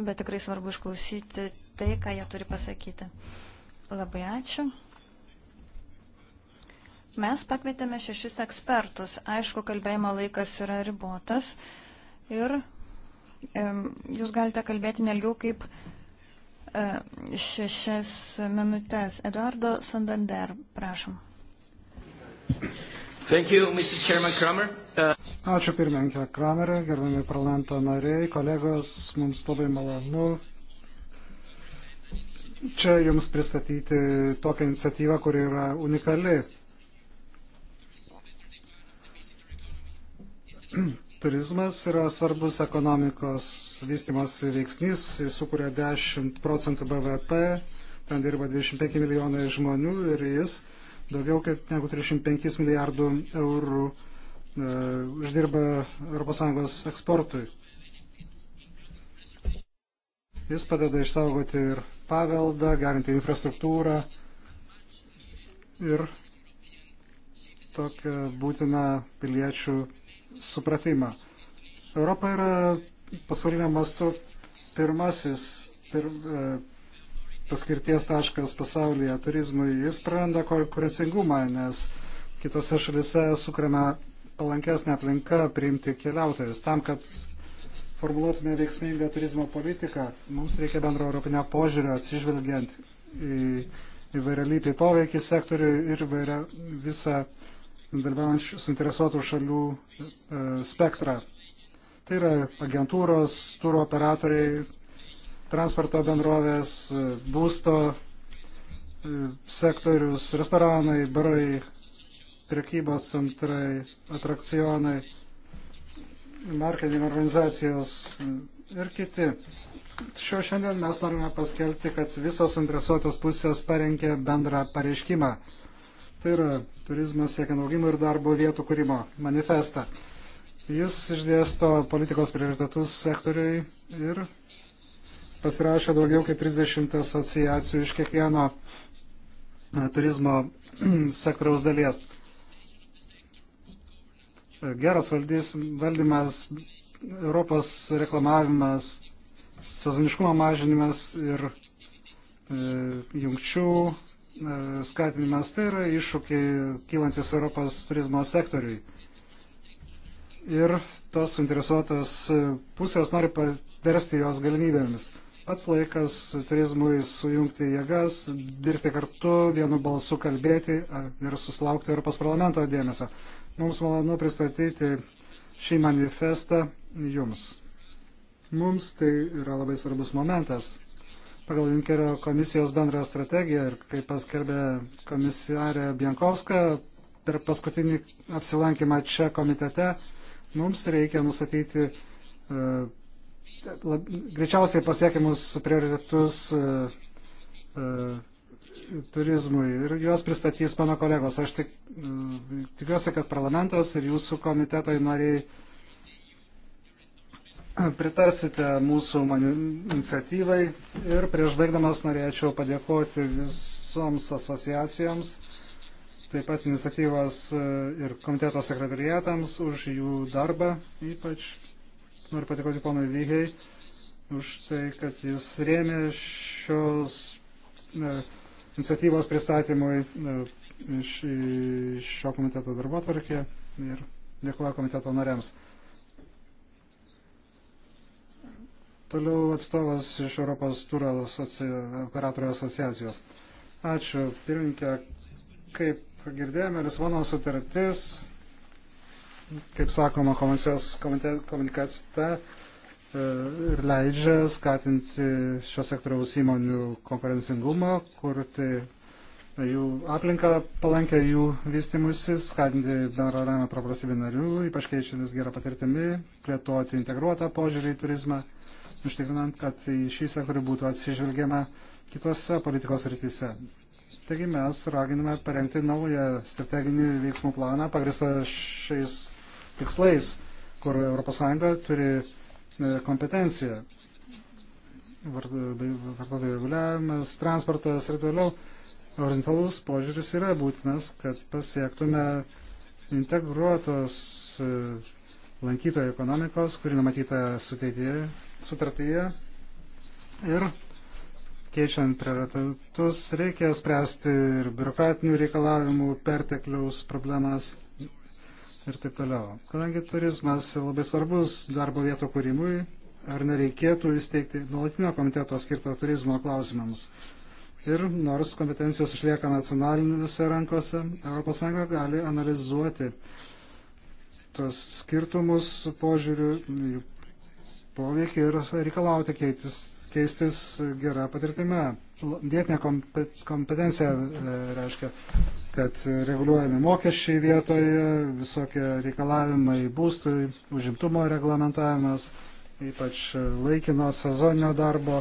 Speaker 2: bet tikrai svarbu išklausyti tai, ką jie turi pasakyti. Labai ačiū. Mes pakvietėme šešis ekspertus. Aišku, kalbėjimo laikas yra ribotas ir jūs galite kalbėti nelgiau kaip šešias minutės. Eduardo Sandander, prašom.
Speaker 4: Thank you, Mr. Chairman Kramer. Uh...
Speaker 3: Ačiū pirmininkė Kramerė, gerbami parlamento nariai, kolegos, mums labai malonu čia jums pristatyti tokią iniciatyvą, kuri yra unikali Turizmas yra svarbus ekonomikos vystimas veiksnys, jis sukuria 10 procentų BVP, ten dirba 25 milijonai žmonių ir jis daugiau negu 35 milijardų eurų e, uždirba ES eksportui. Jis padeda išsaugoti ir paveldą, gerinti infrastruktūrą ir tokią būtiną piliečių supratimą. Europa yra pasaulinio masto pirmasis pir, e, paskirties taškas pasaulyje turizmui. Jis praranda konkurencingumą, nes kitose šalise sukuriama palankesnė aplinka priimti keliautojus. Tam, kad formuluotume veiksmingą turizmo politiką, mums reikia bendro europinio požiūrio atsižvelgiant į įvairialypį poveikį sektoriui ir įvairia, visą dalyvaujančių suinteresuotų šalių e, spektrą. Tai yra agentūros, turų operatoriai, transporto bendrovės, būsto e, sektorius, restoranai, barai, prekybos centrai, atrakcionai, marketingo organizacijos e, ir kiti. Tačiau šiandien mes norime paskelbti, kad visos interesuotos pusės parengė bendrą pareiškimą Tai yra turizmas siekiant augimo ir darbo vietų kūrimo manifestą. Jis išdėsto politikos prioritetus sektoriui ir pasirašė daugiau kaip 30 asociacijų iš kiekvieno e, turizmo sektoriaus dalies. Geras valdys, valdymas, Europos reklamavimas, sezoniškumo mažinimas ir e, jungčių skatinimas, tai yra iššūkiai kylantis Europos turizmo sektoriui. Ir tos suinteresuotos pusės nori paversti jos galimybėmis. Pats laikas turizmui sujungti jėgas, dirbti kartu, vienu balsu kalbėti ir susilaukti Europos parlamento dėmesio. Mums malonu pristatyti šį manifestą jums. Mums tai yra labai svarbus momentas pagal Junkerio komisijos bendrą strategiją ir kaip paskelbė komisarė Bienkovska per paskutinį apsilankymą čia komitete, mums reikia nustatyti uh, lab, greičiausiai pasiekimus prioritetus uh, uh, turizmui ir juos pristatys mano kolegos. Aš tik, tikiuosi, kad parlamentas ir jūsų komitetai nariai pritarsite mūsų iniciatyvai ir prieš baigdamas norėčiau padėkoti visoms asociacijoms, taip pat iniciatyvos e, ir komiteto sekretariatams už jų darbą. Ypač noriu padėkoti ponui Vyhei už tai, kad jis rėmė šios ne, iniciatyvos pristatymui ne, iš, iš šio komiteto darbo atvarkė ir dėkuoju komiteto nariams. Toliau atstovas iš Europos turą operatorių asociacijos. Ačiū, pirmininkė. Kaip girdėjome, Lisbono sutartis, kaip sakoma, komisijos komunikacite e, ir leidžia skatinti šios sektoriaus įmonių konkurencingumą, kurti jų aplinką palankę jų vystimusi, skatinti bendradarbiavimą tarp valstybių narių, ypač keičiantis gerą patirtimį, plėtoti integruotą požiūrį į turizmą užtikrinant, kad į šį sektorių būtų atsižvelgiama kitose politikos rytise. Taigi mes raginame parengti naują strateginį veiksmų planą pagristą šiais tikslais, kur ES turi e, kompetenciją. E, vartotojų reguliavimas, transportas ir toliau. Orientalus požiūris yra būtinas, kad pasiektume integruotos e, lankytojų ekonomikos, kuri numatyta suteityje sutartyje ir keičiant prioritetus reikia spręsti ir biurokratinių reikalavimų, pertekliaus problemas ir taip toliau. Kadangi turizmas labai svarbus darbo vietų kūrimui, ar nereikėtų įsteigti nuolatinio komiteto skirto turizmo klausimams. Ir nors kompetencijos išlieka nacionaliniuose rankose, ES gali analizuoti tos skirtumus požiūrių, jų poveikį ir reikalauti keitis, keistis gerą patirtimą. Vietinė kompetencija e, reiškia, kad reguliuojami mokesčiai vietoje, visokie reikalavimai būstui, užimtumo reglamentavimas, ypač laikino sezoninio darbo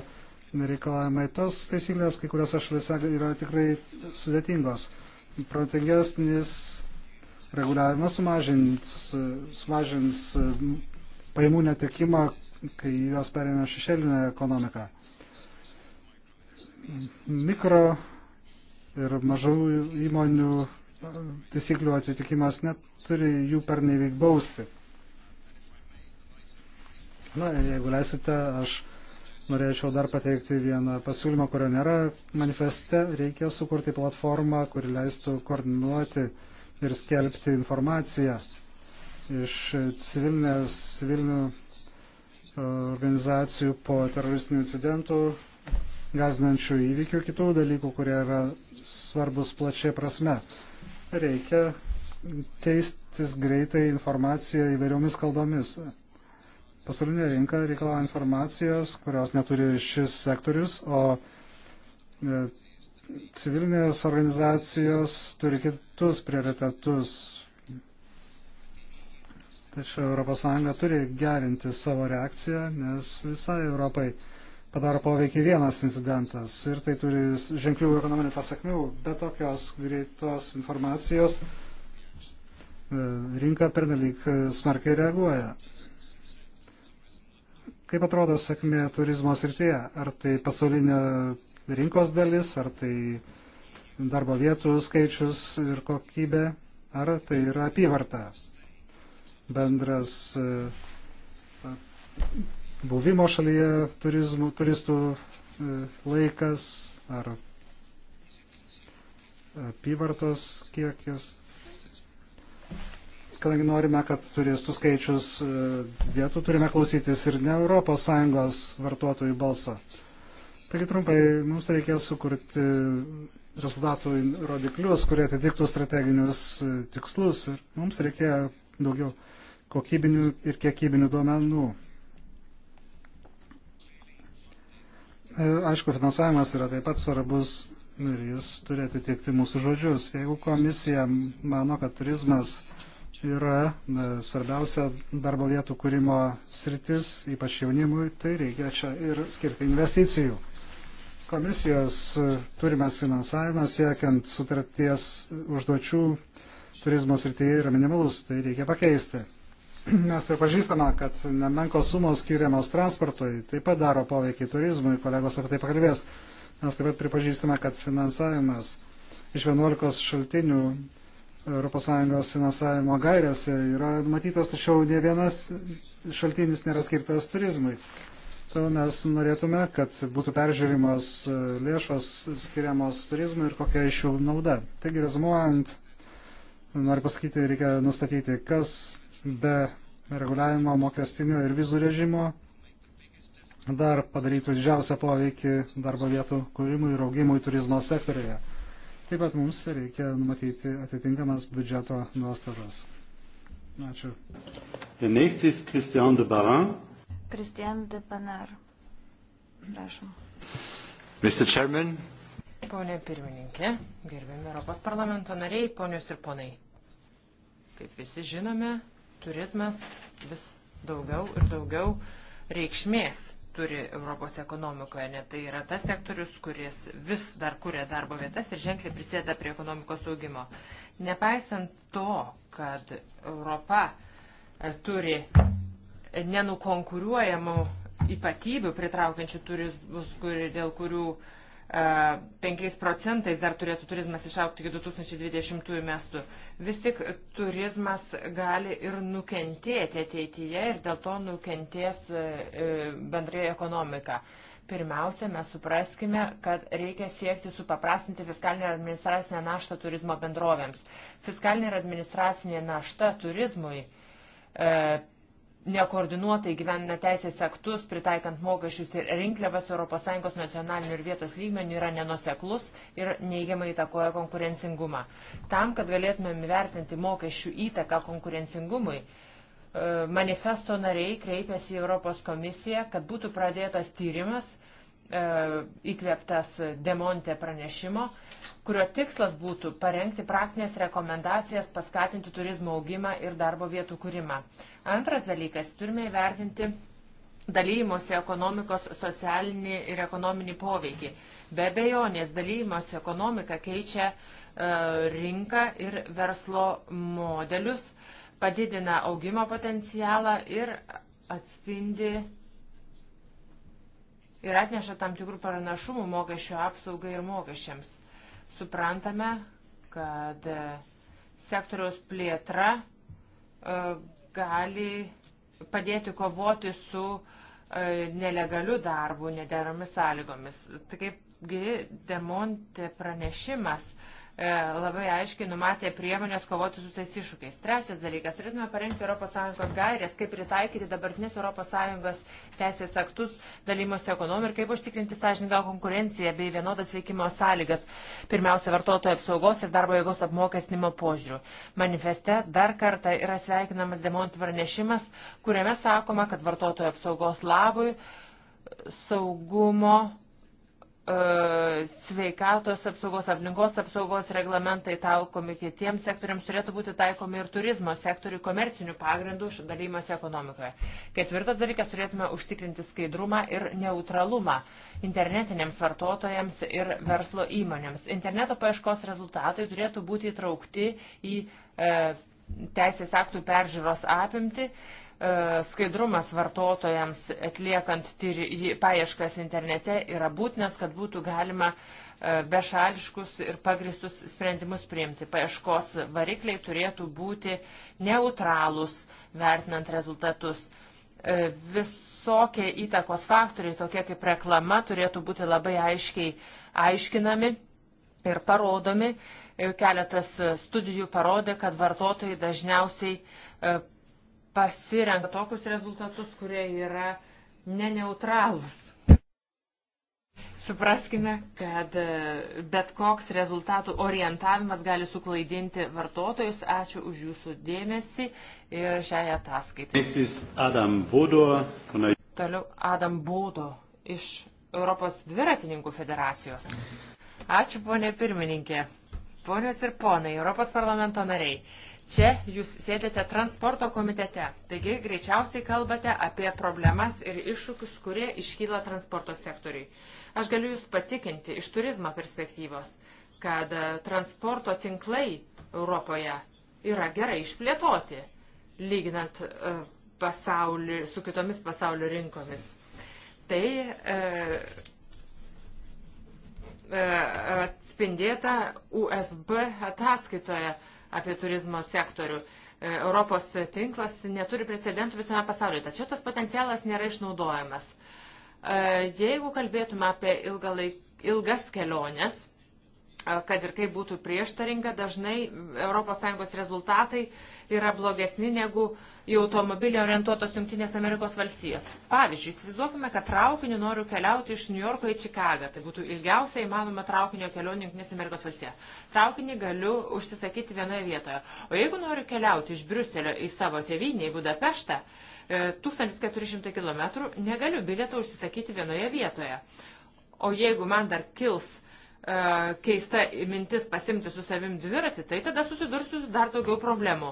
Speaker 3: reikalavimai. Tos taisyklės kai kuriuose šalise yra tikrai sudėtingos. Protingesnis reguliavimas sumažins, sumažins pajamų netekimą, kai juos perėmė šešėlinė ekonomika. Mikro ir mažų įmonių taisyklių atitikimas neturi jų per nevyk bausti. Na, jeigu leisite, aš norėčiau dar pateikti vieną pasiūlymą, kurio nėra manifeste. Reikia sukurti platformą, kuri leistų koordinuoti ir skelbti informaciją iš civilinės, civilinių e, organizacijų po teroristinių incidentų, gazinančių įvykių, kitų dalykų, kurie yra svarbus plačiai prasme. Reikia keistis greitai informaciją įvairiomis kalbomis. Pasaulinė rinka reikalauja informacijos, kurios neturi šis sektorius, o e, civilinės organizacijos turi kitus prioritetus, Tačiau ES turi gerinti savo reakciją, nes visai Europai padaro poveikį vienas incidentas ir tai turi ženklių ekonominių pasakmių, bet tokios greitos informacijos e, rinka pernelyg e, smarkiai reaguoja. Kaip atrodo sėkmė turizmo srityje? Ar tai pasaulinio rinkos dalis, ar tai darbo vietų skaičius ir kokybė, ar tai yra apyvarta? bendras e, buvimo šalyje turizmų, turistų e, laikas ar apyvartos kiekis. Kadangi norime, kad turistų skaičius dėtų, e, turime klausytis ir ne ES vartotojų balsą. Taigi trumpai, mums reikės sukurti rezultatų rodiklius, kurie atitiktų strateginius tikslus ir mums reikėjo daugiau kokybinių ir kiekybinių duomenų. E, aišku, finansavimas yra taip pat svarbus ir jis turi atitikti mūsų žodžius. Jeigu komisija mano, kad turizmas yra e, svarbiausia darbo vietų kūrimo sritis, ypač jaunimui, tai reikia čia ir skirti investicijų. Komisijos e, turimas finansavimas siekiant sutarties užduočių turizmo srityje yra minimalus, tai reikia pakeisti. Mes pripažįstame, kad nemenkos sumos skiriamos transportui taip pat daro poveikį turizmui, kolegos ar tai pakalbės. Mes taip pat pripažįstame, kad finansavimas iš 11 šaltinių ES finansavimo gairiose yra matytas, tačiau ne vienas šaltinis nėra skirtas turizmui. Todėl mes norėtume, kad būtų peržiūrimos lėšos skiriamos turizmui ir kokia iš jų nauda. Taigi, rezumuojant, noriu pasakyti, reikia nustatyti, kas be reguliavimo mokestinio ir vizų režimo dar padarytų didžiausią poveikį darbo vietų kūrimui ir augimui turizmo sektoriuje. Taip pat mums reikia numatyti atitinkamas biudžeto nuostatas. Ačiū.
Speaker 1: Kristian de Baran.
Speaker 2: Kristian de Banar. Prašom.
Speaker 1: Mr. Chairman.
Speaker 4: Pone pirmininkė, gerbėmi Europos parlamento nariai, ponios ir ponai. Kaip visi žinome, turizmas vis daugiau ir daugiau reikšmės turi Europos ekonomikoje, nes tai yra tas sektorius, kuris vis dar kuria darbo vietas ir ženkliai prisėda prie ekonomikos augimo. Nepaisant to, kad Europa e, turi nenukonkuruojamų ypatybių pritraukiančių turizmus, kur, dėl kurių uh, 5 procentais dar turėtų turizmas išaukti iki 2020 metų. Vis tik turizmas gali ir nukentėti ateityje ir dėl to nukentės e, e, bendrai ekonomika. Pirmiausia, mes supraskime, kad reikia siekti supaprastinti fiskalinę ir administracinę naštą turizmo bendrovėms. Fiskalinė ir administracinė našta turizmui e, nekoordinuotai gyvenina teisės aktus, pritaikant mokesčius ir rinkliavas ES nacionaliniu ir vietos lygmeniu yra nenoseklus ir neigiamai įtakoja konkurencingumą. Tam, kad galėtumėm įvertinti mokesčių įtaką konkurencingumui, e, manifesto nariai kreipėsi į Europos komisiją, kad būtų pradėtas tyrimas E, įkvėptas Demonte pranešimo, kurio tikslas būtų parengti praktinės rekomendacijas, paskatinti turizmo augimą ir darbo vietų kūrimą. Antras dalykas, turime įvertinti dalymosi ekonomikos socialinį ir ekonominį poveikį. Be bejonės, dalymosi ekonomika keičia e, rinką ir verslo modelius, padidina augimo potencialą ir atspindi ir atneša tam tikrų pranašumų mokesčio apsaugai ir mokesčiams. Suprantame, kad e, sektoriaus plėtra e, gali padėti kovoti su e, nelegaliu darbu, nederamis sąlygomis. Taipgi, Demonte pranešimas E, labai aiškiai numatė priemonės kovoti su tais iššūkiais. Trečias dalykas, turėtume parengti ES gairės, kaip pritaikyti dabartinės ES teisės aktus dalymosi ekonomikai ir kaip užtikrinti sąžininką konkurenciją bei vienodas veikimo sąlygas, pirmiausia, vartotojų apsaugos ir darbo jėgos apmokestinimo požiūrių. Manifeste dar kartą yra sveikinamas demont pranešimas, kuriame sakoma, kad vartotojų apsaugos labui saugumo E, sveikatos apsaugos, aplinkos apsaugos reglamentai taikomi kitiems sektoriams turėtų būti taikomi ir turizmo sektoriui komercinių pagrindų dalymas ekonomikoje. Ketvirtas dalykas - turėtume užtikrinti skaidrumą ir neutralumą internetiniams vartotojams ir verslo įmonėms. Interneto paieškos rezultatai turėtų būti įtraukti į e, teisės aktų peržiūros apimti E, skaidrumas vartotojams atliekant tyri, paieškas internete yra būtinas, kad būtų galima e, bešališkus ir pagristus sprendimus priimti. Paieškos varikliai turėtų būti neutralūs, vertinant rezultatus. E, visokie įtakos faktoriai, tokie kaip reklama, turėtų būti labai aiškiai aiškinami ir parodomi. Keletas studijų parodė, kad vartotojai dažniausiai pasirenka tokius rezultatus, kurie yra neneutralūs. Supraskime, kad e, bet koks rezultatų orientavimas gali suklaidinti vartotojus. Ačiū už jūsų dėmesį šiai ataskaitai.
Speaker 1: Adam Bodo.
Speaker 4: Toliau Adam Bodo iš Europos dviratininkų federacijos. Ačiū, ponė pirmininkė. Ponios ir ponai, Europos parlamento nariai. Čia jūs sėdite transporto komitete, taigi greičiausiai kalbate apie problemas ir iššūkius, kurie iškyla transporto sektoriui. Aš galiu jūs patikinti iš turizmo perspektyvos, kad e, transporto tinklai Europoje yra gerai išplėtoti, lyginant e, pasaulį, su kitomis pasaulio rinkomis. Tai e, e, atspindėta USB ataskaitoje apie turizmo sektorių. E, Europos tinklas neturi precedentų visame pasaulyje, tačiau tas potencialas nėra išnaudojamas. E, Jeigu kalbėtume apie ilgalaik, ilgas keliones, kad ir kaip būtų prieštaringa, dažnai ES rezultatai yra blogesni negu į automobilį orientuotos Junktinės Amerikos valstijos. Pavyzdžiui, įsivaizduokime, kad traukiniu noriu keliauti iš New Yorko į Čikagą. Tai būtų ilgiausia įmanoma traukinio kelionė Junktinės Amerikos valstija. Traukinį galiu užsisakyti vienoje vietoje. O jeigu noriu keliauti iš Briuselio į savo tėvynį, į Budapeštą, 1400 e, km negaliu biletą užsisakyti vienoje vietoje. O jeigu man dar kils E, keista mintis pasimti su savim dviratį, tai tada susidursiu su dar daugiau problemų.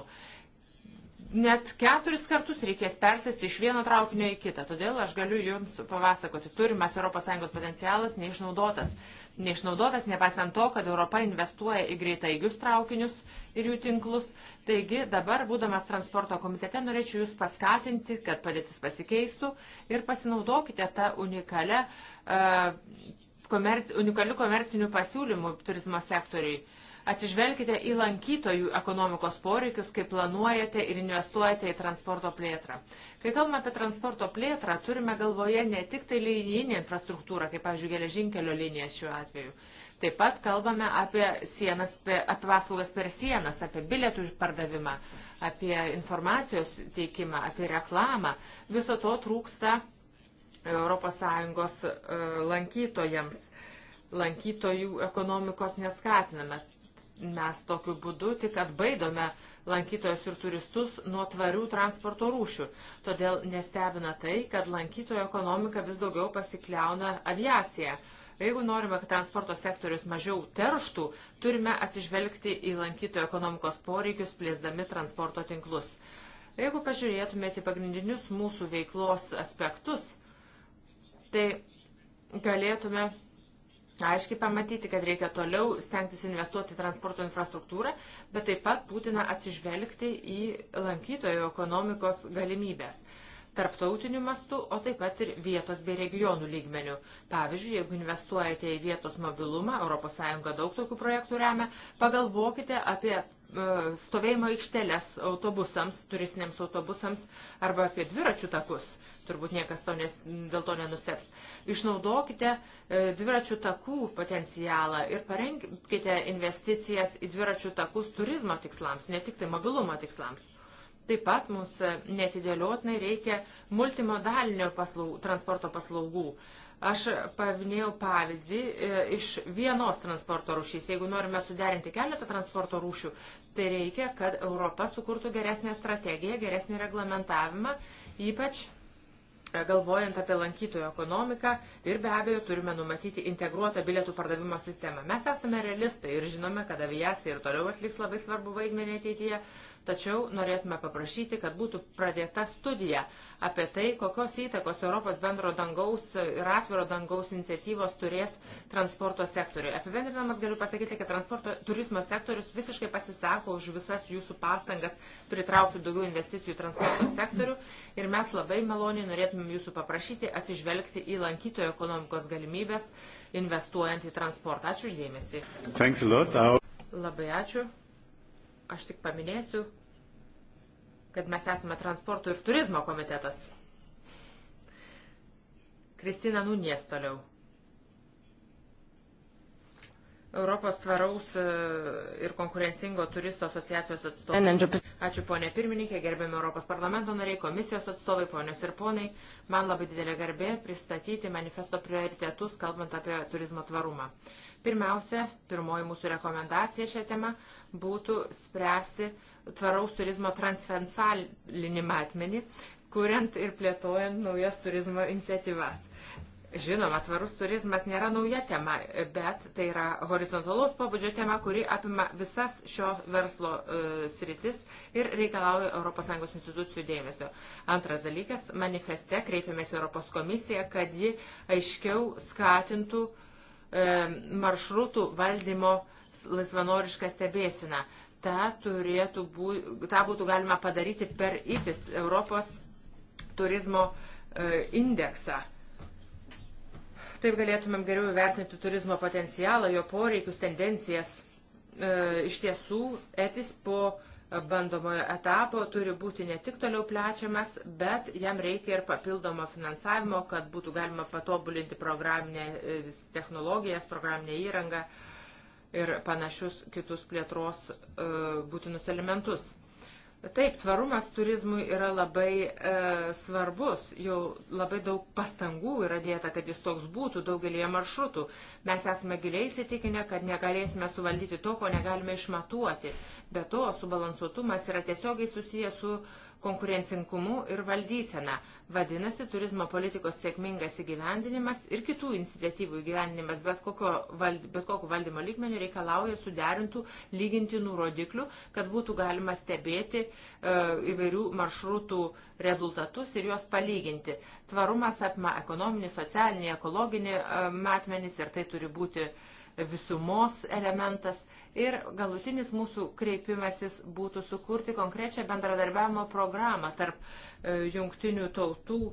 Speaker 4: Net keturis kartus reikės persėsti iš vieno traukinio į kitą. Todėl aš galiu Jums papasakoti, turimas ES potencialas neišnaudotas. Neišnaudotas, nepaisant to, kad Europa investuoja į greitaigius traukinius ir jų tinklus. Taigi dabar, būdamas transporto komitete, norėčiau Jūs paskatinti, kad padėtis pasikeistų ir pasinaudokite tą unikalią uh, komerc, unikalių komercinių pasiūlymų turizmo sektoriui. Atsižvelkite į lankytojų ekonomikos poreikius, kai planuojate ir investuojate į transporto plėtrą. Kai kalbame apie transporto plėtrą, turime galvoje ne tik tai linijinį infrastruktūrą, kaip, pavyzdžiui, geležinkelio linijas šiuo atveju. Taip pat kalbame apie, sienas, apie paslaugas per sienas, apie bilietų pardavimą, apie informacijos teikimą, apie reklamą. Viso to trūksta ES e, lankytojams. Lankytojų ekonomikos neskatiname. Mes tokiu būdu tik atbaidome lankytojus ir turistus nuo tvarių transporto rūšių. Todėl nestebina tai, kad lankytojo ekonomika vis daugiau pasikliauna aviacija. Jeigu norime, kad transporto sektorius mažiau terštų, turime atsižvelgti į lankytojo ekonomikos poreikius, plėsdami transporto tinklus. Jeigu pažiūrėtumėte pagrindinius mūsų veiklos aspektus, tai galėtume aiškiai pamatyti, kad reikia toliau stengtis investuoti transporto infrastruktūrą, bet taip pat būtina atsižvelgti į lankytojų ekonomikos galimybės tarptautiniu mastu, o taip pat ir vietos bei regionų lygmenių. Pavyzdžiui, jeigu investuojate į vietos mobilumą, ES daug tokių projektų remia, pagalvokite apie e, stovėjimo aikštelės autobusams, turistiniams autobusams arba apie dviračių takus turbūt niekas to nes, dėl to nenusteps. Išnaudokite e, dviračių takų potencialą ir parenkite investicijas į dviračių takus turizmo tikslams, ne tik tai mobilumo tikslams. Taip pat mums e, netidėliotinai reikia multimodalinio paslaug, transporto paslaugų. Aš paminėjau pavyzdį e, iš vienos transporto rūšys. Jeigu norime suderinti keletą transporto rūšių, tai reikia, kad Europa sukurtų geresnę strategiją, geresnį reglamentavimą, ypač E, galvojant apie lankytojų ekonomiką ir be abejo turime numatyti integruotą bilietų pardavimo sistemą. Mes esame realistai ir žinome, kad aviacija ir toliau atliks labai svarbu vaidmenį ateityje, Tačiau norėtume paprašyti, kad būtų pradėta studija apie tai, kokios įtakos Europos bendro dangaus ir atviro dangaus iniciatyvos turės transporto sektoriui. Apibendrinamas galiu pasakyti, kad transporto turizmo sektorius visiškai pasisako už visas jūsų pastangas pritraukti daugiau investicijų į transporto sektorių ir mes labai maloniai norėtumėm jūsų paprašyti atsižvelgti į lankytojo ekonomikos galimybės investuojant į transportą. Ačiū uždėmesi. Labai ačiū. Aš tik paminėsiu, kad mes esame transporto ir turizmo komitetas. Kristina Nunies toliau. Europos tvaraus e, ir konkurencingo turisto asociacijos atstovai. Ačiū ponė pirmininkė, gerbėme Europos parlamento nariai, komisijos atstovai, ponios ir ponai. Man labai didelė garbė pristatyti manifesto prioritetus, kalbant apie turizmo tvarumą. Uh, Pirmiausia, pirmoji mūsų rekomendacija šią temą būtų spręsti tvaraus turizmo transvensalinį matmenį, kuriant ir plėtojant naujas turizmo iniciatyvas. Žinoma, tvarus turizmas nėra nauja tema, bet tai yra horizontalaus pobūdžio tema, kuri apima visas šio verslo uh, sritis ir reikalauja ES institucijų dėmesio. Antras dalykas, manifeste kreipiamės Europos komisiją, kad ji aiškiau skatintų uh, E, maršrutų valdymo laisvanorišką stebėsiną. Ta, turėtų bū, ta būtų galima padaryti per ITIS, Europos turizmo e, indeksą. Taip galėtumėm geriau įvertinti turizmo potencialą, jo poreikius, tendencijas. E, iš tiesų, ETIS po bandomojo etapo turi būti ne tik toliau plečiamas, bet jam reikia ir papildomo finansavimo, kad būtų galima patobulinti programinę e, technologijas, programinę įrangą ir panašius kitus plėtros e, būtinus elementus. Taip, tvarumas turizmui yra labai e, svarbus, jau labai daug pastangų yra dėta, kad jis toks būtų daugelie maršrutų. Mes esame giliai įsitikinę, kad negalėsime suvaldyti to, ko negalime išmatuoti. Be to, subalansuotumas yra tiesiogiai susijęs su e, konkurencingumu ir valdysena. Vadinasi, turizmo politikos sėkmingas įgyvendinimas ir kitų iniciatyvų įgyvendinimas bet, kokio, vald, bet kokio valdymo lygmenio reikalauja suderintų lygintinų rodiklių, kad būtų galima stebėti e, įvairių maršrutų rezultatus ir juos palyginti. Tvarumas apima ekonominį, socialinį, ekologinį e, matmenis ir tai turi būti e, visumos elementas. Ir galutinis mūsų kreipimasis būtų sukurti konkrečią bendradarbiavimo programą tarp e, jungtinių tautų e,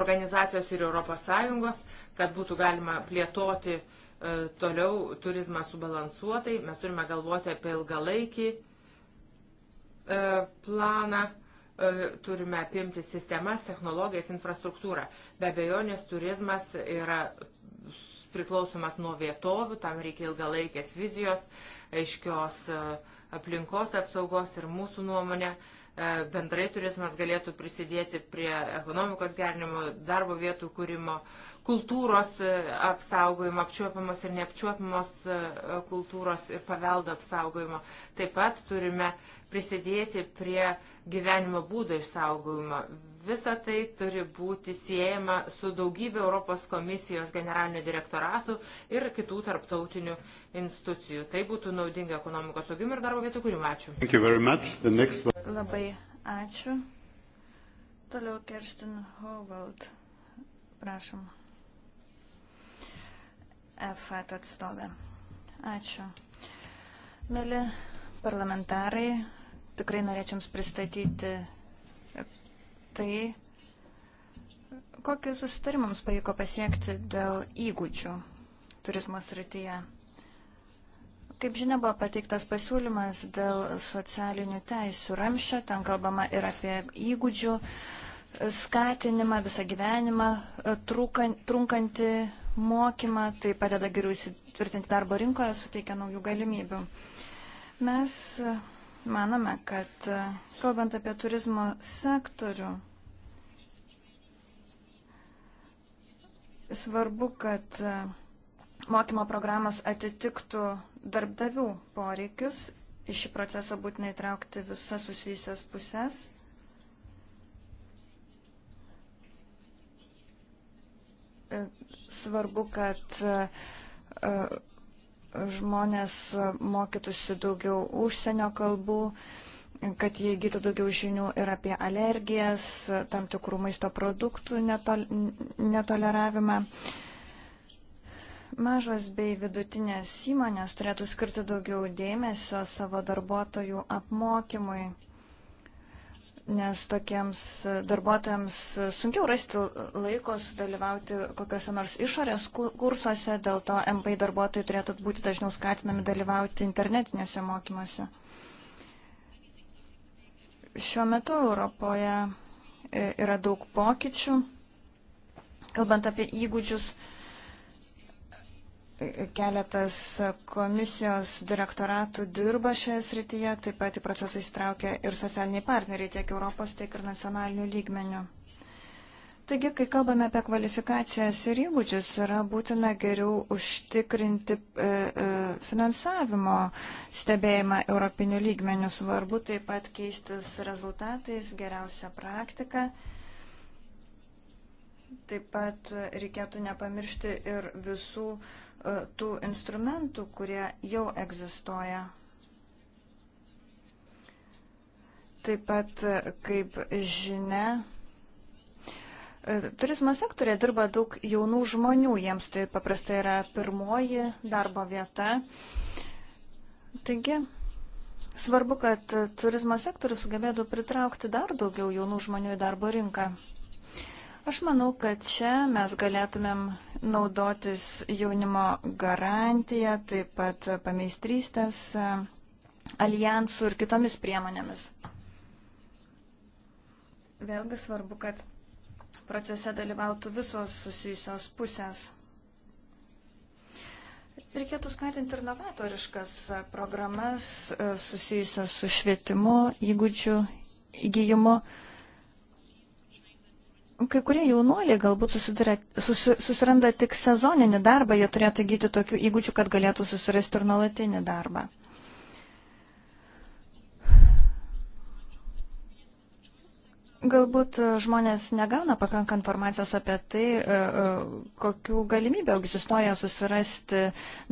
Speaker 4: organizacijos ir ES, kad būtų galima plėtoti e, toliau turizmą subalansuotai. Mes turime galvoti apie ilgalaikį planą E, turime apimti sistemas, technologijas, infrastruktūrą. Be abejonės turizmas yra priklausomas nuo vietovių, tam reikia ilgalaikės vizijos, aiškios e, aplinkos apsaugos ir mūsų nuomonė. Uh, E, bendrai turizmas galėtų prisidėti prie ekonomikos gerinimo, darbo vietų kūrimo, kultūros e, apsaugojimo, apčiuopimos ir neapčiuopimos e, kultūros ir paveldo apsaugojimo. Taip pat turime prisidėti prie gyvenimo būdo išsaugojimo visa tai turi būti siejama su daugybė Europos komisijos generalinių direktoratų ir kitų tarptautinių institucijų. Tai būtų naudinga ekonomikos augimui ir darbo vietų kūrimui. Ačiū.
Speaker 1: Next...
Speaker 2: Labai ačiū. Toliau Kerstin Hovald. Prašom. FAT atstovė. Ačiū. Mėly parlamentarai, tikrai norėčiau Jums pristatyti tai, kokį susitarimą mums pavyko pasiekti dėl įgūdžių turizmo srityje. Kaip žinia, buvo pateiktas pasiūlymas dėl socialinių teisų ramščio, ten kalbama ir apie įgūdžių skatinimą visą gyvenimą, e, trunkantį mokymą, tai padeda geriau įsitvirtinti darbo rinkoje, suteikia naujų galimybių. Mes Manome, kad e, kalbant apie turizmo sektorių, svarbu, kad e, mokymo programos atitiktų darbdavių poreikius. Į šį procesą būtinai traukti visas susijusias pusės. E, svarbu, kad žmonės mokytųsi daugiau užsienio kalbų, kad jie įgytų daugiau žinių ir apie alergijas, tam tikrų maisto produktų netol netoleravimą. Mažos bei vidutinės įmonės turėtų skirti daugiau dėmesio savo darbuotojų apmokymui nes tokiems darbuotojams sunkiau rasti laiko sudalyvauti kokiuose nors išorės kursuose, dėl to MPI darbuotojai turėtų būti dažniau skatinami dalyvauti internetinėse mokymuose. Šiuo metu Europoje e, yra daug pokyčių, kalbant apie įgūdžius. Keletas komisijos direktoratų dirba šioje srityje, taip pat į procesą įsitraukia ir socialiniai partneriai tiek Europos, tiek ir nacionalinių lygmenių. Taigi, kai kalbame apie kvalifikacijas ir įgūdžius, yra būtina geriau užtikrinti e, e, finansavimo stebėjimą europinių lygmenių. Svarbu taip pat keistis rezultatais, geriausią praktiką. Taip pat reikėtų nepamiršti ir visų uh, E, tų instrumentų, kurie jau egzistuoja. Taip pat, e, kaip žinia, e, turizmo sektorė dirba daug jaunų žmonių, jiems tai paprastai yra pirmoji darbo vieta. Taigi, svarbu, kad turizmo sektorius sugebėtų pritraukti dar daugiau jaunų žmonių į darbo rinką. Aš manau, kad čia mes galėtumėm naudotis jaunimo garantiją, taip pat pameistrystės alijansų ir kitomis priemonėmis. Vėlgi svarbu, kad procese dalyvautų visos susijusios pusės. Reikėtų skatinti ir novatoriškas programas susijusias su švietimu, įgūdžių įgyjimu kai kurie jaunuoliai galbūt susiduria, susi, susiranda tik sezoninį darbą, jie turėtų įgyti tokių įgūdžių, kad galėtų susirasti ir nuolatinį darbą. Galbūt e, žmonės negauna pakanką informacijos apie tai, e, e, kokiu galimybė egzistuoja susirasti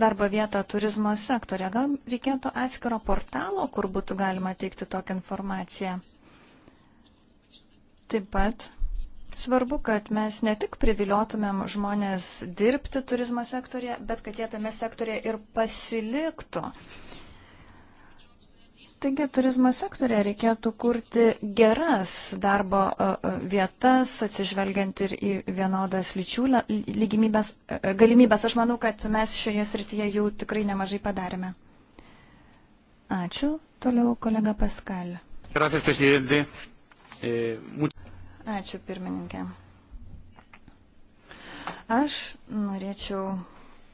Speaker 2: darbo vietą turizmo sektorė. Gal reikėtų atskiro portalo, kur būtų galima teikti tokią informaciją. Taip pat Svarbu, kad mes ne tik priviliotumėm žmonės dirbti turizmo sektorėje, bet kad jie tame sektorėje ir pasiliktų. Taigi turizmo sektorėje reikėtų kurti geras darbo vietas, atsižvelgiant ir į vienodas lyčių lygimybės, galimybės. Aš manau, kad mes šioje srityje jau tikrai nemažai padarėme. Ačiū. Toliau kolega Paskalė.
Speaker 3: Gracias, presidente. Eh,
Speaker 2: Ačiū pirmininkė. Aš norėčiau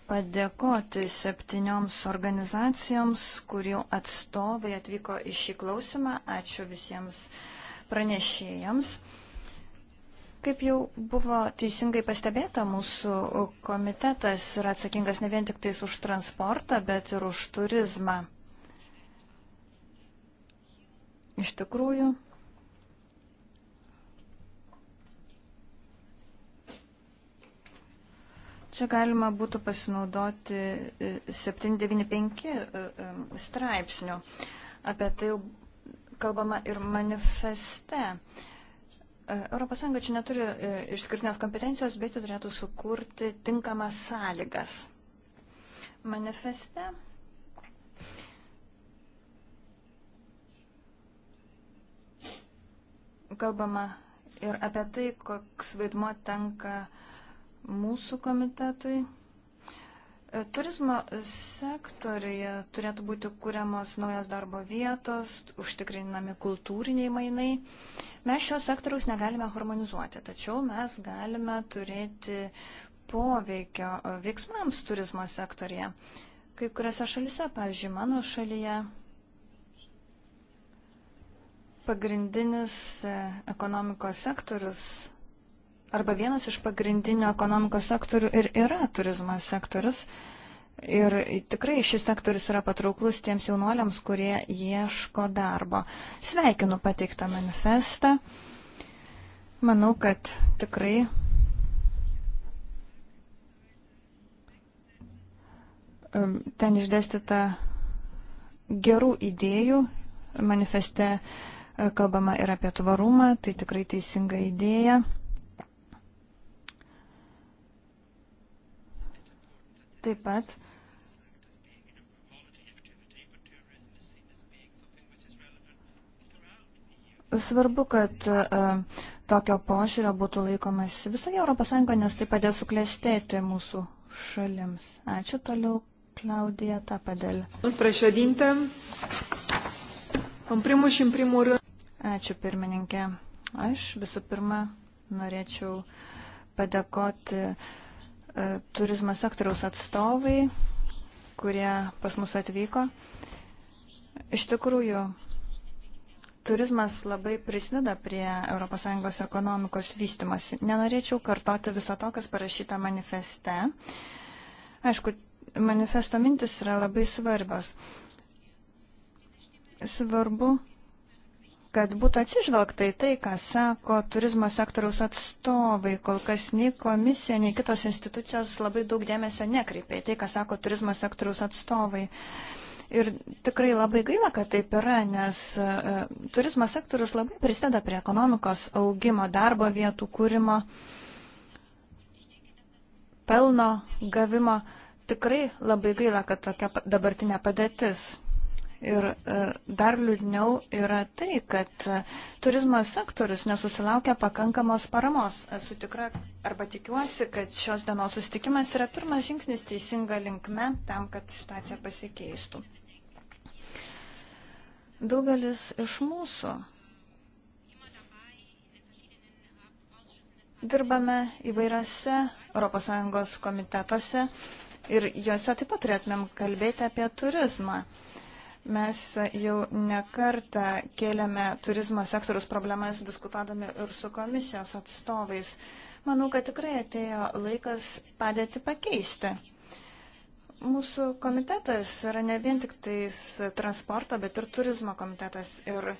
Speaker 2: padėkoti septynioms organizacijoms, kurių atstovai atvyko į šį klausimą. Ačiū visiems pranešėjams. Kaip jau buvo teisingai pastebėta, mūsų komitetas yra atsakingas ne vien tik tais už transportą, bet ir už turizmą. Iš tikrųjų, Čia galima būtų pasinaudoti 795 e, e, e, straipsnių. Apie tai jau kalbama ir manifeste. ES čia neturi išskirtinės kompetencijos, bet ji turėtų sukurti tinkamas sąlygas. Manifeste kalbama ir apie tai, koks vaidmo tenka uh, mūsų komitetui. E, turizmo sektorija turėtų būti kuriamos naujos darbo vietos, užtikrinami kultūriniai mainai. Mes šio sektoriaus negalime harmonizuoti, tačiau mes galime turėti poveikio veiksmams turizmo sektorija. Kai kuriuose šalise, pavyzdžiui, mano šalyje pagrindinis e, ekonomikos sektorius arba vienas iš pagrindinių ekonomikos sektorių ir yra turizmo sektorius. Ir tikrai šis sektorius yra patrauklus tiems jaunuoliams, kurie ieško darbo. Sveikinu pateiktą manifestą. Manau, kad tikrai um, ten išdėstyta gerų idėjų. Manifeste uh, kalbama ir apie tvarumą, tai tikrai teisinga idėja. Taip pat svarbu, kad e, tokio požiūrio būtų laikomas visoje ES, nes tai padės suklestėti mūsų šalims. Ačiū toliau, Klaudija Tapadėl. Ačiū pirmininkė. Aš visų pirma norėčiau padėkoti uh, E, turizmo sektoriaus atstovai, kurie pas mus atvyko. Iš tikrųjų, turizmas labai prisideda prie ES ekonomikos vystimosi. Nenorėčiau kartoti viso to, kas parašyta manifeste. Aišku, manifesto mintis yra labai svarbios. Svarbu kad būtų atsižvelgta į tai, ką sako turizmo sektoriaus atstovai. Kol kas nei komisija, nei kitos institucijos labai daug dėmesio nekreipia į tai, ką sako turizmo sektoriaus atstovai. Ir tikrai labai gaila, kad taip yra, nes e, turizmo sektorius labai prisideda prie ekonomikos augimo, darbo vietų kūrimo, pelno gavimo. Tikrai labai gaila, kad tokia dabartinė padėtis. Ir e, dar liūdniau yra tai, kad turizmo sektorius nesusilaukia pakankamos paramos. Esu tikra arba tikiuosi, kad šios dienos susitikimas yra pirmas žingsnis teisinga linkme tam, kad situacija pasikeistų. Daugelis iš mūsų dirbame įvairiose ES komitetuose ir juose taip pat turėtumėm kalbėti apie turizmą. Mes jau nekartą kėlėme turizmo sektoriaus problemas, diskutuodami ir su komisijos atstovais. Manau, kad tikrai atėjo laikas padėti pakeisti. Mūsų komitetas yra ne vien tik tais transporto, bet ir turizmo komitetas. Ir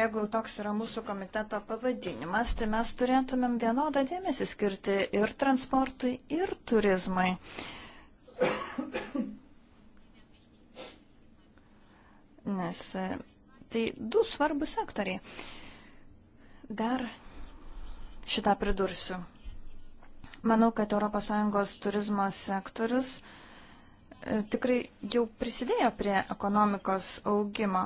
Speaker 2: jeigu toks yra mūsų komiteto pavadinimas, tai mes turėtumėm vienodą dėmesį skirti ir transportui, ir turizmai. nes e, tai du svarbus sektoriai. Dar šitą pridursiu. Manau, kad ES turizmo sektorius e, tikrai jau prisidėjo prie ekonomikos augimo.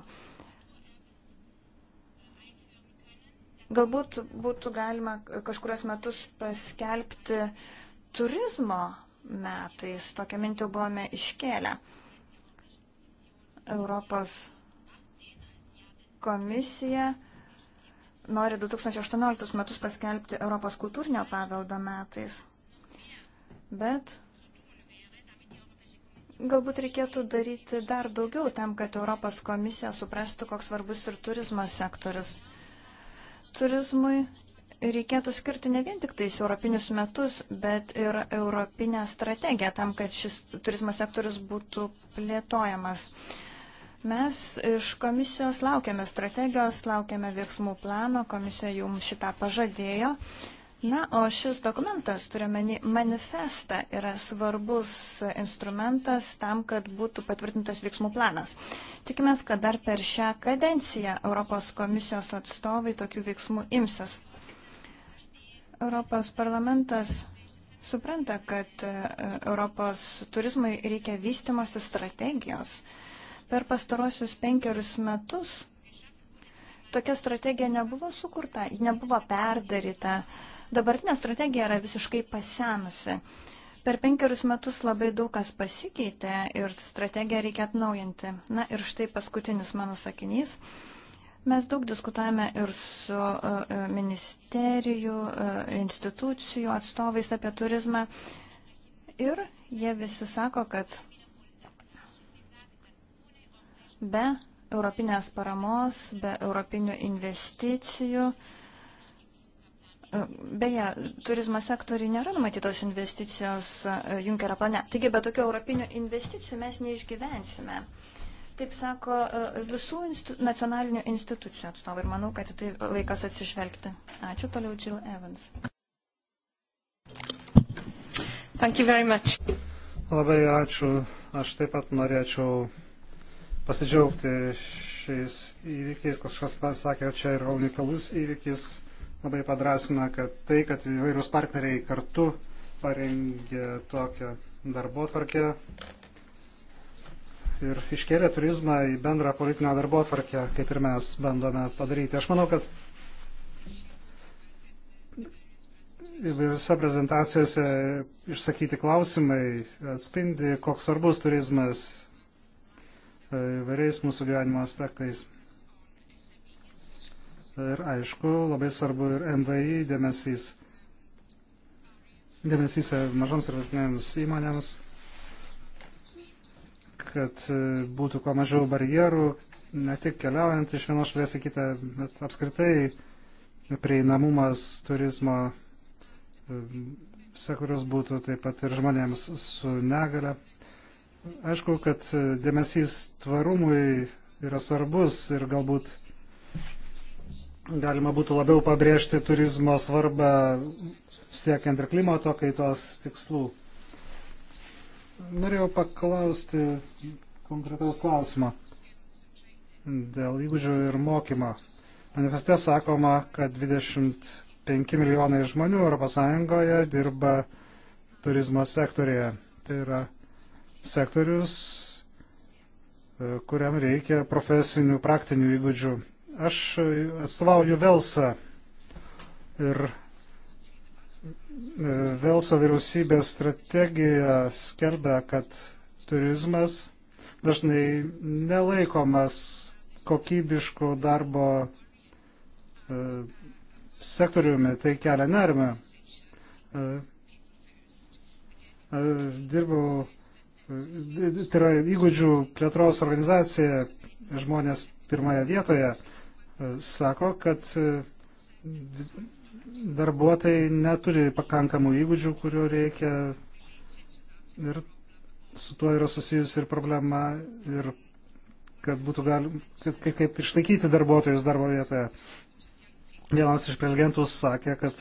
Speaker 2: Galbūt būtų galima kažkurios metus paskelbti turizmo metais. Tokią mintį buvome iškėlę. Europos komisija nori 2018 metus paskelbti Europos kultūrinio paveldo metais. Bet galbūt reikėtų daryti dar daugiau tam, kad Europos komisija suprastų, koks svarbus ir turizmo sektorius. Turizmui reikėtų skirti ne vien tik tais europinius metus, bet ir europinę strategiją tam, kad šis turizmo sektorius būtų plėtojamas. Uh, Mes iš komisijos laukiame strategijos, laukiame veiksmų plano, komisija jums šitą pažadėjo. Na, o šis dokumentas, turiuomenį manifestą, yra svarbus instrumentas tam, kad būtų patvirtintas veiksmų planas. Tikimės, kad dar per šią kadenciją Europos komisijos atstovai tokių veiksmų imsis. Europos parlamentas supranta, kad e, Europos turizmui reikia vystimosi strategijos Per pastarosius penkerius metus tokia strategija nebuvo sukurta, ji nebuvo perdaryta. Dabartinė strategija yra visiškai pasenusi. Per penkerius metus labai daug kas pasikeitė ir strategiją reikia atnaujinti. Na ir štai paskutinis mano sakinys. Mes daug diskutavome ir su e, e, ministerijų, e, institucijų atstovais apie turizmą. Ir jie visi sako, kad Be europinės paramos, be europinių investicijų. Beje, turizmo sektoriai nėra numatytos investicijos e, Junkerio plane. Taigi, be tokių europinių investicijų mes neišgyvensime. Taip sako e, visų instu, nacionalinių institucijų atstovai ir manau, kad tai laikas atsižvelgti. Ačiū toliau, Jill Evans.
Speaker 3: Thank you very much. Labai ačiū. Aš taip pat norėčiau pasidžiaugti šiais įvykiais, kažkas pasakė, čia yra unikalus įvykis, labai padrasina, kad tai, kad įvairūs partneriai kartu parengė tokią darbo tvarkę ir iškėlė turizmą į bendrą politinę darbo tvarkę, kaip ir mes bandome padaryti. Aš manau, kad įvairiose prezentacijose išsakyti klausimai atspindi, koks svarbus turizmas E, įvairiais mūsų gyvenimo aspektais. Ir aišku, labai svarbu ir MVI dėmesys. Dėmesys mažoms ir vidutinėms įmonėms, kad e, būtų kuo mažiau barjerų, ne tik keliaujant iš vienos šalies į kitą, bet apskritai prieinamumas turizmo e, sektorius būtų taip pat ir žmonėms su negale. Aišku, kad dėmesys tvarumui yra svarbus ir galbūt galima būtų labiau pabrėžti turizmo svarbą siekiant ir klimato kaitos tikslų. Norėjau paklausti konkretaus klausimo dėl įgūdžių ir mokymo. Manifeste sakoma, kad 25 milijonai žmonių ES dirba turizmo sektorėje. Tai yra sektorius, e, kuriam reikia profesinių praktinių įgūdžių. Aš atstovauju Velsą ir e, Velso vyriausybės strategija skelbia, kad turizmas dažnai nelaikomas kokybiškų darbo e, sektoriumi, tai kelia nerimą. Dirbau tai yra įgūdžių plėtros organizacija, žmonės pirmoje vietoje, e, sako, kad e, darbuotojai neturi pakankamų įgūdžių, kurių reikia ir su tuo yra susijusi ir problema ir kad būtų galima, kaip, kaip išlaikyti darbuotojus darbo vietoje. Vienas iš prelegentų sakė, kad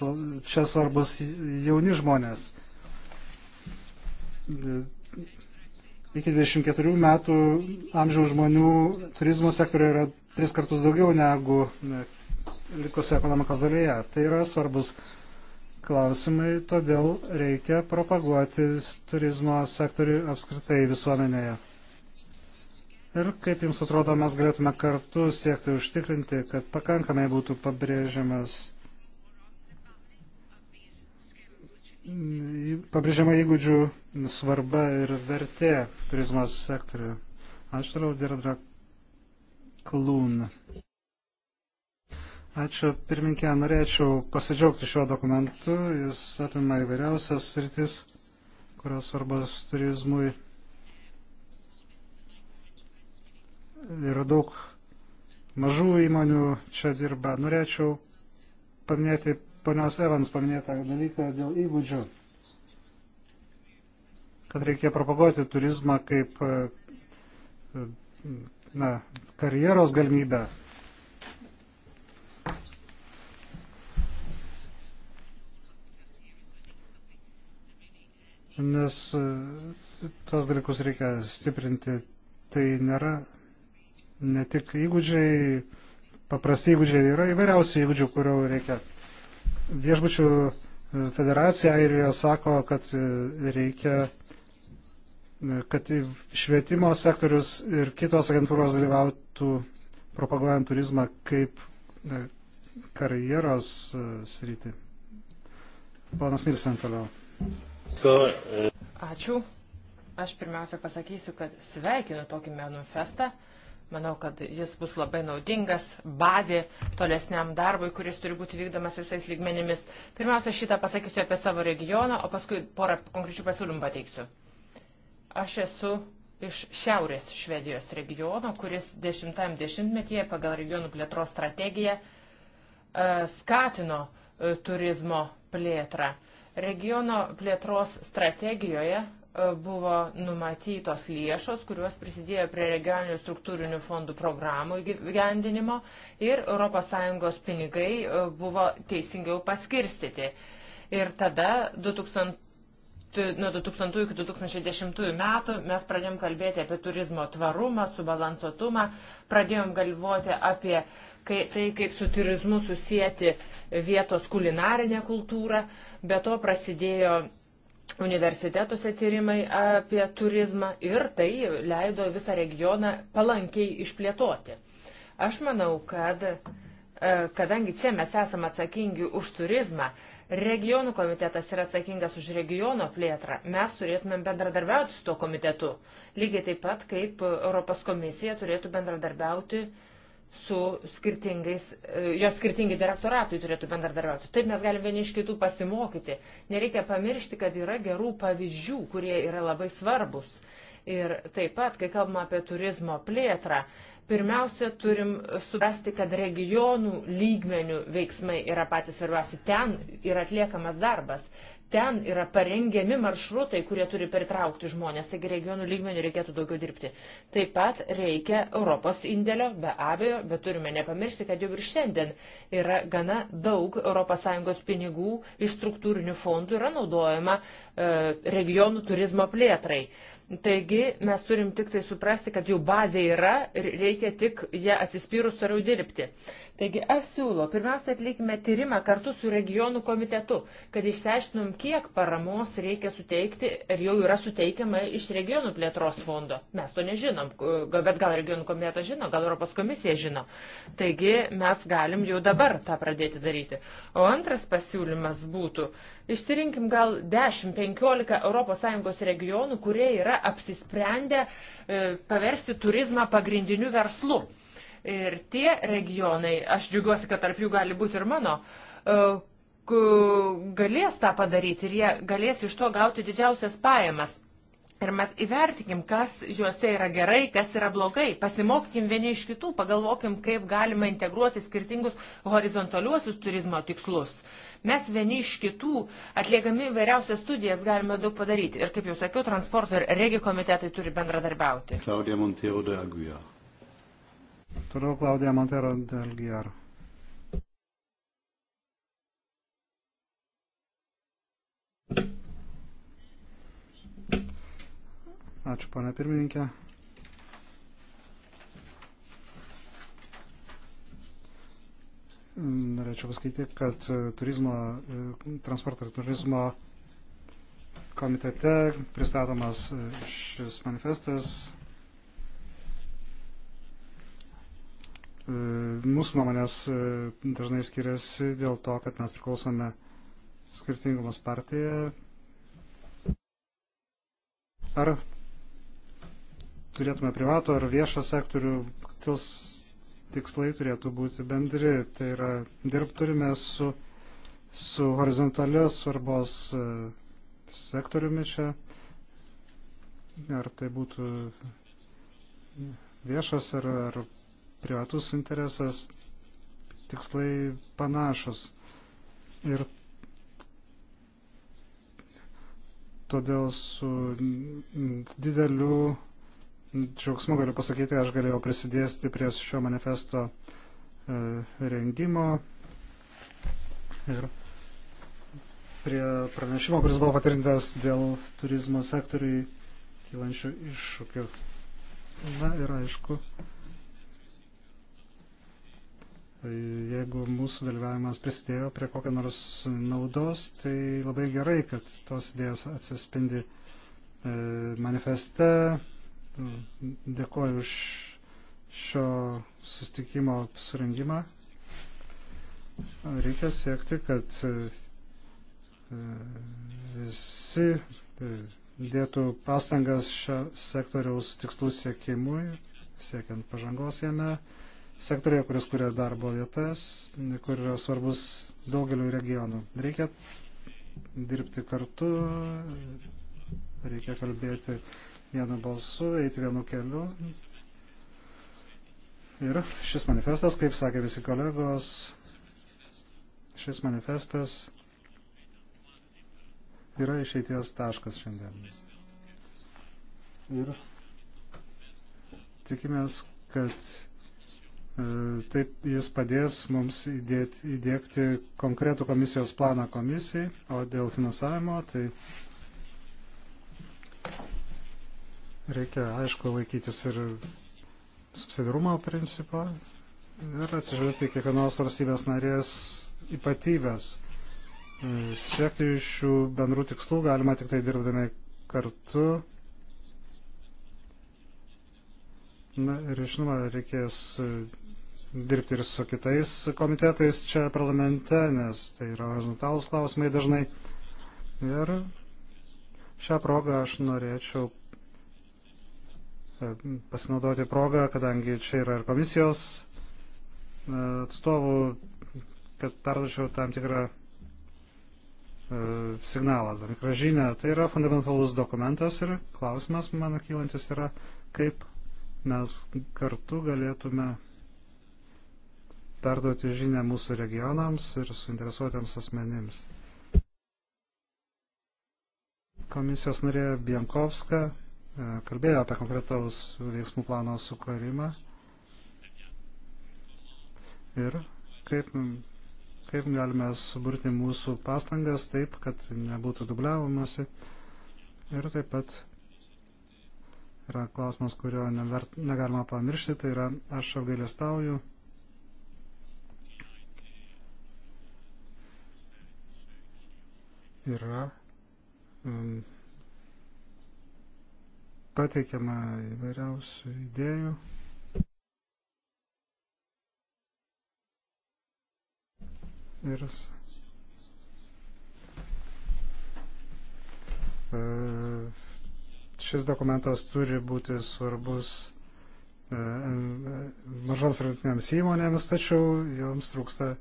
Speaker 3: čia svarbus jauni žmonės e, iki 24 metų amžiaus žmonių turizmo sektoriuje yra tris kartus daugiau negu likusioje ekonomikos dalyje. Tai yra svarbus klausimai, todėl reikia propaguoti turizmo sektorių apskritai visuomenėje. Ir kaip Jums atrodo, mes galėtume kartu siekti užtikrinti, kad pakankamai būtų pabrėžiamas pabrėžiama įgūdžių svarba ir vertė turizmo sektoriu. Ačiū toliau, Dirdra Klūn. Ačiū pirminkė, norėčiau pasidžiaugti šiuo dokumentu. Jis apima įvairiausias sritis, kurios svarbos turizmui. Yra daug mažų įmonių čia dirba. Norėčiau paminėti ponios Evans paminėtą dalyką dėl įgūdžių, kad reikia propaguoti turizmą kaip e, na, karjeros galimybę. Nes e, tuos dalykus reikia stiprinti. Tai nėra ne tik įgūdžiai, paprasti įgūdžiai, yra įvairiausių įgūdžių, kurių reikia Viešbučių e, federacija Airijoje sako, kad e, reikia, e, kad švietimo sektorius ir kitos agentūros dalyvautų propaguojant turizmą kaip karjeros sritį. Ponas Nilsen toliau.
Speaker 4: Ačiū. Aš pirmiausia pasakysiu, kad sveikinu tokį menų festą. Manau, kad jis bus labai naudingas, bazė tolesniam darbui, kuris turi būti vykdomas visais lygmenimis. Pirmiausia, šitą pasakysiu apie savo regioną, o paskui porą konkrečių pasiūlymų pateiksiu. Aš esu iš šiaurės Švedijos regiono, kuris dešimtam dešimtmetyje pagal regionų plėtros strategiją e, skatino e, turizmo plėtrą. Regiono plėtros strategijoje E, buvo numatytos lėšos, kurios prisidėjo prie regioninių struktūrinių fondų programų įgyvendinimo ir ES pinigai e, buvo teisingiau paskirstyti. Ir tada 2000, nuo 2000 iki 2010 metų mes pradėjom kalbėti apie turizmo tvarumą, subalansuotumą, pradėjom galvoti apie kai, tai, kaip su turizmu susijęti vietos kulinarinę kultūrą, be to prasidėjo universitetuose tyrimai apie turizmą ir tai leido visą regioną palankiai išplėtoti. Aš manau, kad e, kadangi čia mes esame atsakingi už turizmą, regionų komitetas yra atsakingas už regiono plėtrą, mes turėtumėm bendradarbiauti su tuo komitetu. Lygiai taip pat, kaip Europos komisija turėtų bendradarbiauti uh, su skirtingais, e, jos skirtingi direktoratai turėtų bendradarbiauti. Taip mes galim vieni iš kitų pasimokyti. Nereikia pamiršti, kad yra gerų pavyzdžių, kurie yra labai svarbus. Ir taip pat, kai kalbame apie turizmo plėtrą, pirmiausia, turim suprasti, kad regionų lygmenių veiksmai yra patys svarbiausi. Ten yra atliekamas darbas ten yra parengiami maršrutai, kurie turi pritraukti žmonės, taigi regionų lygmenių reikėtų daugiau dirbti. Taip pat reikia Europos indėlio, be abejo, bet turime nepamiršti, kad jau ir šiandien yra gana daug ES pinigų iš struktūrinių fondų yra naudojama e, regionų turizmo plėtrai. Taigi mes turim tik tai suprasti, kad jau bazė yra ir reikia tik ją atsispyrus toliau dirbti. Taigi aš siūlau, pirmiausia, atlikime tyrimą kartu su regionų komitetu, kad išsiaiškinom, kiek paramos reikia suteikti ir jau yra suteikiama iš regionų plėtros fondo. Mes to nežinom, bet gal regionų komitetas žino, gal Europos komisija žino. Taigi mes galim jau dabar tą pradėti daryti. O antras pasiūlymas būtų, išsirinkim gal 10-15 ES regionų, kurie yra apsisprendę e, paversti turizmą pagrindiniu verslu Ir tie regionai, aš džiugiuosi, kad tarp jų gali būti ir mano, e, galės tą padaryti ir jie galės iš to gauti didžiausias pajamas. Ir mes įvertikim, kas juose yra gerai, kas yra blogai. Pasimokykim vieni iš kitų, pagalvokim, kaip galima integruoti skirtingus horizontaliuosius turizmo tikslus. Mes vieni iš kitų, atliekami vairiausias studijas, galime daug padaryti. Ir kaip jau sakiau, transporto ir regi komitetai turi
Speaker 3: bendradarbiauti. Klaudija Monteiro de Aguja. Toliau Klaudija Montero del Giaro. Ačiū, pana pirmininkė. Norėčiau pasakyti, kad e, turizmo, e, transporto ir turizmo komitete pristatomas e, šis manifestas E, mūsų nuomonės e, dažnai skiriasi dėl to, kad mes priklausome skirtingomas partija. Ar turėtume privato ar viešą sektorių, tils tikslai turėtų būti bendri. Tai yra, dirb turime su, su horizontalios svarbos e, sektoriumi čia. Ar tai būtų viešas ar, ar privatus interesas, tikslai panašus. Ir todėl su dideliu džiaugsmu galiu pasakyti, aš galėjau prisidėsti prie šio manifesto e, rengimo ir prie pranešimo, kuris buvo patvirtintas dėl turizmo sektoriui kylančių iššūkių. Na ir aišku, Tai jeigu mūsų dalyvavimas prisidėjo prie kokio nors naudos, tai labai gerai, kad tos idėjas atsispindi e, manifeste. Dėkuoju už šio sustikimo surengimą. Reikia siekti, kad e, visi e, dėtų pastangas šio sektoriaus tikslų siekimui, siekiant pažangos jame sektorėje, kuris kuria darbo vietas, kur yra svarbus daugeliu regionų. Reikia dirbti kartu, reikia kalbėti vienu balsu, eiti vienu keliu. Ir šis manifestas, kaip sakė visi kolegos, šis manifestas yra išeities taškas šiandien. Ir tikimės, kad E, taip jis padės mums įdėti, įdėkti konkretų komisijos planą komisijai, o dėl finansavimo tai reikia aišku laikytis ir subsidirumo principo ir atsižvelgti kiekvienos valstybės narės ypatybės. E, siekti šių bendrų tikslų galima tik tai dirbdami kartu Na ir žinoma, reikės dirbti ir su kitais komitetais čia parlamente, nes tai yra horizontalūs klausimai dažnai. Ir šią progą aš norėčiau e, pasinaudoti progą, kadangi čia yra ir komisijos e, atstovų, kad perduočiau tam tikrą e, signalą, tam tikrą žinę. Tai yra fundamentalus dokumentas ir klausimas man kylantis yra, kaip mes kartu galėtume perduoti žinę mūsų regionams ir suinteresuotėms asmenims. Komisijos narė Bienkovska e, kalbėjo apie konkretaus veiksmų plano sukūrimą ir kaip, kaip galime suburti mūsų pastangas taip, kad nebūtų dubliavimasi ir taip pat yra klausimas, kurio nevert, negalima pamiršti, tai yra aš apgailestauju yra um, pateikiama įvairiausių idėjų. Ir e, šis dokumentas turi būti svarbus e, e, mažoms rytinėms įmonėms, tačiau joms trūksta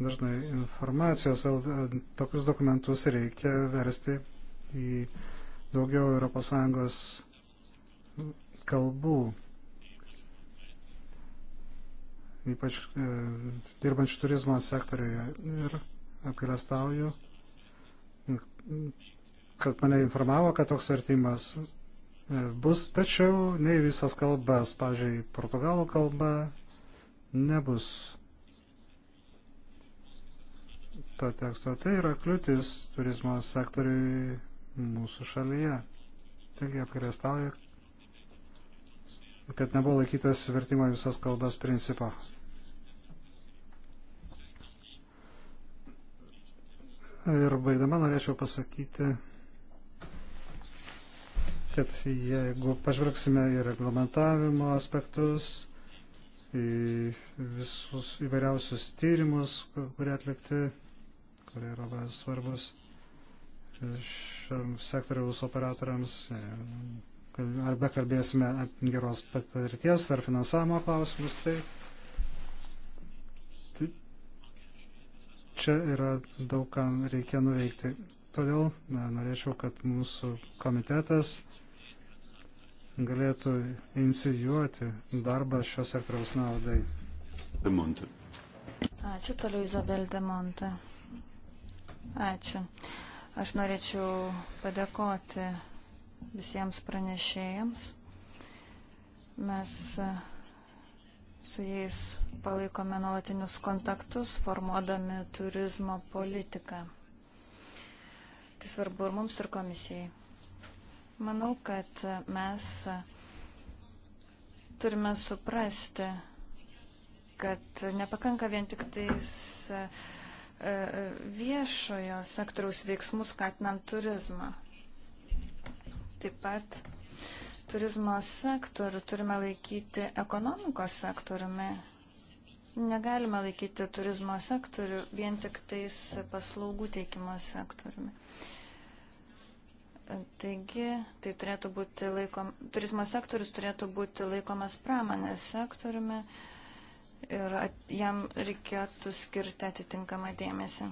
Speaker 3: dažnai informacijos. Tokius dokumentus reikia versti į daugiau ES kalbų, ypač e, dirbančių turizmo sektoriuje. Ir apgailestauju, kad mane informavo, kad toks vertimas e, bus, tačiau ne visas kalbas, pavyzdžiui, portugalų kalba nebus to teksto. Tai yra kliūtis turizmo sektoriui mūsų šalyje. Taigi apgailestauja, kad nebuvo laikytas vertimo visas kalbas principo. Ir baigdama norėčiau pasakyti, kad jeigu pažvelgsime į reglamentavimo aspektus, į visus įvairiausius tyrimus, kurie atlikti sektoriai yra svarbus šiam sektoriaus operatoriams. Ar bekalbėsime apie geros patirties ar finansavimo klausimus, tai čia yra daug ką reikia nuveikti. Todėl na, norėčiau, kad mūsų komitetas galėtų inicijuoti darbą šios sektoriaus naudai.
Speaker 2: Ačiū toliau Izabel Demonte. Ačiū. Aš norėčiau padėkoti visiems pranešėjams. Mes e, su jais palaikome nuolatinius kontaktus, formuodami turizmo politiką. Tai svarbu ir mums, ir komisijai. Manau, kad mes e, turime suprasti, kad nepakanka vien tik tais uh, E, e, viešojo sektoriaus veiksmus skatinant turizmą. Taip pat turizmo sektorių turime laikyti ekonomikos sektoriumi. Negalime laikyti turizmo sektorių vien tik tais paslaugų teikimo sektoriumi. Taigi, tai turėtų būti laikom, turizmo sektorius turėtų būti laikomas pramonės sektoriumi. Uh, ir jam reikėtų skirti atitinkamą dėmesį.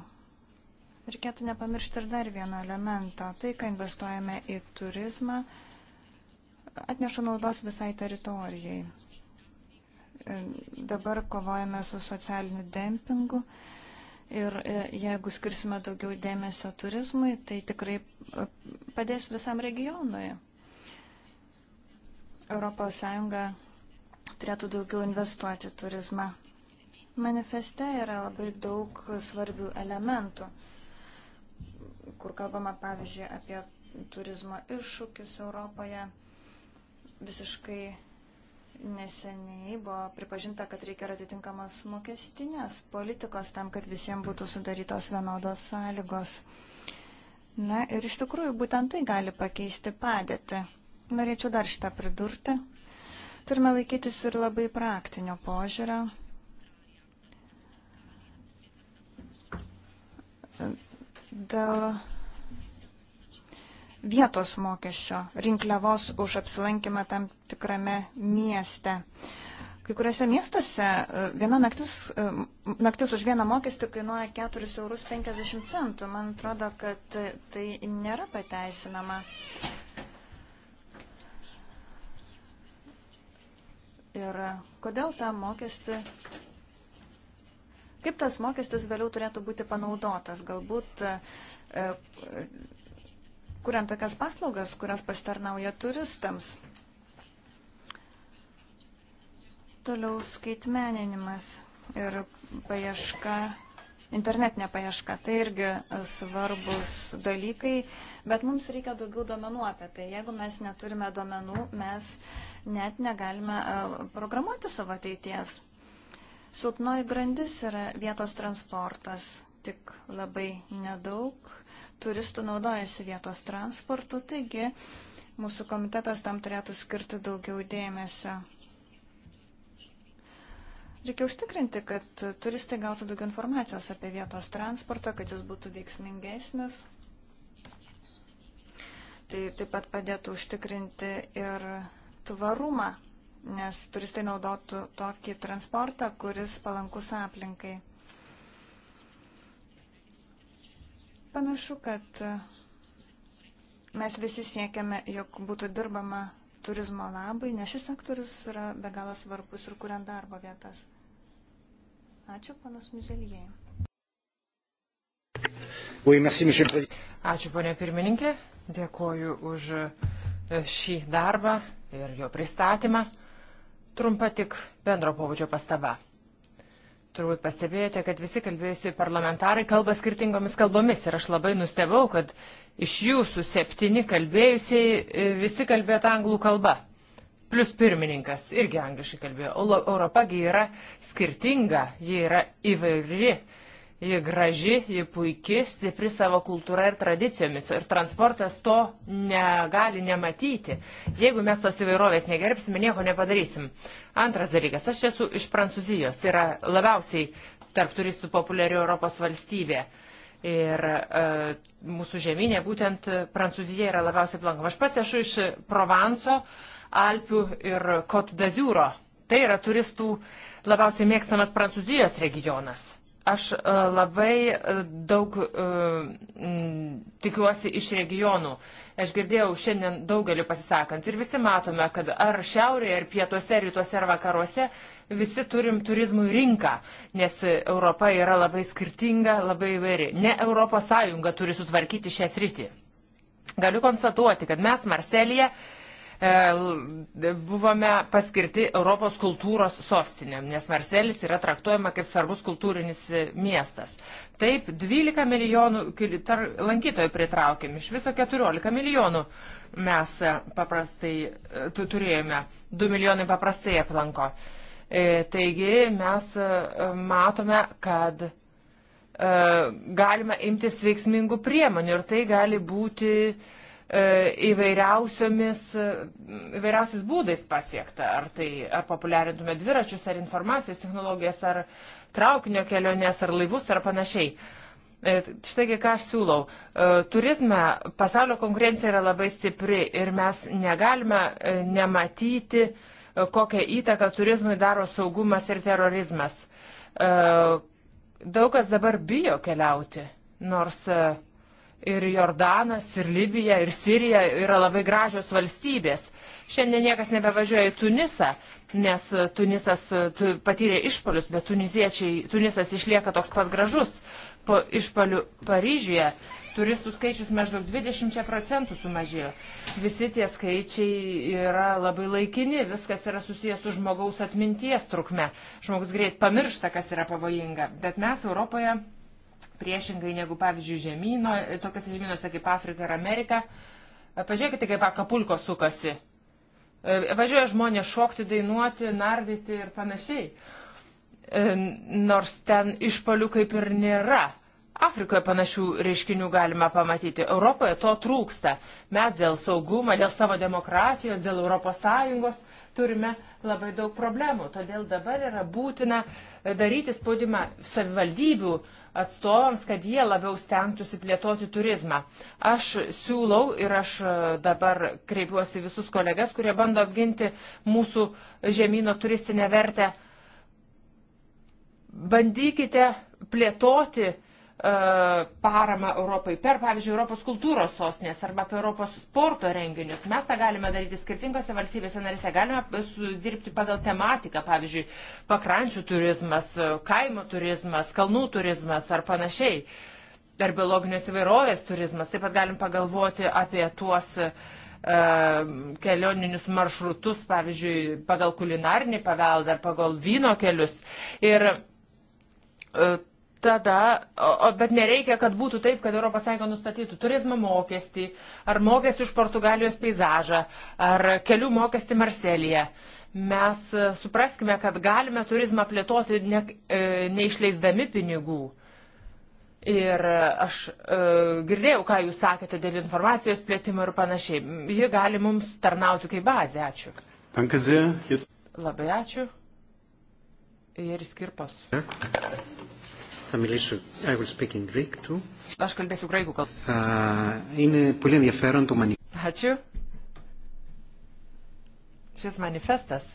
Speaker 2: Reikėtų nepamiršti ir dar vieno elemento. Tai, ką investuojame į turizmą, atneša naudos visai teritorijai. E, dabar kovojame su socialiniu dempingu ir e, jeigu skirsime daugiau dėmesio turizmui, tai tikrai e, padės visam regionui. ES turėtų daugiau investuoti turizmą. Manifeste yra labai daug svarbių elementų, kur kalbama, pavyzdžiui, apie turizmo iššūkius Europoje. Visiškai neseniai buvo pripažinta, kad reikia atitinkamos mokestinės politikos tam, kad visiems būtų sudarytos vienodos sąlygos. Na ir iš tikrųjų būtent tai gali pakeisti padėtį. Norėčiau dar šitą pridurti. Turime laikytis ir labai praktinio požiūrio. Dėl vietos mokesčio, rinkliavos už apsilankymą tam tikrame mieste. Kai kuriuose miestuose e, viena naktis, e, naktis už vieną mokestį kainuoja 4,50 eurus. Man atrodo, kad tai nėra pateisinama. yra? Kodėl tą mokestį, kaip tas mokestis vėliau turėtų būti panaudotas? Galbūt e, kuriant tokias paslaugas, kurias pasitarnauja turistams. Toliau skaitmeninimas ir paieška internetinė paieška. Tai irgi svarbus dalykai, bet mums reikia daugiau duomenų apie tai. Jeigu mes neturime duomenų, mes net negalime e, programuoti savo ateities. Silpnoji grandis yra vietos transportas, tik labai nedaug turistų naudojasi vietos transportu, taigi mūsų komitetas tam turėtų skirti daugiau dėmesio. Reikia užtikrinti, kad turistai gautų daugiau informacijos apie vietos transportą, kad jis būtų veiksmingesnis. Tai taip pat padėtų užtikrinti ir tvarumą, nes turistai naudotų tokį transportą, kuris palankus aplinkai. Panašu, kad mes visi siekiame, jog būtų dirbama turizmo labai, nes šis sektorius yra be galo svarbus ir kuriant darbo vietas. Ačiū, panas Muzelijai.
Speaker 4: Ačiū, ponė pirmininkė. Dėkoju už e, šį darbą ir jo pristatymą. Trumpa tik bendro pobūdžio pastaba. Turbūt pastebėjote, kad visi kalbėjusi parlamentarai kalba skirtingomis kalbomis ir aš labai nustebau, kad iš jūsų septyni kalbėjusiai e, visi kalbėjo anglų kalba. Plus pirmininkas irgi angliškai kalbėjo. Europagi yra skirtinga, ji yra įvairi Ji graži, ji puiki, stipri savo kultūra ir tradicijomis. Ir transportas to negali nematyti. Jeigu mes tos įvairovės negerbsime, nieko nepadarysim. Antras dalykas, aš esu iš Prancūzijos, tai yra labiausiai tarp turistų populiari Europos valstybė. Ir e, mūsų žemynė, būtent Prancūzija yra labiausiai plankama. Aš pats esu iš Provanso, Alpių ir Kot d'Azūro. Tai yra turistų labiausiai mėgstamas Prancūzijos regionas. Aš e, labai e, daug e, tikiuosi iš regionų. Aš girdėjau šiandien daugelį pasisakant ir visi matome, kad ar šiaurėje, ar pietuose, ar rytuose, ar vakaruose visi turim turizmų rinką, nes Europa yra labai skirtinga, labai įvairi. Ne Europos Sąjunga turi sutvarkyti šią sritį. Galiu konstatuoti, kad mes Marselėje E, buvome paskirti Europos kultūros sostinėm, nes Marselis yra traktuojama kaip svarbus kultūrinis miestas. Taip, 12 milijonų lankytojų pritraukėm, iš viso 14 milijonų mes paprastai e, turėjome, 2 milijonai paprastai aplanko. E, taigi mes matome, kad galima imtis veiksmingų priemonių ir tai gali būti uh, E, e, įvairiausiais būdais pasiekta. Ar, tai, ar populiarintume dviračius, ar informacijos technologijas, ar traukinio keliones, ar laivus, ar panašiai. E, štai ką aš siūlau. Turizme pasaulio konkurencija yra labai stipri ir mes negalime nematyti, kokią įtaką turizmui daro saugumas ir terorizmas. Daug kas dabar bijo keliauti, nors uh, ir Jordanas, ir Libija, ir Sirija yra labai gražios valstybės. Šiandien niekas nebevažiuoja į Tunisą, nes Tunisas e, tu, patyrė išpolius, bet Tunisas išlieka toks pat gražus. Po išpolių Paryžiuje turistų skaičius maždaug 20 procentų sumažėjo. Visi tie skaičiai yra labai laikini, viskas yra susijęs su žmogaus atminties trukme. Žmogus greit pamiršta, kas yra pavojinga. Bet mes Europoje priešingai negu, pavyzdžiui, žemynų, tokiuose žemynuose kaip Afrika ir Amerika. Pažiūrėkite, kaip Akapulko sukasi. E, važiuoja žmonės šokti, dainuoti, nardyti ir panašiai. E, nors ten išpalių kaip ir nėra. Afrikoje panašių reiškinių galima pamatyti. Europoje to trūksta. Mes dėl saugumo, dėl savo demokratijos, dėl ES turime labai daug problemų. Todėl dabar yra būtina daryti spaudimą savivaldybių uh, atstovams, kad jie labiau stengtųsi plėtoti turizmą. Aš siūlau ir aš e, dabar kreipiuosi visus kolegas, kurie bando apginti mūsų žemynų turistinę vertę. Bandykite plėtoti uh, paramą Europai per, pavyzdžiui, Europos kultūros sostinės arba per Europos sporto renginius. Mes tą galime daryti skirtingose valstybėse narise, galime dirbti pagal tematiką, pavyzdžiui, pakrančių turizmas, kaimo turizmas, kalnų turizmas ar panašiai, ar biologinės įvairovės turizmas. Taip pat galim pagalvoti apie tuos uh, kelioninius maršrutus, pavyzdžiui, pagal kulinarinį paveldą ar pagal vyno kelius. Ir uh, tada, o, bet nereikia, kad būtų taip, kad ES nustatytų turizmo mokestį, ar mokestį už Portugalijos peizažą, ar kelių mokestį Marselėje. Mes e, supraskime, kad galime turizmą plėtoti ne, e, neišleisdami pinigų. Ir aš e, girdėjau, ką jūs sakėte dėl informacijos plėtimo ir panašiai. Ji gali mums tarnauti kaip bazė. Ačiū.
Speaker 1: Danke sehr. Jetzt...
Speaker 4: Labai ačiū. Ir skirpos.
Speaker 1: Ja.
Speaker 3: Θα μιλήσω, I will speak in Greek too.
Speaker 4: Aš kalbėsiu graikų kalbą.
Speaker 3: Uh, είναι πολύ ενδιαφέρον το manifestas.
Speaker 4: Ačiū. Šis manifestas,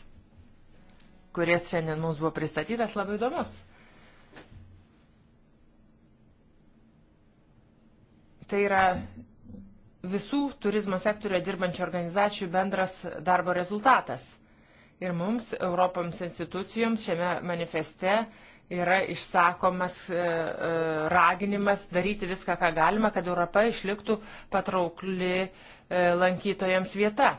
Speaker 4: kuris šiandien mums buvo pristatytas, labai įdomus. Tai yra visų turizmo sektoriuje dirbančių organizacijų bendras darbo rezultatas. Ir mums, Europoms institucijoms, šiame manifeste uh, yra išsakomas e, e, raginimas daryti viską, ką galima, kad Europa išliktų patraukli e, lankytojams vieta.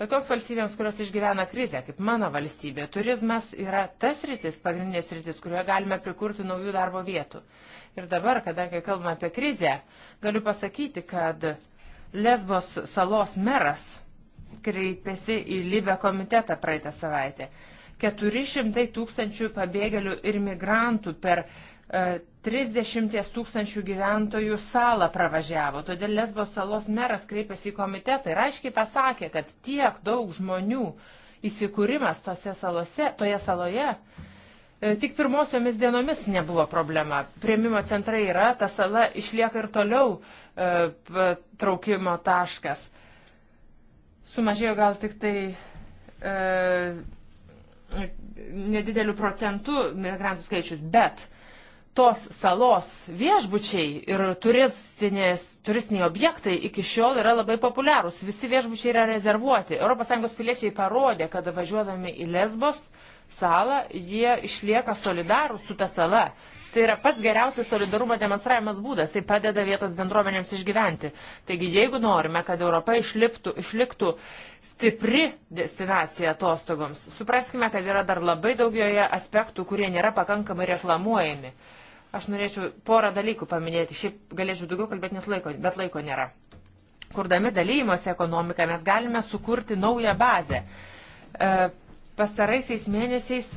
Speaker 4: Tokioms valstybėms, kurios išgyvena krizę, kaip mano valstybė, turizmas yra tas rytis, pagrindinės rytis, kurioje galime prikurti naujų darbo vietų. Ir dabar, kadangi kalbame apie krizę, galiu pasakyti, kad Lesbos salos meras kreipėsi į Libę komitetą praeitą savaitę 400 tūkstančių pabėgėlių ir migrantų per 30 e, tūkstančių gyventojų salą pravažiavo. Todėl Lesbo salos meras kreipėsi į komitetą ir aiškiai pasakė, kad tiek daug žmonių įsikūrimas tose salose, toje saloje e, tik pirmosiomis dienomis nebuvo problema. Prieimimo centrai yra, ta sala išlieka ir toliau e, traukimo taškas. Sumažėjo gal tik tai e, nedideliu procentu migrantų skaičius, bet tos salos viešbučiai ir turistiniai objektai iki šiol yra labai populiarūs. Visi viešbučiai yra rezervuoti. ES piliečiai parodė, kad važiuodami į Lesbos salą, jie išlieka solidarūs su ta sala. Tai yra pats geriausias solidarumo demonstravimas būdas, tai padeda vietos bendruomenėms išgyventi. Taigi, jeigu norime, kad Europa išliptų, išliktų stipri destinacija atostogoms. Supraskime, kad yra dar labai daug joje aspektų, kurie nėra pakankamai reklamuojami. Aš norėčiau porą dalykų paminėti, šiaip galėčiau daugiau kalbėti, nes laiko, bet laiko nėra. Kurdami dalymosi ekonomiką mes galime sukurti naują bazę. E, pastaraisiais mėnesiais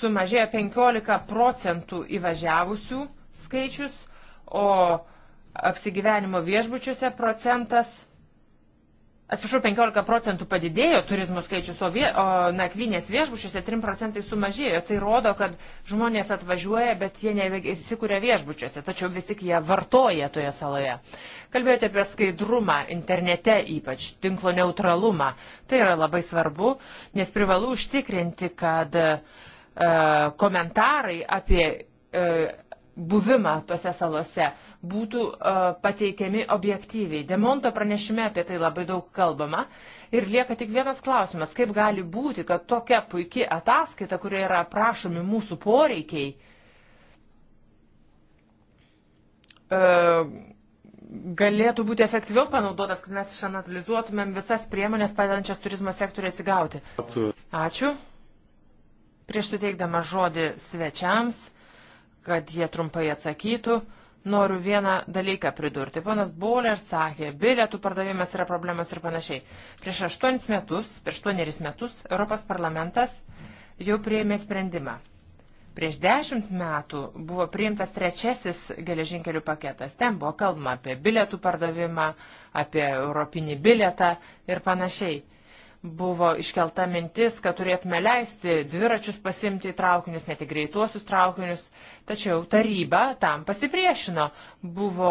Speaker 4: sumažėjo 15 procentų įvažiavusių skaičius, o apsigyvenimo viešbučiuose procentas, atsiprašau, 15 procentų padidėjo turizmo skaičius, o, vie, o nakvynės viešbučiuose 3 procentai sumažėjo. Tai rodo, kad žmonės atvažiuoja, bet jie neįsikūrė viešbučiuose, tačiau vis tik jie vartoja toje saloje. Kalbėjote apie skaidrumą internete ypač, tinklo neutralumą. Tai yra labai svarbu, nes privalu užtikrinti, kad e, komentarai apie e, buvimą tose salose būtų e, pateikiami objektyviai. Demonto pranešime apie tai labai daug kalbama. Ir lieka tik vienas klausimas, kaip gali būti, kad tokia puikia ataskaita, kurioje yra aprašomi mūsų poreikiai, e, galėtų būti efektyviau panaudotas, kad mes išanalizuotumėm visas priemonės padedančias turizmo sektoriui atsigauti. Ačiū. Prieš suteikdama žodį svečiams, kad jie trumpai atsakytų, noriu vieną dalyką pridurti. Ponas Bowler sakė, bilietų pardavimas yra problemas ir panašiai. Prieš aštuonis metus, prieš aštuoneris metus Europos parlamentas jau prieėmė sprendimą. Prieš dešimt metų buvo priimtas trečiasis geležinkelių paketas. Ten buvo kalbama apie bilietų pardavimą, apie europinį bilietą ir panašiai buvo iškelta mintis, kad turėtume leisti dviračius pasimti į traukinius, net į greituosius traukinius, tačiau taryba tam pasipriešino. Buvo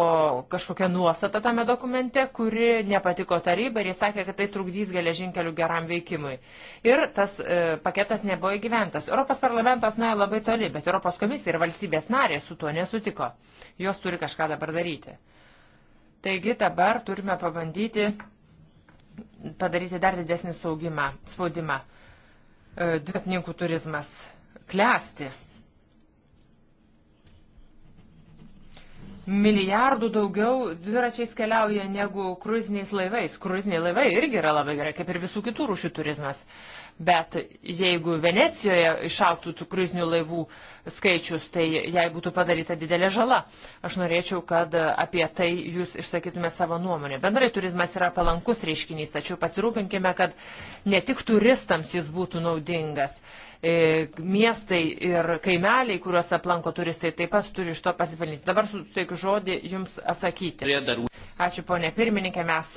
Speaker 4: kažkokia nuostata tame dokumente, kuri nepatiko tarybai ir jie sakė, kad tai trukdys geležinkelių geram veikimui. Ir tas e, paketas nebuvo įgyventas. Europos parlamentas nuėjo labai toli, bet Europos komisija ir valstybės narė su tuo nesutiko. Jos turi kažką dabar daryti. Taigi dabar turime pabandyti padaryti dar didesnį saugimą, spaudimą. E, dviratininkų turizmas klesti. Milijardų daugiau dviračiais keliauja negu kruiziniais laivais. Kruiziniai laivai irgi yra labai gerai, kaip ir visų kitų rūšių turizmas. Uh, bet jeigu Venecijoje išauktų tų kruizinių laivų skaičius, tai jai būtų padaryta didelė žala. Aš norėčiau, kad apie tai jūs išsakytumėte savo nuomonę. Bendrai turizmas yra palankus reiškinys, tačiau pasirūpinkime, kad ne tik turistams jis būtų naudingas e, miestai ir kaimeliai, kuriuos aplanko turistai, taip pat turi iš to pasipelnyti. Dabar suteikiu žodį jums atsakyti. Ačiū, ponė pirmininkė, mes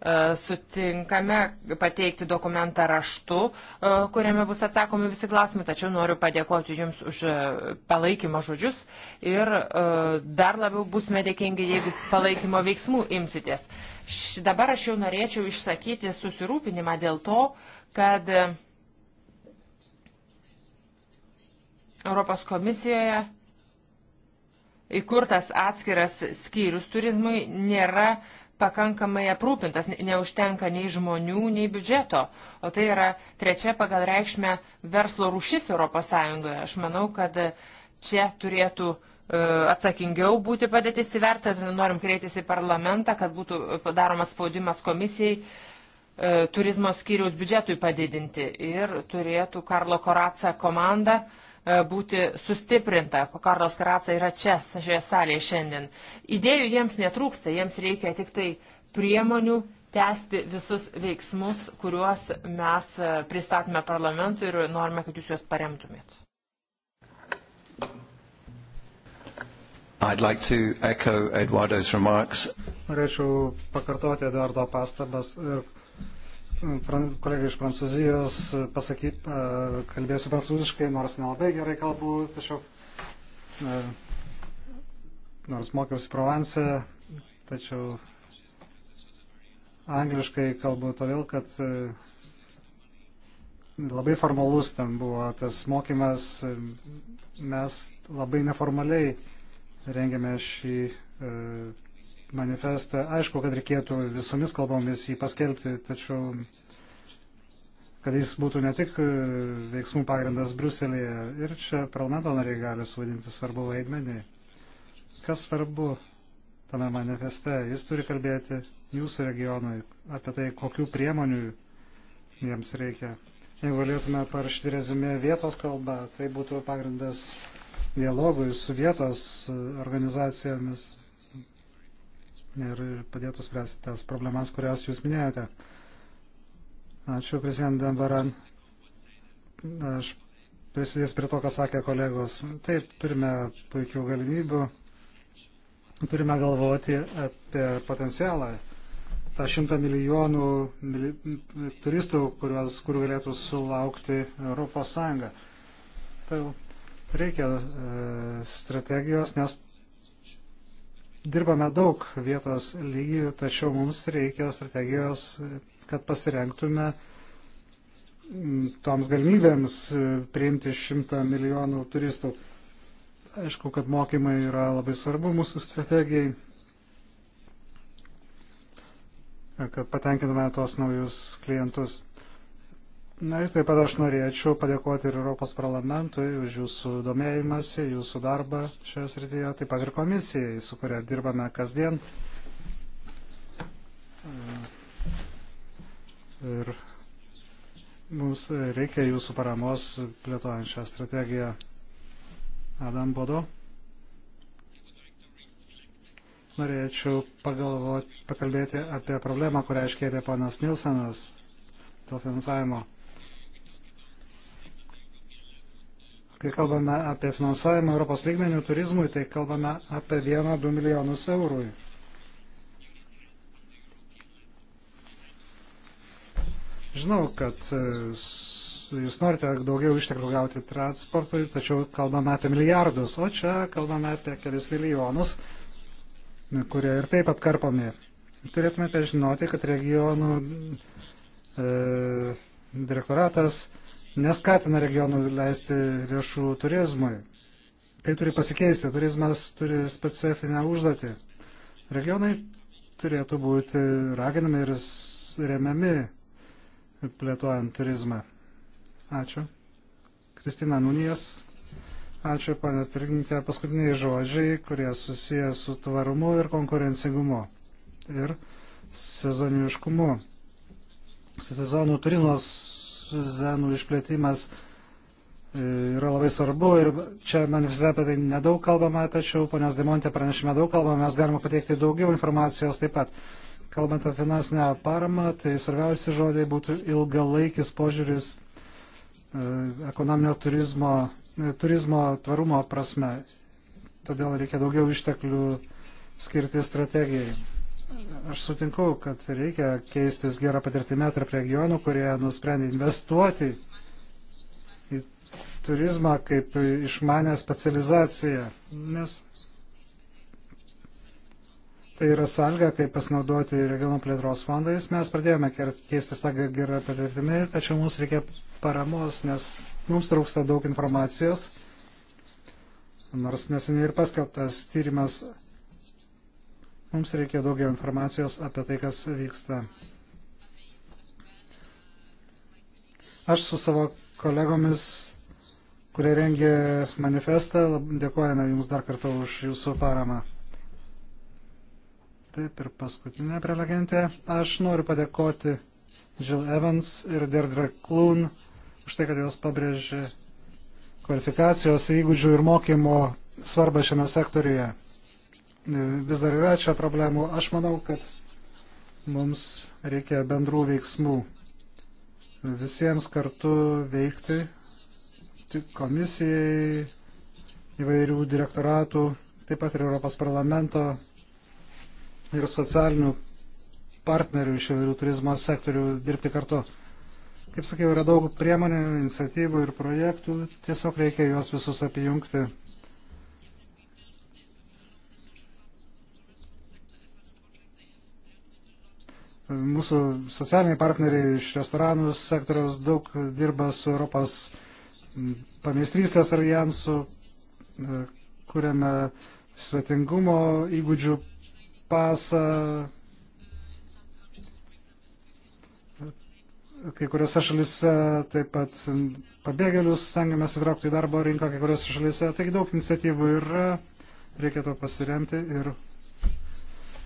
Speaker 4: E, sutinkame pateikti dokumentą raštu, e, kuriame bus atsakomi visi klausimai, tačiau noriu padėkoti Jums už e, palaikymo žodžius ir dar labiau būsime dėkingi, jeigu palaikymo veiksmų imsitės. Dabar aš jau norėčiau išsakyti susirūpinimą dėl to, kad Europos komisijoje įkurtas atskiras skyrius turizmui nėra uh, pakankamai aprūpintas, neužtenka nei žmonių, nei biudžeto, o tai yra trečia pagal reikšmę verslo rušis ES. Aš manau, kad čia turėtų e, atsakingiau būti padėtis įvertinti, norim kreiptis į parlamentą, kad būtų padaromas spaudimas komisijai e, turizmo skyriaus biudžetui padidinti ir turėtų Karlo Koraca komanda uh, E, būti sustiprinta. Karlos Karaca yra čia, šioje salėje šiandien. Idėjų jiems netrūksta, jiems reikia tik tai priemonių tęsti visus veiksmus, kuriuos mes e, pristatome parlamentui ir norime, kad jūs juos paremtumėt.
Speaker 2: I'd like to echo Eduardo's remarks.
Speaker 3: Norėčiau pakartoti Eduardo pastabas ir kolega iš Prancūzijos e, pasakyt, e, kalbėsiu prancūziškai, nors nelabai gerai kalbu, tačiau e, nors mokiausi Provence, tačiau angliškai kalbu todėl, kad labai formalus ten buvo tas mokymas, mes labai neformaliai rengėme šį manifestą. Aišku, kad reikėtų visomis kalbomis jį paskelbti, tačiau kad jis būtų ne tik e, veiksmų pagrindas Bruselėje ir čia parlamento nariai gali suvadinti svarbu vaidmenį. Kas svarbu tame manifeste? Jis turi kalbėti jūsų regionui apie tai, kokių priemonių jiems reikia. Jeigu galėtume parašyti rezumė vietos kalba, tai būtų pagrindas dialogui su vietos e, organizacijomis ir padėtų spręsti tas problemas, kurias jūs minėjote. Ačiū, prezident Dembaran. Aš prisidės prie to, ką sakė kolegos. Taip, turime puikių galimybių, turime galvoti apie potencialą. Ta šimta milijonų mili, turistų, kuriuos, kurių galėtų sulaukti Europos Sąjunga. Tai reikia e, strategijos, nes dirbame daug vietos lygių, tačiau mums reikia strategijos, kad pasirenktume toms galimybėms priimti šimtą milijonų turistų. Aišku, kad mokymai yra labai svarbu mūsų strategijai, kad patenkintume tuos naujus klientus. Na ir taip pat aš norėčiau padėkoti ir Europos parlamentui už jūsų domėjimąsi, jūsų darbą šioje srityje, taip pat ir komisijai, su kuria dirbame kasdien. Ir mums reikia jūsų paramos plėtojant šią strategiją. Adam Bodo. Norėčiau pagalvoti, pakalbėti apie problemą, kurią iškėlė ponas Nilsenas dėl finansavimo Kai kalbame apie finansavimą Europos lygmenių turizmui, tai kalbame apie 1-2 milijonus eurų. Žinau, kad e, jūs norite daugiau išteklių gauti transportui, tačiau kalbame apie milijardus, o čia kalbame apie kelis milijonus, kurie ir taip apkarpomi. Turėtumėte žinoti, kad regionų e, direktoratas e, neskatina regionų leisti lėšų turizmui. Tai turi pasikeisti. Turizmas turi specifinę užduotį. Regionai turėtų būti raginami ir remiami plėtojant turizmą. Ačiū. Kristina Nunijas. Ačiū, pane pirmininkė. Paskutiniai žodžiai, kurie susiję su tvarumu ir konkurencingumu ir sezoniškumu. Sezonų turizmas zenų išplėtimas e, yra labai svarbu ir čia manifeste apie tai nedaug kalbama, tačiau ponios Demontė pranešime daug kalbama, mes galime pateikti daugiau informacijos taip pat. Kalbant apie finansinę paramą, tai svarbiausi žodžiai būtų ilgalaikis požiūris e, ekonominio turizmo, e, turizmo tvarumo prasme. Todėl reikia daugiau išteklių skirti strategijai. Aš sutinku, kad reikia keistis gerą patirtimę tarp regionų, kurie nusprendė investuoti į turizmą kaip išmanę specializaciją, nes tai yra sąlyga, kaip pasinaudoti regionų plėtros fondais. Mes pradėjome keistis tą gerą patirtimį, tačiau mums reikia paramos, nes mums trūksta daug informacijos. Nors neseniai ir paskelbtas tyrimas Mums reikia daugiau informacijos apie tai, kas vyksta. Aš su savo kolegomis, kurie rengė manifestą, dėkojame Jums dar kartą už Jūsų paramą. Taip ir paskutinė prelegentė. Aš noriu padėkoti Jill Evans ir Deirdre Kloon už tai, kad jos pabrėžė kvalifikacijos, įgūdžių ir mokymo svarbą šiame sektoriuje vis dar yra čia problemų. Aš manau, kad mums reikia bendrų veiksmų. Visiems kartu veikti komisijai, įvairių direktoratų, taip pat ir Europos parlamento ir socialinių partnerių iš įvairių turizmo sektorių dirbti kartu. Kaip sakiau, yra daug priemonių, iniciatyvų ir projektų, tiesiog reikia juos visus apjungti Mūsų socialiniai partneriai iš restoranų sektoriaus daug dirba su Europos pameistrystės alijansu, e, kuriame svetingumo įgūdžių pasą. Kai kuriuose šalise taip pat pabėgėlius stengiamės įtraukti į darbo rinką, kai kuriuose šalise. Taigi daug iniciatyvų yra, reikia to pasiremti ir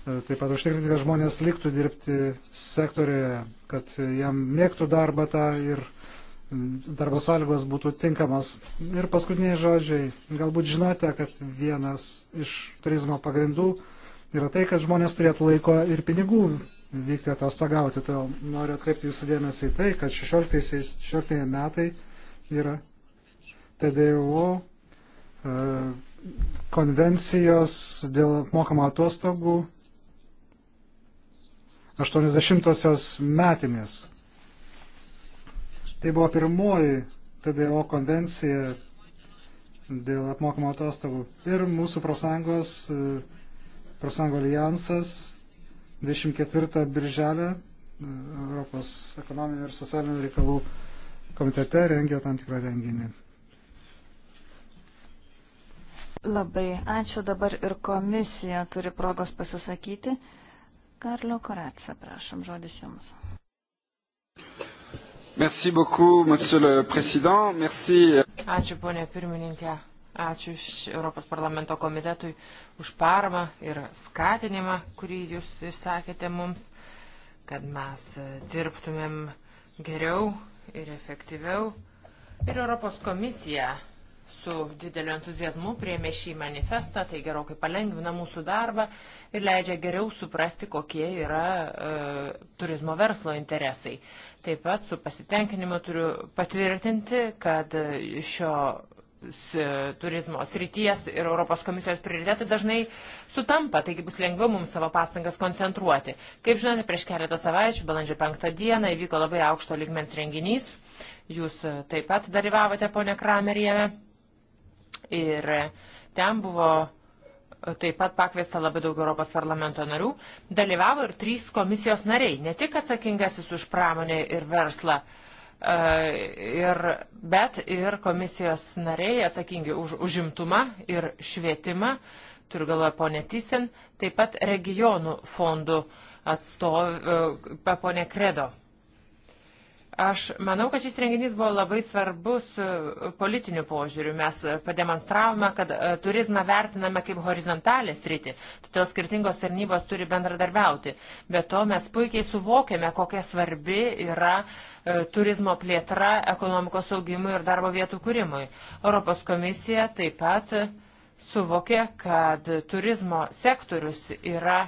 Speaker 3: E, taip pat užtikrinti, kad žmonės liktų dirbti sektorėje, kad jam mėgtų darbą tą ir darbo sąlygos būtų tinkamos. Ir paskutiniai žodžiai. Galbūt žinote, kad vienas iš turizmo pagrindų yra tai, kad žmonės turėtų laiko ir pinigų vykti atostogauti. Todėl noriu atkreipti jūsų dėmesį į tai, kad 16, 16 metai yra TDO e, konvencijos dėl apmokamo atostogų 80-osios metinės. Tai buvo pirmoji TDO konvencija dėl apmokamo atostogų. Ir mūsų profsąjungos, e, profsąjungo alijansas 24 birželio e, Europos ekonominio ir socialinių reikalų komitete rengia tam tikrą renginį.
Speaker 2: Labai ačiū dabar ir komisija turi progos pasisakyti. Karlo Koratsa, prašom, žodis Jums.
Speaker 3: Merci beaucoup, monsieur le président. Merci.
Speaker 4: Ačiū, ponė pirmininkė. Ačiū iš Europos parlamento komitetui už paramą ir skatinimą, kurį jūs išsakėte mums, kad mes dirbtumėm geriau ir efektyviau. Ir Europos komisija su dideliu entuzijazmu prieėmė šį manifestą, tai gerokai palengvina mūsų darbą ir leidžia geriau suprasti, kokie yra e, turizmo verslo interesai. Taip pat su pasitenkinimu turiu patvirtinti, kad šio turizmo srities ir Europos komisijos prioritetai dažnai sutampa, taigi bus lengviau mums savo pastangas koncentruoti. Kaip žinote, prieš keletą savaičių, balandžio penktą dieną, įvyko labai aukšto ligmens renginys. Jūs e, taip pat dalyvavote, ponė Kramerijame ir ten buvo taip pat pakviesta labai daug Europos parlamento narių. Dalyvavo ir trys komisijos nariai, ne tik atsakingasis už pramonę ir verslą, e, ir, bet ir komisijos nariai atsakingi už užimtumą ir švietimą, turiu galvoje ponė Tysin, taip pat regionų fondų atstovė e, ponė Kredo. Aš manau, kad šis renginys buvo labai svarbus e, politiniu požiūriu. Mes pademonstravome, kad e, turizmą vertiname kaip horizontalę sritį, todėl skirtingos tarnybos turi bendradarbiauti. Be to mes puikiai suvokėme, kokia svarbi yra e, turizmo plėtra ekonomikos augimui ir darbo vietų kūrimui. Europos komisija taip pat suvokė, kad turizmo sektorius yra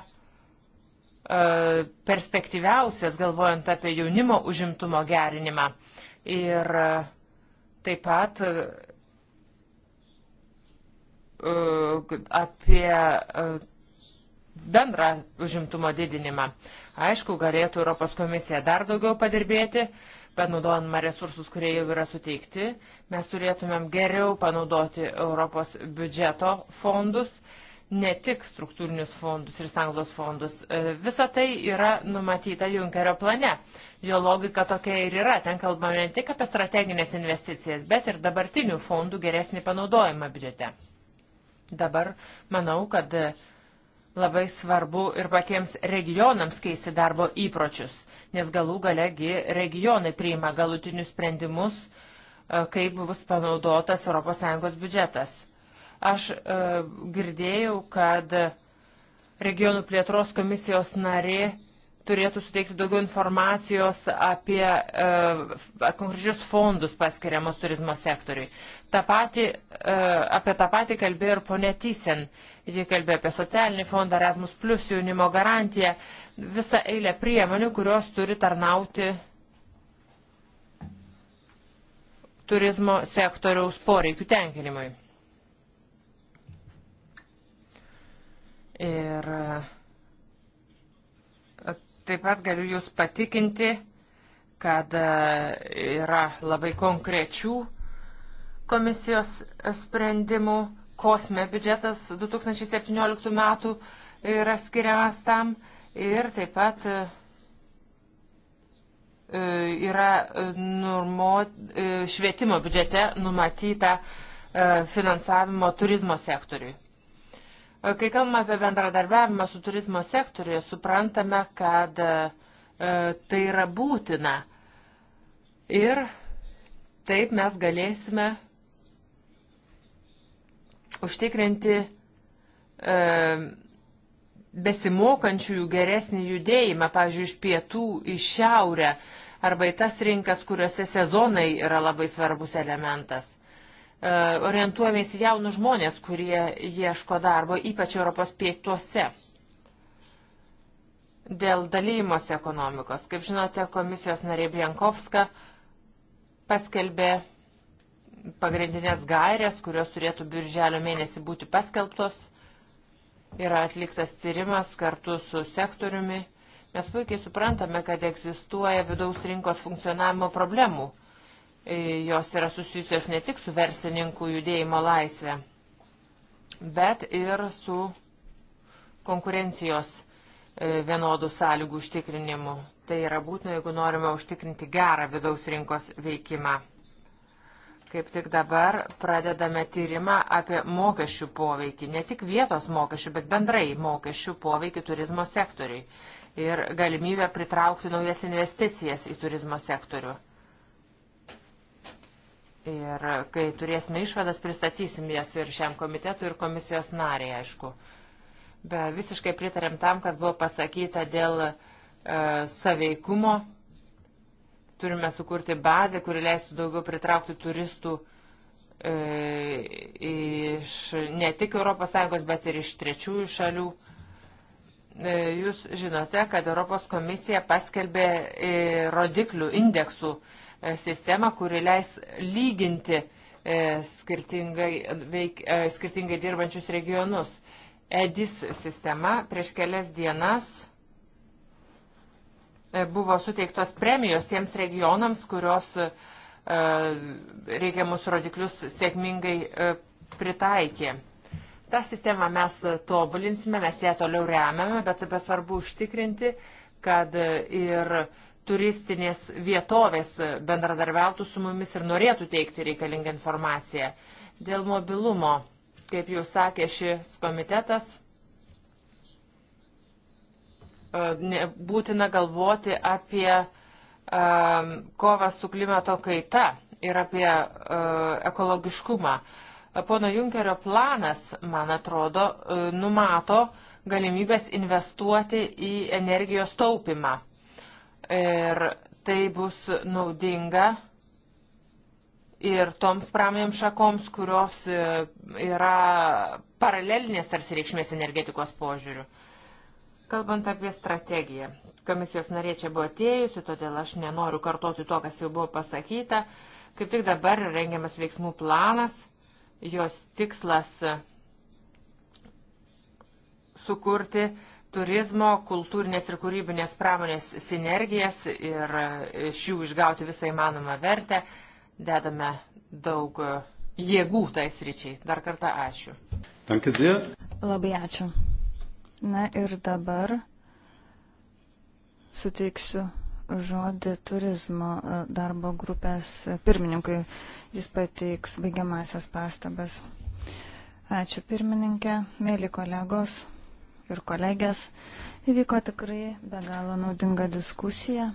Speaker 4: E, perspektyviausias, galvojant apie jaunimo užimtumo gerinimą. Ir e, taip pat e, apie bendrą užimtumo didinimą. Aišku, galėtų Europos komisija dar daugiau padirbėti, bet naudojama resursus, kurie jau yra suteikti, mes turėtumėm geriau panaudoti Europos biudžeto fondus ne tik struktūrinius fondus ir sanglos fondus. E, visa tai yra numatyta Junkerio plane. Jo logika tokia ir yra. Ten kalbame ne tik apie strateginės investicijas, bet ir dabartinių fondų geresnį panaudojimą biudžete. Dabar manau, kad e, labai svarbu ir patiems regionams keisti darbo įpročius, nes galų galegi regionai priima galutinius sprendimus, e, kaip bus panaudotas ES biudžetas. Aš e, girdėjau, kad regionų plėtros komisijos narė turėtų suteikti daugiau informacijos apie e, konkrečius fondus paskiriamus turizmo sektoriui. Ta pati, e, apie tą patį kalbėjo ir ponė Tysen. Ji kalbėjo apie socialinį fondą, Erasmus Plus jaunimo garantiją, visą eilę priemonių, kurios turi tarnauti turizmo sektoriaus poreikių tenkinimui. Ir e, taip pat galiu Jūs patikinti, kad e, yra labai konkrečių komisijos sprendimų. Kosme biudžetas 2017 metų yra skiriamas tam ir taip pat e, yra nurmo, švietimo biudžete numatyta finansavimo turizmo sektoriui. Kai kalbame apie bendradarbiavimą su turizmo sektoriuje, suprantame, kad e, tai yra būtina. Ir taip mes galėsime užtikrinti e, besimokančiųjų geresnį judėjimą, pavyzdžiui, iš pietų į šiaurę arba į tas rinkas, kuriuose sezonai yra labai svarbus elementas. E, orientuojamės į jaunus žmonės, kurie ieško darbo, ypač Europos pietuose. Dėl dalymosi ekonomikos. Kaip žinote, komisijos narė Bienkovska paskelbė pagrindinės gairės, kurios turėtų birželio mėnesį būti paskelbtos. Yra atliktas tyrimas kartu su sektoriumi. Mes puikiai suprantame, kad egzistuoja vidaus rinkos funkcionavimo problemų E, jos yra susijusios ne tik su verslininkų judėjimo laisvė, bet ir su konkurencijos e, vienodų sąlygų užtikrinimu. Tai yra būtina, jeigu norime užtikrinti gerą vidaus rinkos veikimą. Kaip tik dabar pradedame tyrimą apie mokesčių poveikį, ne tik vietos mokesčių, bet bendrai mokesčių poveikį turizmo sektoriui ir galimybę pritraukti naujas investicijas į turizmo sektorių. Ir kai turėsime išvadas, pristatysim jas ir šiam komitetui, ir komisijos nariai, aišku. Be visiškai pritarėm tam, kas buvo pasakyta dėl e, saveikumo. Turime sukurti bazę, kuri leistų daugiau pritraukti turistų e, iš ne tik ES, bet ir iš trečiųjų šalių. E, jūs žinote, kad Europos komisija paskelbė e, rodiklių, indeksų e, E, sistemą, kuri leis lyginti e, skirtingai, veik, e, skirtingai dirbančius regionus. EDIS sistema prieš kelias dienas buvo suteiktos premijos tiems regionams, kurios reikiamus rodiklius sėkmingai pritaikė. Ta sistema mes tobulinsime, mes ją toliau remiame, bet taip svarbu užtikrinti, kad ir turistinės vietovės bendradarbiautų su mumis ir norėtų teikti reikalingą informaciją. Dėl mobilumo, kaip jau sakė šis komitetas, e, būtina galvoti apie e, kovą su klimato kaita ir apie e, ekologiškumą. Pono Junkerio planas, man atrodo, numato galimybės investuoti į energijos taupimą Ir tai bus naudinga ir toms pramonėms šakoms, kurios e, yra paralelinės tarsi reikšmės energetikos požiūrių. Kalbant apie strategiją, komisijos narė čia buvo atėjusi, todėl aš nenoriu kartoti to, kas jau buvo pasakyta. Kaip tik dabar rengiamas veiksmų planas, jos tikslas sukurti uh, turizmo, kultūrinės ir kūrybinės pramonės sinergijas ir iš jų išgauti visą įmanomą vertę. Dedame daug e, jėgų tai sričiai. Dar kartą ačiū. Labai ačiū.
Speaker 2: Na ir dabar suteiksiu žodį turizmo e, darbo grupės pirmininkui. Jis pateiks baigiamasias pastabas. Ačiū pirmininkė, mėly kolegos ir kolegės. Įvyko tikrai be galo naudinga diskusija.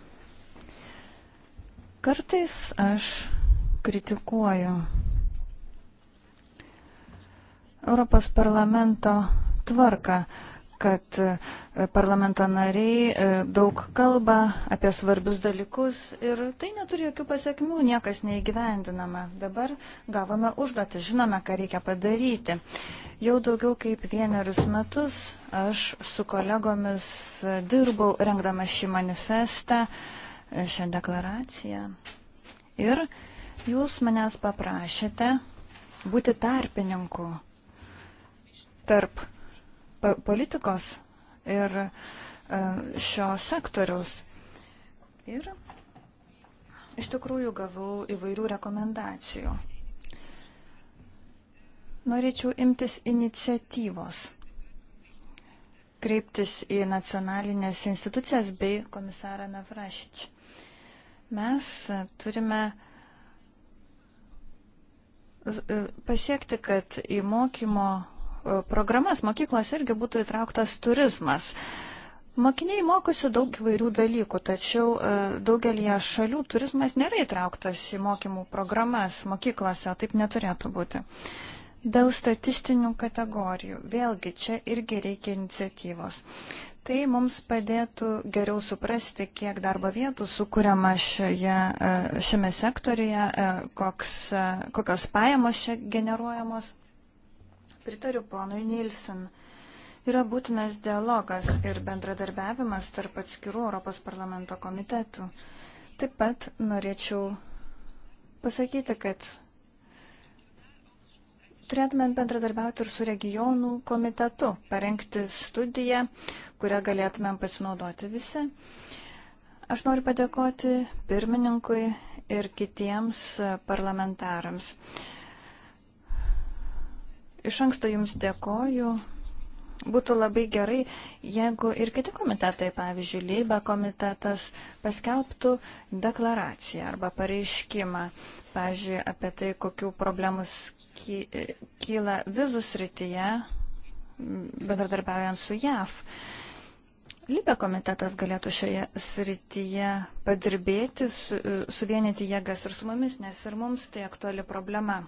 Speaker 2: Kartais aš kritikuoju Europos parlamento tvarką kad e, parlamento nariai e, daug kalba apie svarbius dalykus ir tai neturi jokių pasiekmių, niekas neįgyvendinama. Dabar gavome užduotį, žinome, ką reikia padaryti. Jau daugiau kaip vienerius metus aš su kolegomis dirbau rengdama šį manifestą, e, šią deklaraciją. Ir jūs manęs paprašėte būti tarpininku tarp politikos ir e, šio sektoriaus. Ir iš tikrųjų gavau įvairių rekomendacijų. Norėčiau imtis iniciatyvos, kreiptis į nacionalinės institucijas bei komisarą Navrašič. Mes turime e, pasiekti, kad į mokymo E, programas mokyklas irgi būtų įtrauktas turizmas. Mokiniai mokosi daug įvairių dalykų, tačiau e, daugelie šalių turizmas nėra įtrauktas į mokymų programas mokyklose, taip neturėtų būti. Dėl statistinių kategorijų, vėlgi čia irgi reikia iniciatyvos. Tai mums padėtų geriau suprasti, kiek darbo vietų sukūriama šioje, e, šiame sektorija, koks, kokios pajamos čia generuojamos pritariu ponui Nilsen. Yra būtinas dialogas ir bendradarbiavimas tarp atskirų Europos parlamento komitetų. Taip pat norėčiau pasakyti, kad turėtumėm bendradarbiauti ir su regionų komitetu, parengti studiją, kurią galėtumėm pasinaudoti visi. Aš noriu padėkoti pirmininkui ir kitiems parlamentarams. Uh, Iš anksto Jums dėkoju. Būtų labai gerai, jeigu ir kiti komitetai, pavyzdžiui, Leiba komitetas paskelbtų deklaraciją arba pareiškimą, pavyzdžiui, apie tai, kokių problemų kyla vizų srityje, bendradarbiaujant su JAV. Libė komitetas galėtų šioje srityje padirbėti, su, suvienyti jėgas ir su mumis, nes ir mums tai aktuali problema.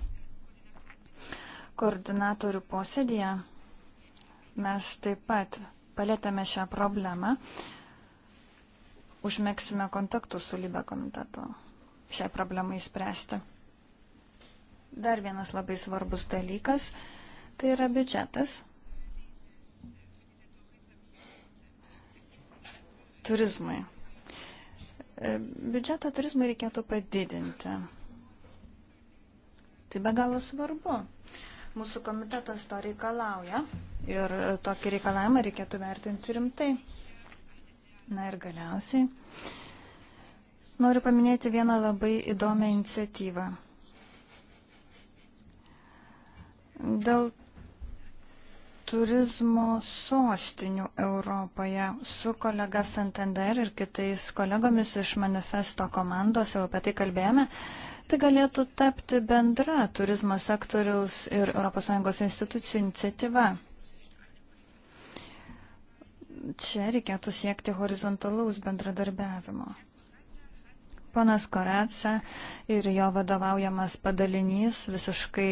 Speaker 2: Koordinatorių posėdėje mes taip pat palėtėme šią problemą. Užmėgsime kontaktus su Libe komitetu šią problemą įspręsti. Dar vienas labai svarbus dalykas – tai yra biudžetas. Turizmui. E, biudžetą turizmui reikėtų padidinti. Tai be galo svarbu. Mūsų komitetas to reikalauja ir e, tokį reikalavimą reikėtų vertinti rimtai. Na ir galiausiai noriu paminėti vieną labai įdomią iniciatyvą. Dėl turizmo sostinių Europoje. Su kolega Santander ir kitais kolegomis iš manifesto komandos jau apie tai kalbėjome. Tai galėtų tapti bendra turizmo sektoriaus ir ES institucijų iniciatyva. Čia reikėtų siekti horizontalaus bendradarbiavimo. Ponas Koreca ir jo vadovaujamas padalinys visiškai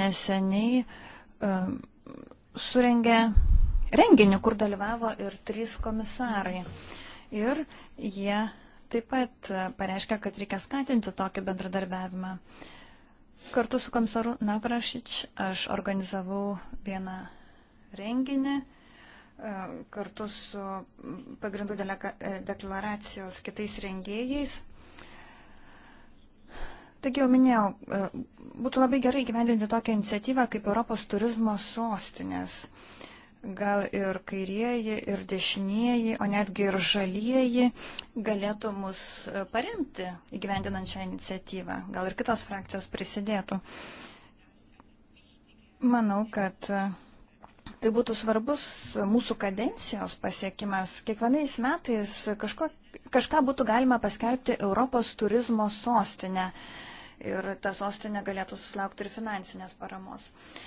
Speaker 2: neseniai um, surengė renginį, kur dalyvavo ir trys komisarai. Ir jie taip pat pareiškia, kad reikia skatinti tokį bendradarbiavimą. Kartu su komisaru Navrašič aš organizavau vieną renginį e, kartu su pagrindų e, deklaracijos kitais rengėjais. Taigi jau minėjau, e, būtų labai gerai gyvendinti tokią iniciatyvą kaip Europos turizmo sostinės gal ir kairieji, ir dešinieji, o netgi ir žalieji galėtų mus paremti įgyvendinant šią iniciatyvą. Gal ir kitos frakcijos prisidėtų. Manau, kad tai būtų svarbus mūsų kadencijos pasiekimas. Kiekvienais metais kažko, kažką būtų galima paskelbti Europos turizmo sostinę. Ir ta sostinė galėtų susilaukti ir finansinės paramos. Uh,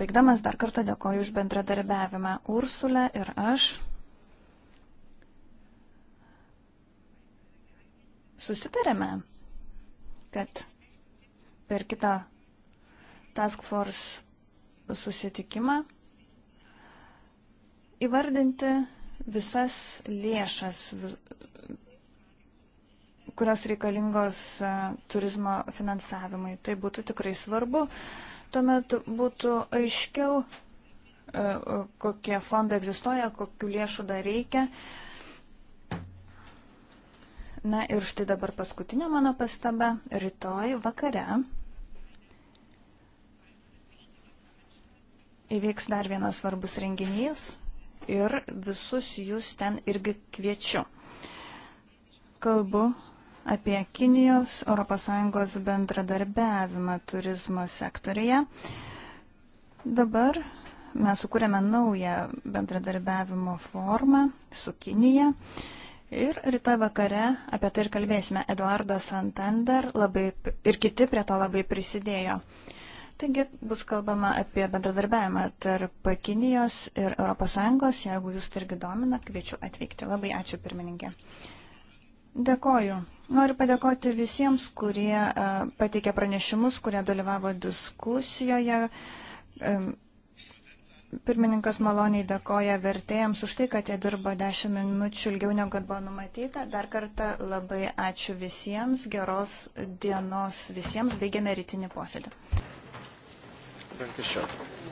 Speaker 2: Baigdamas dar kartą dėkoju už bendradarbiavimą Ursulę ir aš. Susitarėme, kad per kitą task force susitikimą įvardinti visas lėšas, kurios reikalingos turizmo finansavimui. Tai būtų tikrai svarbu. Uh, Tuomet būtų aiškiau, e, e, kokie fondai egzistuoja, kokiu lėšų dar reikia. Na ir štai dabar paskutinė mano pastaba. Rytoj vakare įvyks dar vienas svarbus renginys ir visus jūs ten irgi kviečiu. Kalbu apie Kinijos ES bendradarbiavimą turizmo sektorija. Dabar mes sukūrėme naują bendradarbiavimo formą su Kinija. Ir rytoj vakare apie tai ir kalbėsime. Eduardo Santander labai, ir kiti prie to labai prisidėjo. Taigi bus kalbama apie bendradarbiavimą tarp Kinijos ir ES. Jeigu jūs tai irgi domina, kviečiu atvykti. Labai ačiū pirmininkė. Dėkoju. Noriu padėkoti visiems, kurie e, pateikė pranešimus, kurie dalyvavo diskusijoje. E, pirmininkas maloniai dėkoja vertėjams už tai, kad jie dirbo 10 minučių ilgiau negu buvo numatyta. Dar kartą labai ačiū visiems, geros dienos visiems, baigiame rytinį posėdį.
Speaker 3: Dankeschön.